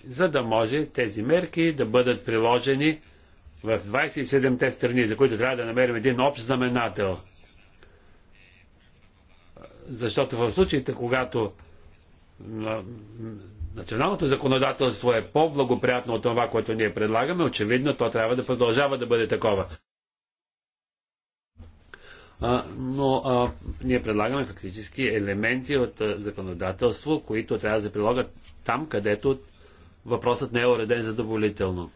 D: за да може тези мерки да бъдат приложени в 27-те страни, за които трябва да намерим един общ знаменател. Защото в случаите, когато националното законодателство е по-благоприятно от това, което ние предлагаме, очевидно то трябва да продължава да бъде такова. А, но а, ние предлагаме фактически елементи от а, законодателство, които трябва да се прилагат там, където въпросът не е уреден задоволително.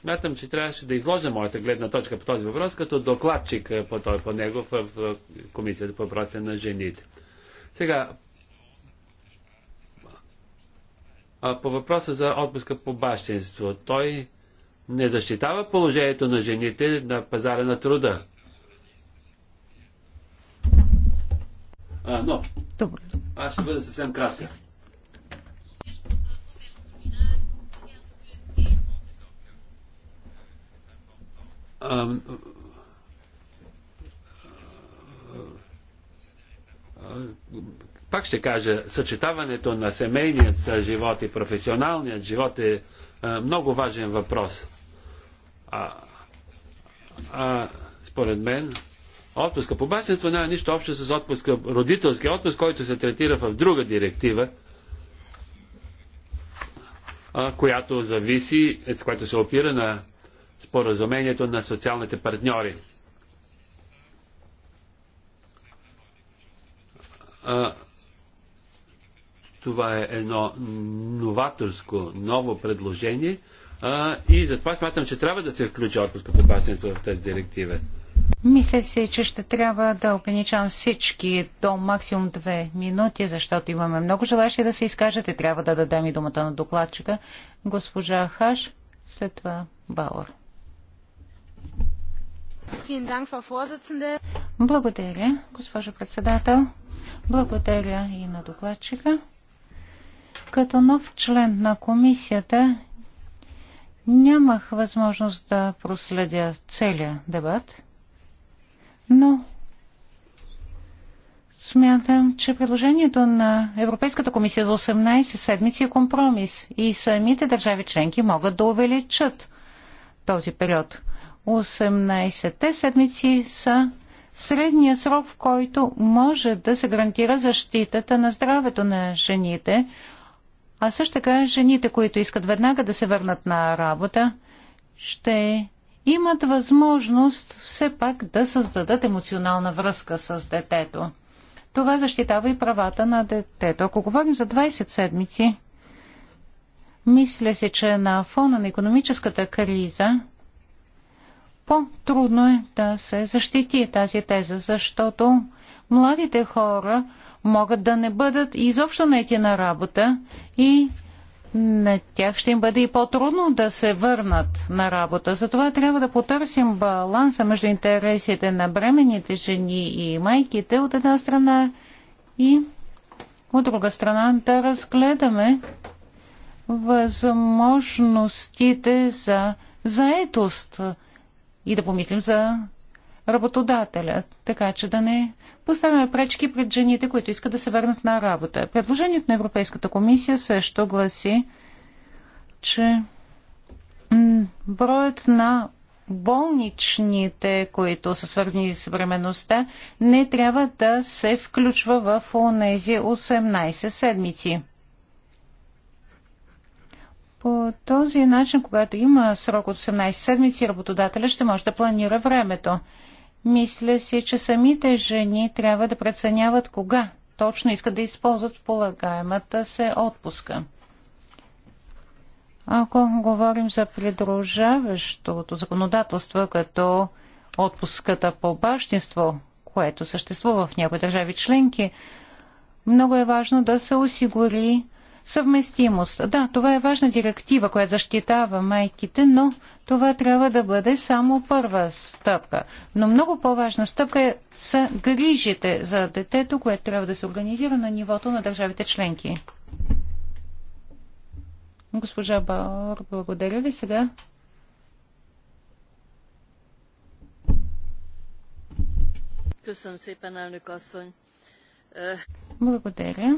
D: Смятам, че трябваше да изложа моята гледна точка по този въпрос като докладчик по, той, по него в Комисията по въпроси на жените. Сега, по въпроса за отпуска по бащинство, той не защитава положението на жените на пазара на труда. А, но. Добре. Аз ще бъда съвсем кратка. пак ще кажа, съчетаването на семейният живот и професионалният живот е много важен въпрос. А, а, според мен, Отпуска по басенство няма нищо общо с отпуска, родителски отпуск, който се третира в друга директива, която зависи, е, с която се опира на споразумението на социалните партньори. А, това е едно новаторско, ново предложение а, и затова смятам, че трябва да се включи отпуска по басенето в тази директива.
B: Мисля си, че ще трябва да ограничавам всички до максимум две минути, защото имаме много желащи да се изкажат и трябва да дадем и думата на докладчика. Госпожа Хаш, след това Бауър. Благодаря, госпожо председател. Благодаря и на докладчика. Като нов член на комисията нямах възможност да проследя целият дебат но смятам, че предложението на Европейската комисия за 18 седмици е компромис и самите държави членки могат да увеличат този период. 18-те седмици са средния срок, в който може да се гарантира защитата на здравето на жените, а също така жените, които искат веднага да се върнат на работа, ще имат възможност все пак да създадат емоционална връзка с детето. Това защитава и правата на детето. Ако говорим за 20 седмици, мисля се, че на фона на економическата криза по-трудно е да се защити тази теза, защото младите хора могат да не бъдат изобщо наети на работа и на тях ще им бъде и по-трудно да се върнат на работа. Затова трябва да потърсим баланса между интересите на бременните жени и майките от една страна и от друга страна да разгледаме възможностите за заетост и да помислим за работодателя, така че да не поставяме пречки пред жените, които искат да се върнат на работа. Предложението на Европейската комисия също гласи, че броят на болничните, които са свързани с временността, не трябва да се включва в онези 18 седмици. По този начин, когато има срок от 18 седмици, работодателя ще може да планира времето. Мисля си, че самите жени трябва да преценяват кога точно искат да използват полагаемата се отпуска. Ако говорим за придружаващото законодателство като отпуската по бащинство, което съществува в някои държави членки, много е важно да се осигури Съвместимост. Да, това е важна директива, която защитава майките, но това трябва да бъде само първа стъпка. Но много по-важна стъпка е са грижите за детето, което трябва да се организира на нивото на държавите членки. Госпожа Баор, благодаря ви сега. Е. Благодаря.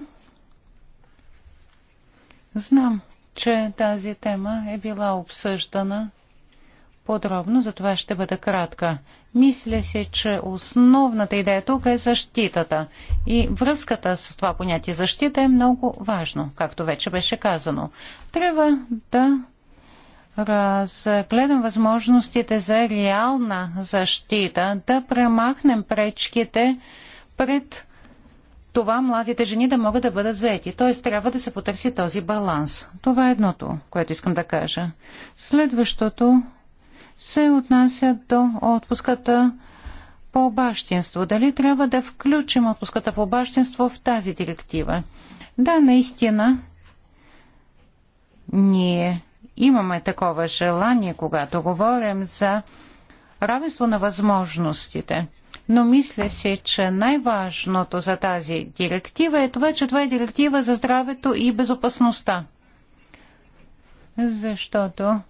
B: Знам, че тази тема е била обсъждана подробно, затова ще бъда кратка. Мисля се, че основната идея тук е защитата. И връзката с това понятие защита е много важно, както вече беше казано. Трябва да разгледам възможностите за реална защита, да премахнем пречките пред това младите жени да могат да бъдат заети. Т.е. трябва да се потърси този баланс. Това е едното, което искам да кажа. Следващото се отнася до отпуската по бащинство. Дали трябва да включим отпуската по бащинство в тази директива? Да, наистина, ние имаме такова желание, когато говорим за равенство на възможностите но мисля се, че най-важното за тази директива е това, че това е директива за здравето и безопасността. Защото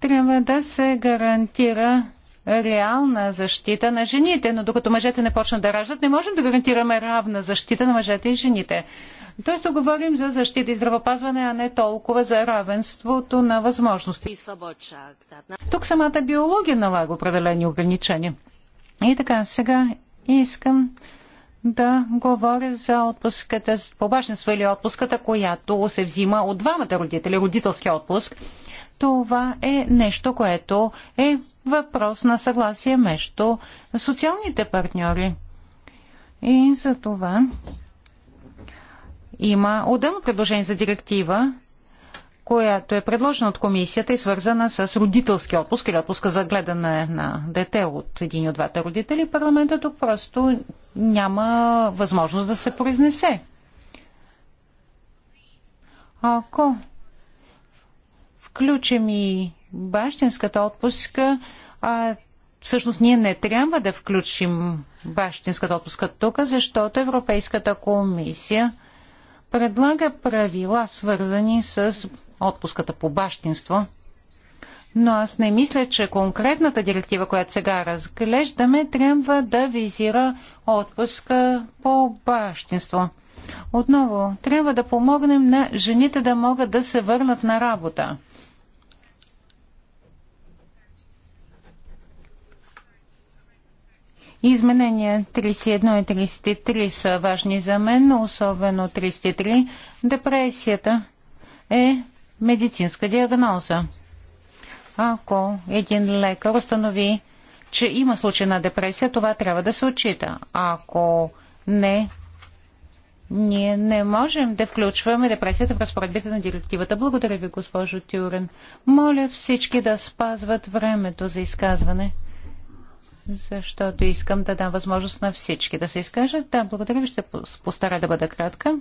B: трябва да се гарантира реална защита на жените, но докато мъжете не почнат да раждат, не можем да гарантираме равна защита на мъжете и жените. Тоест говорим за защита и здравопазване, а не толкова за равенството на възможности. Тук самата биология налага определени ограничения. И така, сега искам да говоря за отпуската по бащинство или отпуската, която се взима от двамата родители, родителския отпуск. Това е нещо, което е въпрос на съгласие между социалните партньори. И за това има отделно предложение за директива, която е предложена от комисията и свързана с родителски отпуск или отпуска за гледане на дете от един от двата родители, парламентът тук просто няма възможност да се произнесе. Ако включим и бащинската отпуска, а, всъщност ние не трябва да включим бащинската отпуска тук, защото Европейската комисия предлага правила, свързани с отпуската по бащинство. Но аз не мисля, че конкретната директива, която сега разглеждаме, трябва да визира отпуска по бащинство. Отново, трябва да помогнем на жените да могат да се върнат на работа. Изменения 31 и 33 са важни за мен, особено 33. Депресията е медицинска диагноза. Ако един лекар установи, че има случай на депресия, това трябва да се отчита. Ако не, ние не можем да включваме депресията в разпоредбите на директивата. Благодаря ви, госпожо Тюрен. Моля всички да спазват времето за изказване, защото искам да дам възможност на всички да се изкажат. Да, благодаря ви, ще постара да бъда кратка.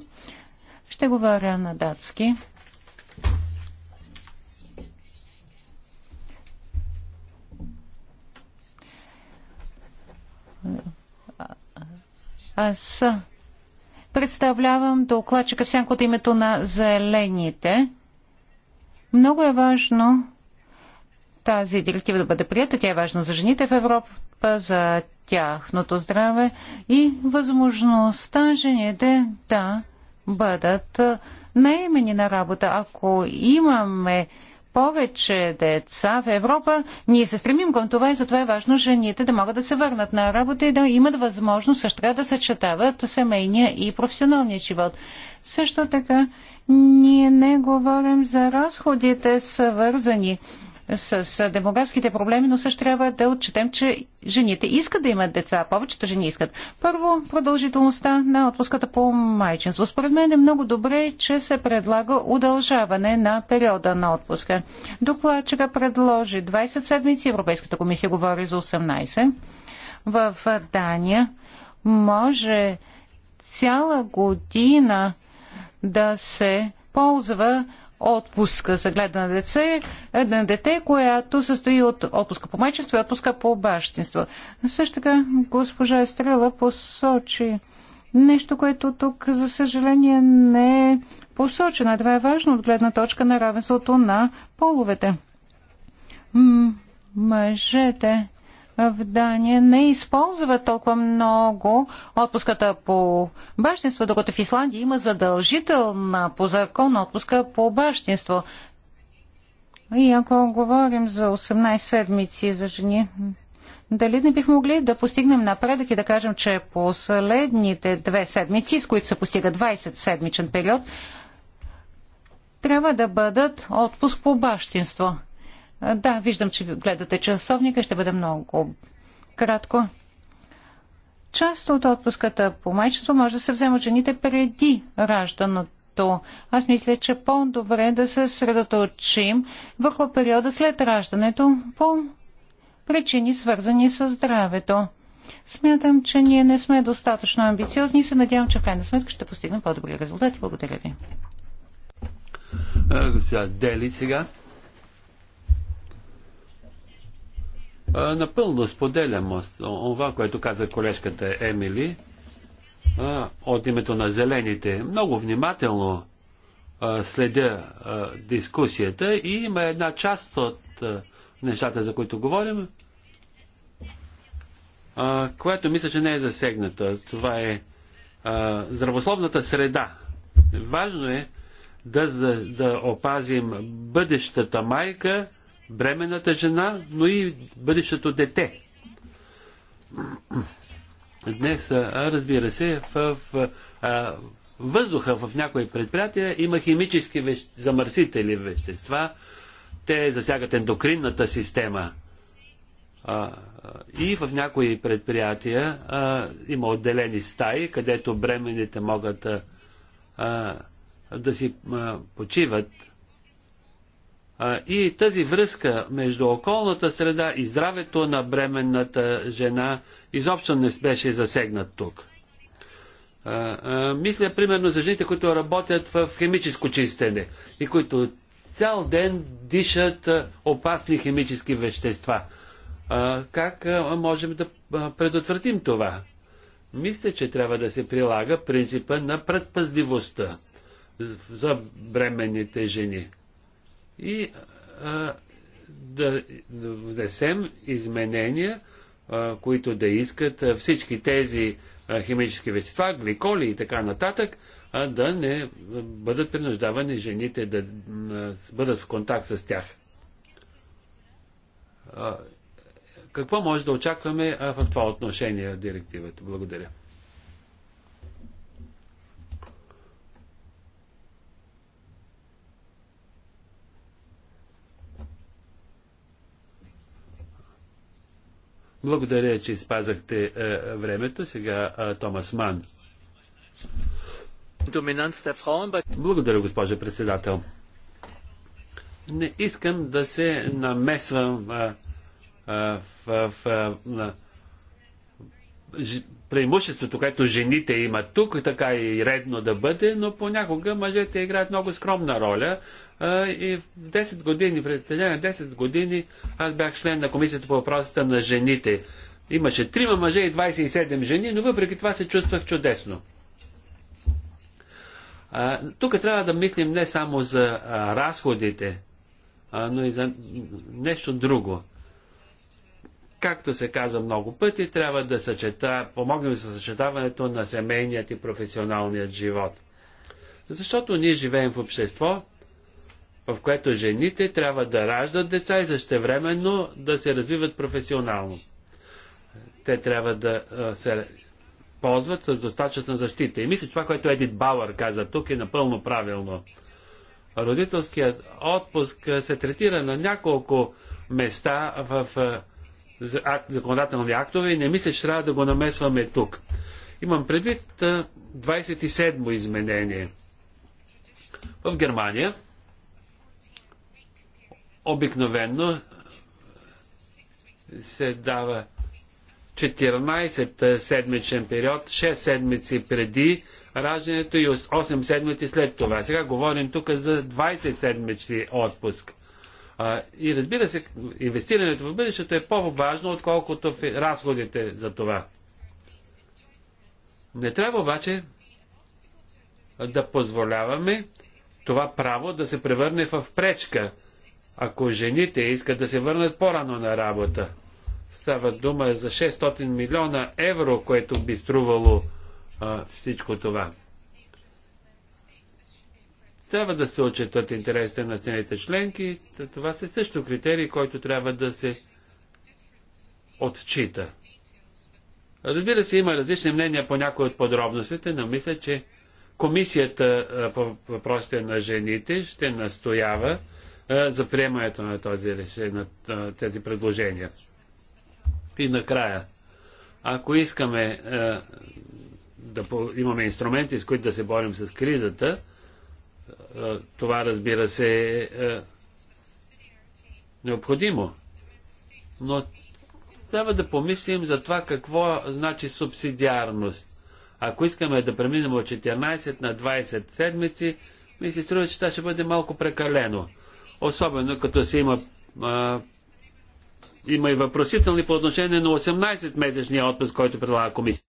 B: Ще говоря на датски. Аз представлявам докладчика всяко от името на зелените. Много е важно тази директива да бъде прията. Тя е важна за жените в Европа, за тяхното здраве и възможността жените да бъдат наемени на работа. Ако имаме повече деца в Европа. Ние се стремим към това и затова е важно жените да могат да се върнат на работа и да имат възможност също така да съчетават семейния и професионалния живот. Също така ние не говорим за разходите свързани с демографските проблеми, но също трябва да отчетем, че жените искат да имат деца. Повечето жени искат. Първо, продължителността на отпуската по майчинство. Според мен е много добре, че се предлага удължаване на периода на отпуска. Докладчика предложи 20 седмици, Европейската комисия говори за 18. В Дания може цяла година да се ползва отпуска за гледане на дете, на дете, която състои от отпуска по майчинство и отпуска по бащинство. Също така госпожа Естрела посочи нещо, което тук, за съжаление, не е посочено. Това е важно от гледна точка на равенството на половете. М- мъжете в Дания не използва толкова много отпуската по бащинство, докато в Исландия има задължителна по закон отпуска по бащинство. И ако говорим за 18 седмици за жени, дали не бих могли да постигнем напредък и да кажем, че последните две седмици, с които се постига 20 седмичен период, трябва да бъдат отпуск по бащинство – да, виждам, че гледате часовника. Ще бъде много кратко. Част от отпуската по майчество може да се взема от жените преди раждането. Аз мисля, че по-добре да се средоточим върху периода след раждането по причини, свързани с здравето. Смятам, че ние не сме достатъчно амбициозни и се надявам, че в крайна сметка ще постигнем по-добри резултати. Благодаря ви.
D: Е, госпожа Дели сега. Напълно споделям това, което каза колежката Емили от името на зелените. Много внимателно следя дискусията и има една част от нещата, за които говорим, която мисля, че не е засегната. Това е здравословната среда. Важно е да, да, да опазим бъдещата майка бременната жена, но и бъдещето дете. Днес, разбира се, в, в а, въздуха в някои предприятия има химически веще, замърсители вещества. Те засягат ендокринната система. А, и в някои предприятия а, има отделени стаи, където бременните могат а, да си а, почиват и тази връзка между околната среда и здравето на бременната жена изобщо не беше засегнат тук. Мисля примерно за жените, които работят в химическо чистене и които цял ден дишат опасни химически вещества. Как можем да предотвратим това? Мисля, че трябва да се прилага принципа на предпазливостта за бременните жени и а, да внесем изменения, а, които да искат а, всички тези а, химически вещества, гликоли и така нататък, а да не бъдат принуждавани жените да а, бъдат в контакт с тях. А, какво може да очакваме а, в това отношение директивата? Благодаря. Благодаря, че спазахте е, времето. Сега е, Томас Ман. Благодаря, госпожа председател. Не искам да се намесвам а, е, а, в, в, в, в преимуществото, което жените имат тук, така и редно да бъде, но понякога мъжете играят много скромна роля. А, и 10 години, през на 10 години, аз бях член на комисията по въпросите на жените. Имаше трима мъже и 27 жени, но въпреки това се чувствах чудесно. А, тук трябва да мислим не само за а, разходите, а, но и за нещо друго. Както се каза много пъти, трябва да съчета, помогнем за съчетаването на семейният и професионалният живот. Защото ние живеем в общество, в което жените трябва да раждат деца и същевременно да се развиват професионално. Те трябва да се ползват с достатъчна защита. И мисля, това, което Едит Бауър каза тук е напълно правилно. Родителският отпуск се третира на няколко места в законодателни актове и не мисля, че трябва да го намесваме тук. Имам предвид 27-мо изменение. В Германия обикновенно се дава 14 седмичен период, 6 седмици преди раждането и 8 седмици след това. Сега говорим тук за 20 седмични отпуск. А, и разбира се, инвестирането в бъдещето е по-важно, отколкото разходите за това. Не трябва обаче да позволяваме това право да се превърне в пречка, ако жените искат да се върнат по-рано на работа. Става дума за 600 милиона евро, което би струвало а, всичко това. Трябва да се отчетат интересите на страните членки. Това са също критерии, който трябва да се отчита. Разбира се, има различни мнения по някои от подробностите, но мисля, че Комисията по въпросите на жените ще настоява за приемането на, този, решение, на тези предложения. И накрая, ако искаме да имаме инструменти, с които да се борим с кризата, е, това, разбира се, е необходимо. Но трябва да помислим за това какво значи субсидиарност. Ако искаме да преминем от 14 на 20 седмици, ми се струва, че това ще бъде малко прекалено. Особено като се има, а, има и въпросителни по отношение на 18-месечния отпуск, който предлага комисията.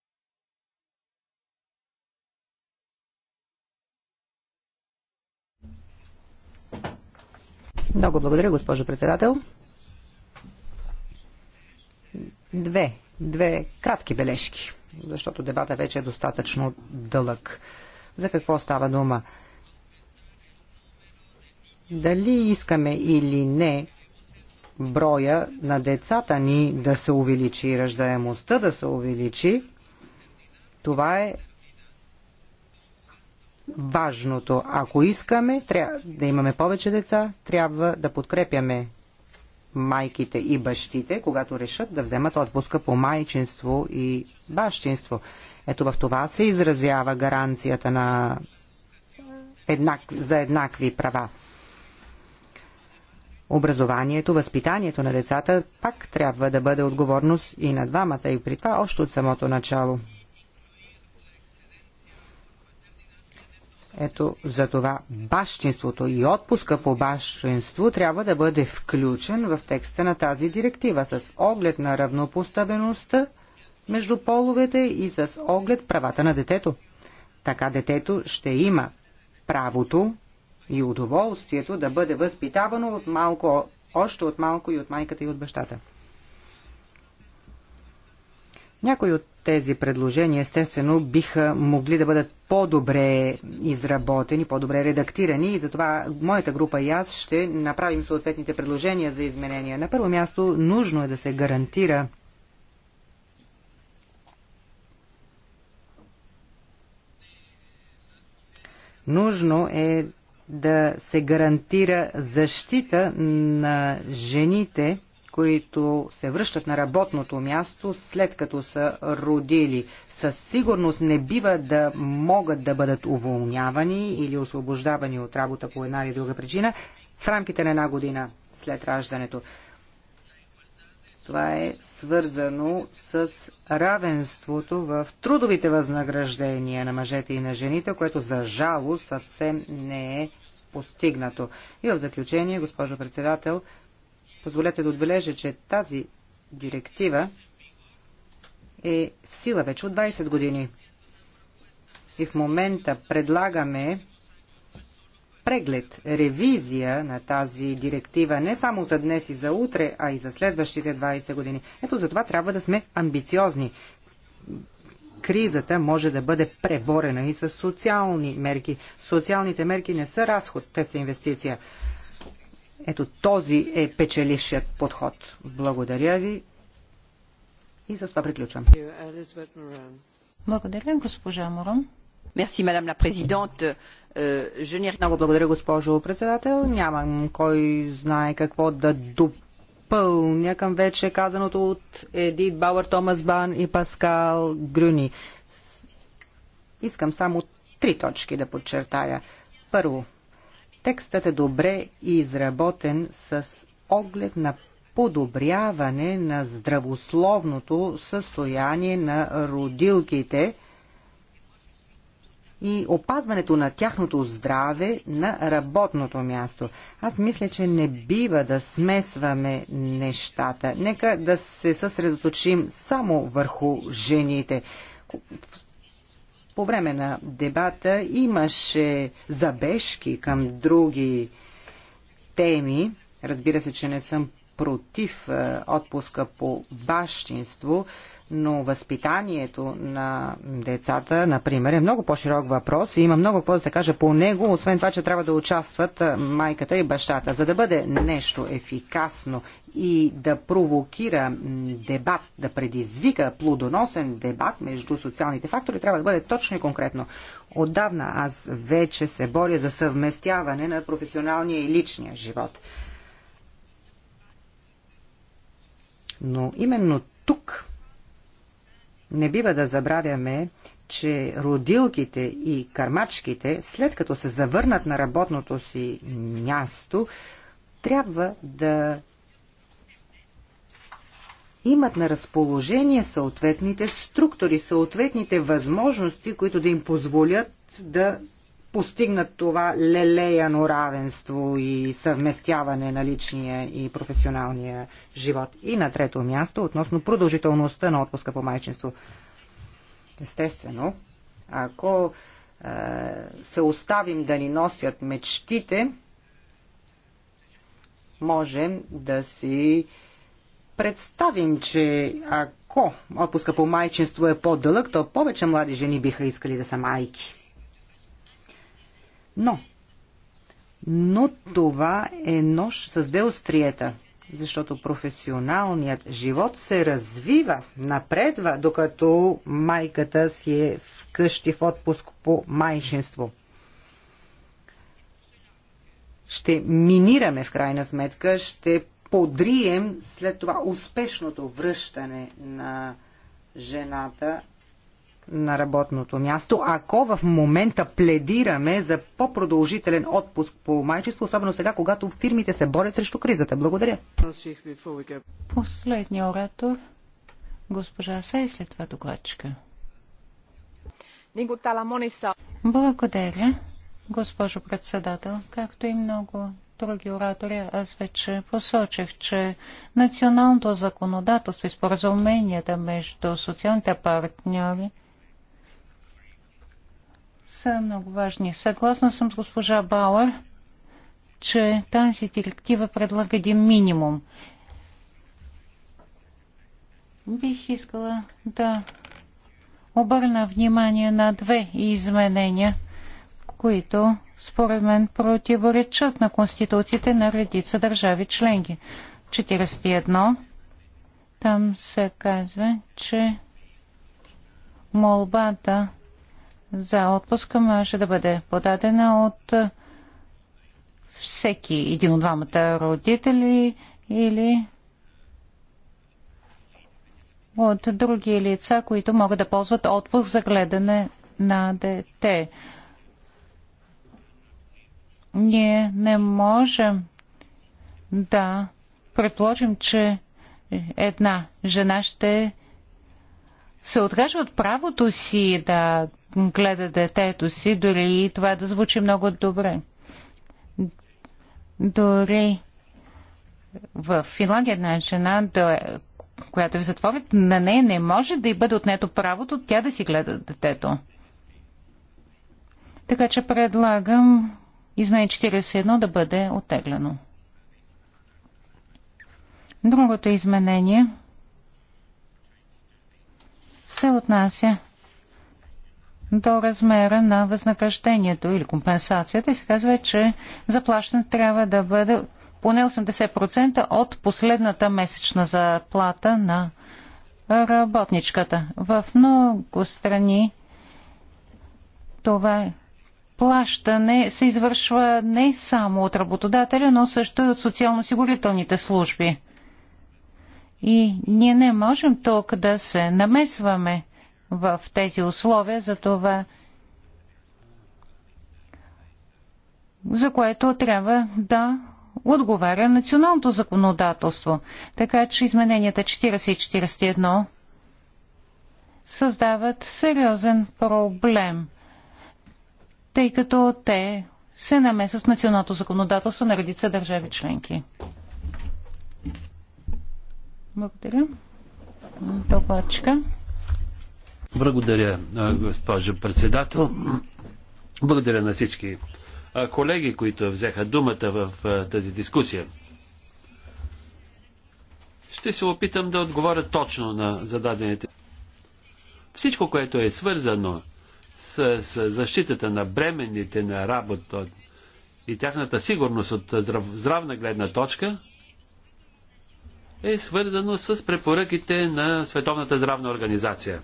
F: Много благодаря, госпожо председател. Две, две кратки бележки, защото дебата вече е достатъчно дълъг. За какво става дума? Дали искаме или не броя на децата ни да се увеличи, ръждаемостта да се увеличи, това е важното. Ако искаме трябва да имаме повече деца, трябва да подкрепяме майките и бащите, когато решат да вземат отпуска по майчинство и бащинство. Ето в това се изразява гаранцията на еднак, за еднакви права. Образованието, възпитанието на децата пак трябва да бъде отговорност и на двамата и при това още от самото начало. Ето за това бащинството и отпуска по бащинство трябва да бъде включен в текста на тази директива с оглед на равнопоставеността между половете и с оглед правата на детето. Така детето ще има правото и удоволствието да бъде възпитавано от малко, още от малко и от майката и от бащата. Някои от тези предложения естествено биха могли да бъдат по-добре изработени, по-добре редактирани и затова моята група и аз ще направим съответните предложения за изменения. На първо място нужно е да се гарантира Нужно е да се гарантира защита на жените които се връщат на работното място след като са родили. Със сигурност не бива да могат да бъдат уволнявани или освобождавани от работа по една или друга причина в рамките на една година след раждането. Това е свързано с равенството в трудовите възнаграждения на мъжете и на жените, което за жало съвсем не е постигнато. И в заключение, госпожо председател, Позволете да отбележа, че тази директива е в сила вече от 20 години. И в момента предлагаме преглед, ревизия на тази директива не само за днес и за утре, а и за следващите 20 години. Ето за това трябва да сме амбициозни. Кризата може да бъде преборена и с социални мерки. Социалните мерки не са разход, те са инвестиция. Ето този е печелившият подход. Благодаря ви. И с това приключвам.
B: Благодаря, госпожа Морон.
F: Мерси, мадам ла президент. Много благодаря, госпожо председател. Нямам кой знае какво да допълня към вече казаното от Едит Бауър, Томас Бан и Паскал Грюни. Искам само три точки да подчертая. Първо, Текстът е добре изработен с оглед на подобряване на здравословното състояние на родилките и опазването на тяхното здраве на работното място. Аз мисля, че не бива да смесваме нещата. Нека да се съсредоточим само върху жените. По време на дебата имаше забежки към други теми. Разбира се, че не съм против отпуска по бащинство, но възпитанието на децата, например, е много по-широк въпрос и има много какво да се каже по него, освен това, че трябва да участват майката и бащата. За да бъде нещо ефикасно и да провокира дебат, да предизвика плодоносен дебат между социалните фактори, трябва да бъде точно и конкретно. Отдавна аз вече се боря за съвместяване на професионалния и личния живот. Но именно тук не бива да забравяме, че родилките и кармачките, след като се завърнат на работното си място, трябва да имат на разположение съответните структури, съответните възможности, които да им позволят да постигнат това лелеяно равенство и съвместяване на личния и професионалния живот. И на трето място, относно продължителността на отпуска по майчинство. Естествено, ако е, се оставим да ни носят мечтите, можем да си представим, че ако отпуска по майчинство е по-дълъг, то повече млади жени биха искали да са майки. Но, но това е нож с две остриета, защото професионалният живот се развива, напредва, докато майката си е вкъщи в отпуск по майчинство ще минираме в крайна сметка, ще подрием след това успешното връщане на жената на работното място, ако в момента пледираме за по-продължителен отпуск по майчество, особено сега, когато фирмите се борят срещу кризата. Благодаря.
B: Последния оратор, госпожа Сей, след това докладчика. Благодаря, госпожо председател, както и много други оратори, аз вече посочих, че националното законодателство и споразуменията между социалните партньори – са много важни. Съгласна съм с госпожа Бауер, че тази директива предлага един минимум. Бих искала да обърна внимание на две изменения, които според мен противоречат на конституциите на редица държави членки. 41. Там се казва, че молбата за отпуска може да бъде подадена от всеки един от двамата родители или от други лица, които могат да ползват отпуск за гледане на дете. Ние не можем да предположим, че една жена ще се откаже от правото си да гледа детето си, дори и това да звучи много добре. Дори в Финландия една жена, да, която е в затвора, на нея не може да й бъде отнето правото тя да си гледа детето. Така че предлагам измене 41 да бъде оттеглено. Другото изменение се отнася до размера на възнаграждението или компенсацията и се казва, че заплащането трябва да бъде поне 80% от последната месечна заплата на работничката. В много страни това плащане се извършва не само от работодателя, но също и от социално-осигурителните служби. И ние не можем тук да се намесваме – в тези условия, за това, за което трябва да отговаря националното законодателство. Така че измененията 40 и 41 създават сериозен проблем, тъй като те се намесват в националното законодателство на редица държави членки. Благодаря. Докладчика.
D: Благодаря, госпожо председател. Благодаря на всички колеги, които взеха думата в тази дискусия. Ще се опитам да отговоря точно на зададените. Всичко, което е свързано с, защитата на бременните на работа и тяхната сигурност от здравна гледна точка, е свързано с препоръките на Световната здравна организация.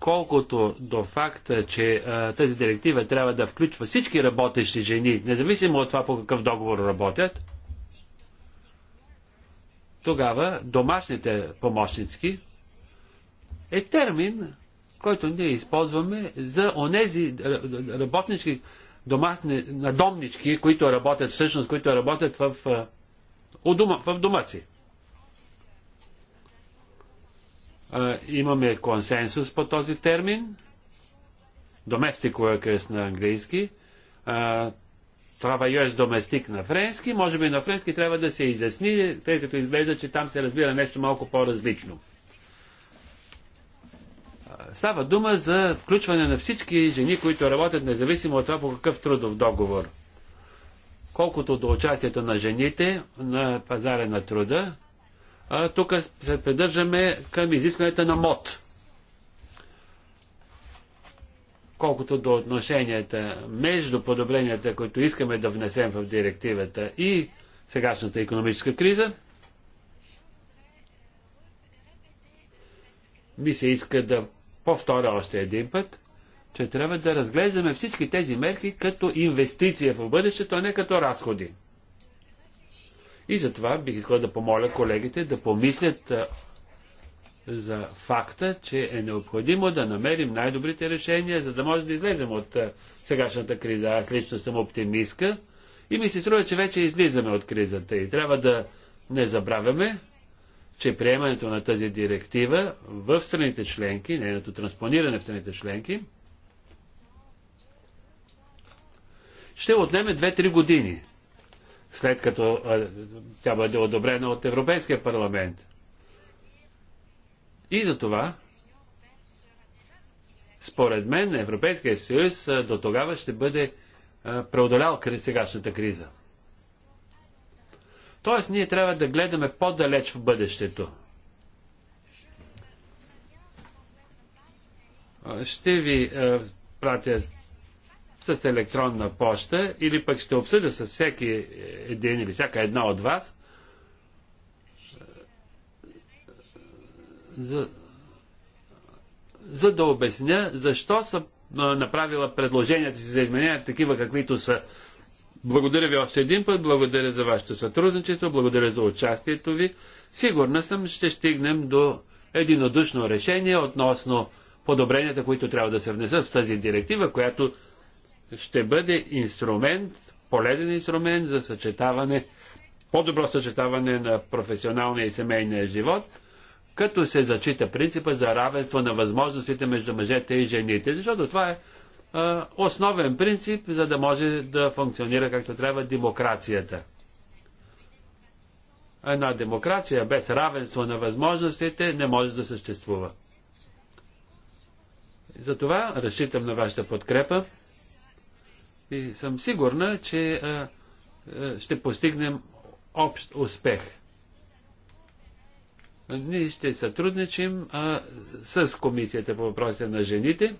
D: колкото до факта, че тази директива трябва да включва всички работещи жени, независимо от това по какъв договор работят, тогава домашните помощници е термин, който ние използваме за онези работнички, домашни, надомнички, които работят всъщност, които работят в, в, дома, в дома си. имаме консенсус по този термин. Domestic workers на английски. А, travailleurs domestique на френски. Може би на френски трябва да се изясни, тъй като изглежда, че там се разбира нещо малко по-различно. Става дума за включване на всички жени, които работят независимо от това по какъв трудов договор. Колкото до участието на жените на пазара на труда, а, тук се придържаме към изискването на МОД. Колкото до отношенията между подобренията, които искаме да внесем в директивата и сегашната економическа криза, ми се иска да повторя още един път, че трябва да разглеждаме всички тези мерки като инвестиция в бъдещето, а не като разходи. И затова бих искал да помоля колегите да помислят за факта, че е необходимо да намерим най-добрите решения, за да може да излезем от сегашната криза. Аз лично съм оптимистка и ми се струва, че вече излизаме от кризата и трябва да не забравяме, че приемането на тази директива в страните членки, нейното транспониране в страните членки, ще отнеме 2-3 години след като тя бъде одобрена от Европейския парламент. И за това, според мен, Европейския съюз до тогава ще бъде преодолял сегашната криза. Тоест, ние трябва да гледаме по-далеч в бъдещето. Ще ви пратя с електронна поща или пък ще обсъда с всеки един или всяка една от вас е, за, за да обясня защо съм е, направила предложенията си за изменения такива каквито са. Благодаря ви още един път, благодаря за вашето сътрудничество, благодаря за участието ви. Сигурна съм, ще стигнем до единодушно решение относно подобренията, които трябва да се внесат в тази директива, която ще бъде инструмент, полезен инструмент за съчетаване, по-добро съчетаване на професионалния и семейния живот, като се зачита принципа за равенство на възможностите между мъжете и жените, защото това е а, основен принцип, за да може да функционира както трябва демокрацията. Една демокрация без равенство на възможностите не може да съществува. Затова разчитам на вашата подкрепа и съм сигурна, че а, ще постигнем общ успех. Ние ще сътрудничим а, с Комисията по въпросите на жените,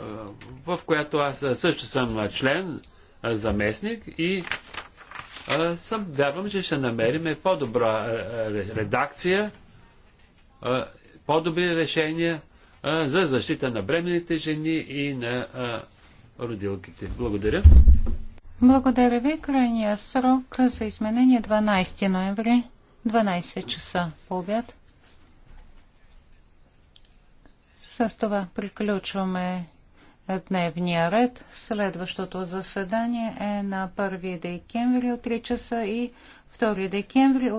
D: а, в която аз също съм член, а, заместник и а, съм вярвам, че ще намерим по-добра редакция, а, по-добри решения а, за защита на бременните жени и на а, родилките. Благодаря.
B: Благодаря ви. Крайния срок за изменение 12 е ноември, 12 часа по обяд. С това приключваме дневния ред. Следващото заседание е на 1 декември от 3 часа и 2 декември от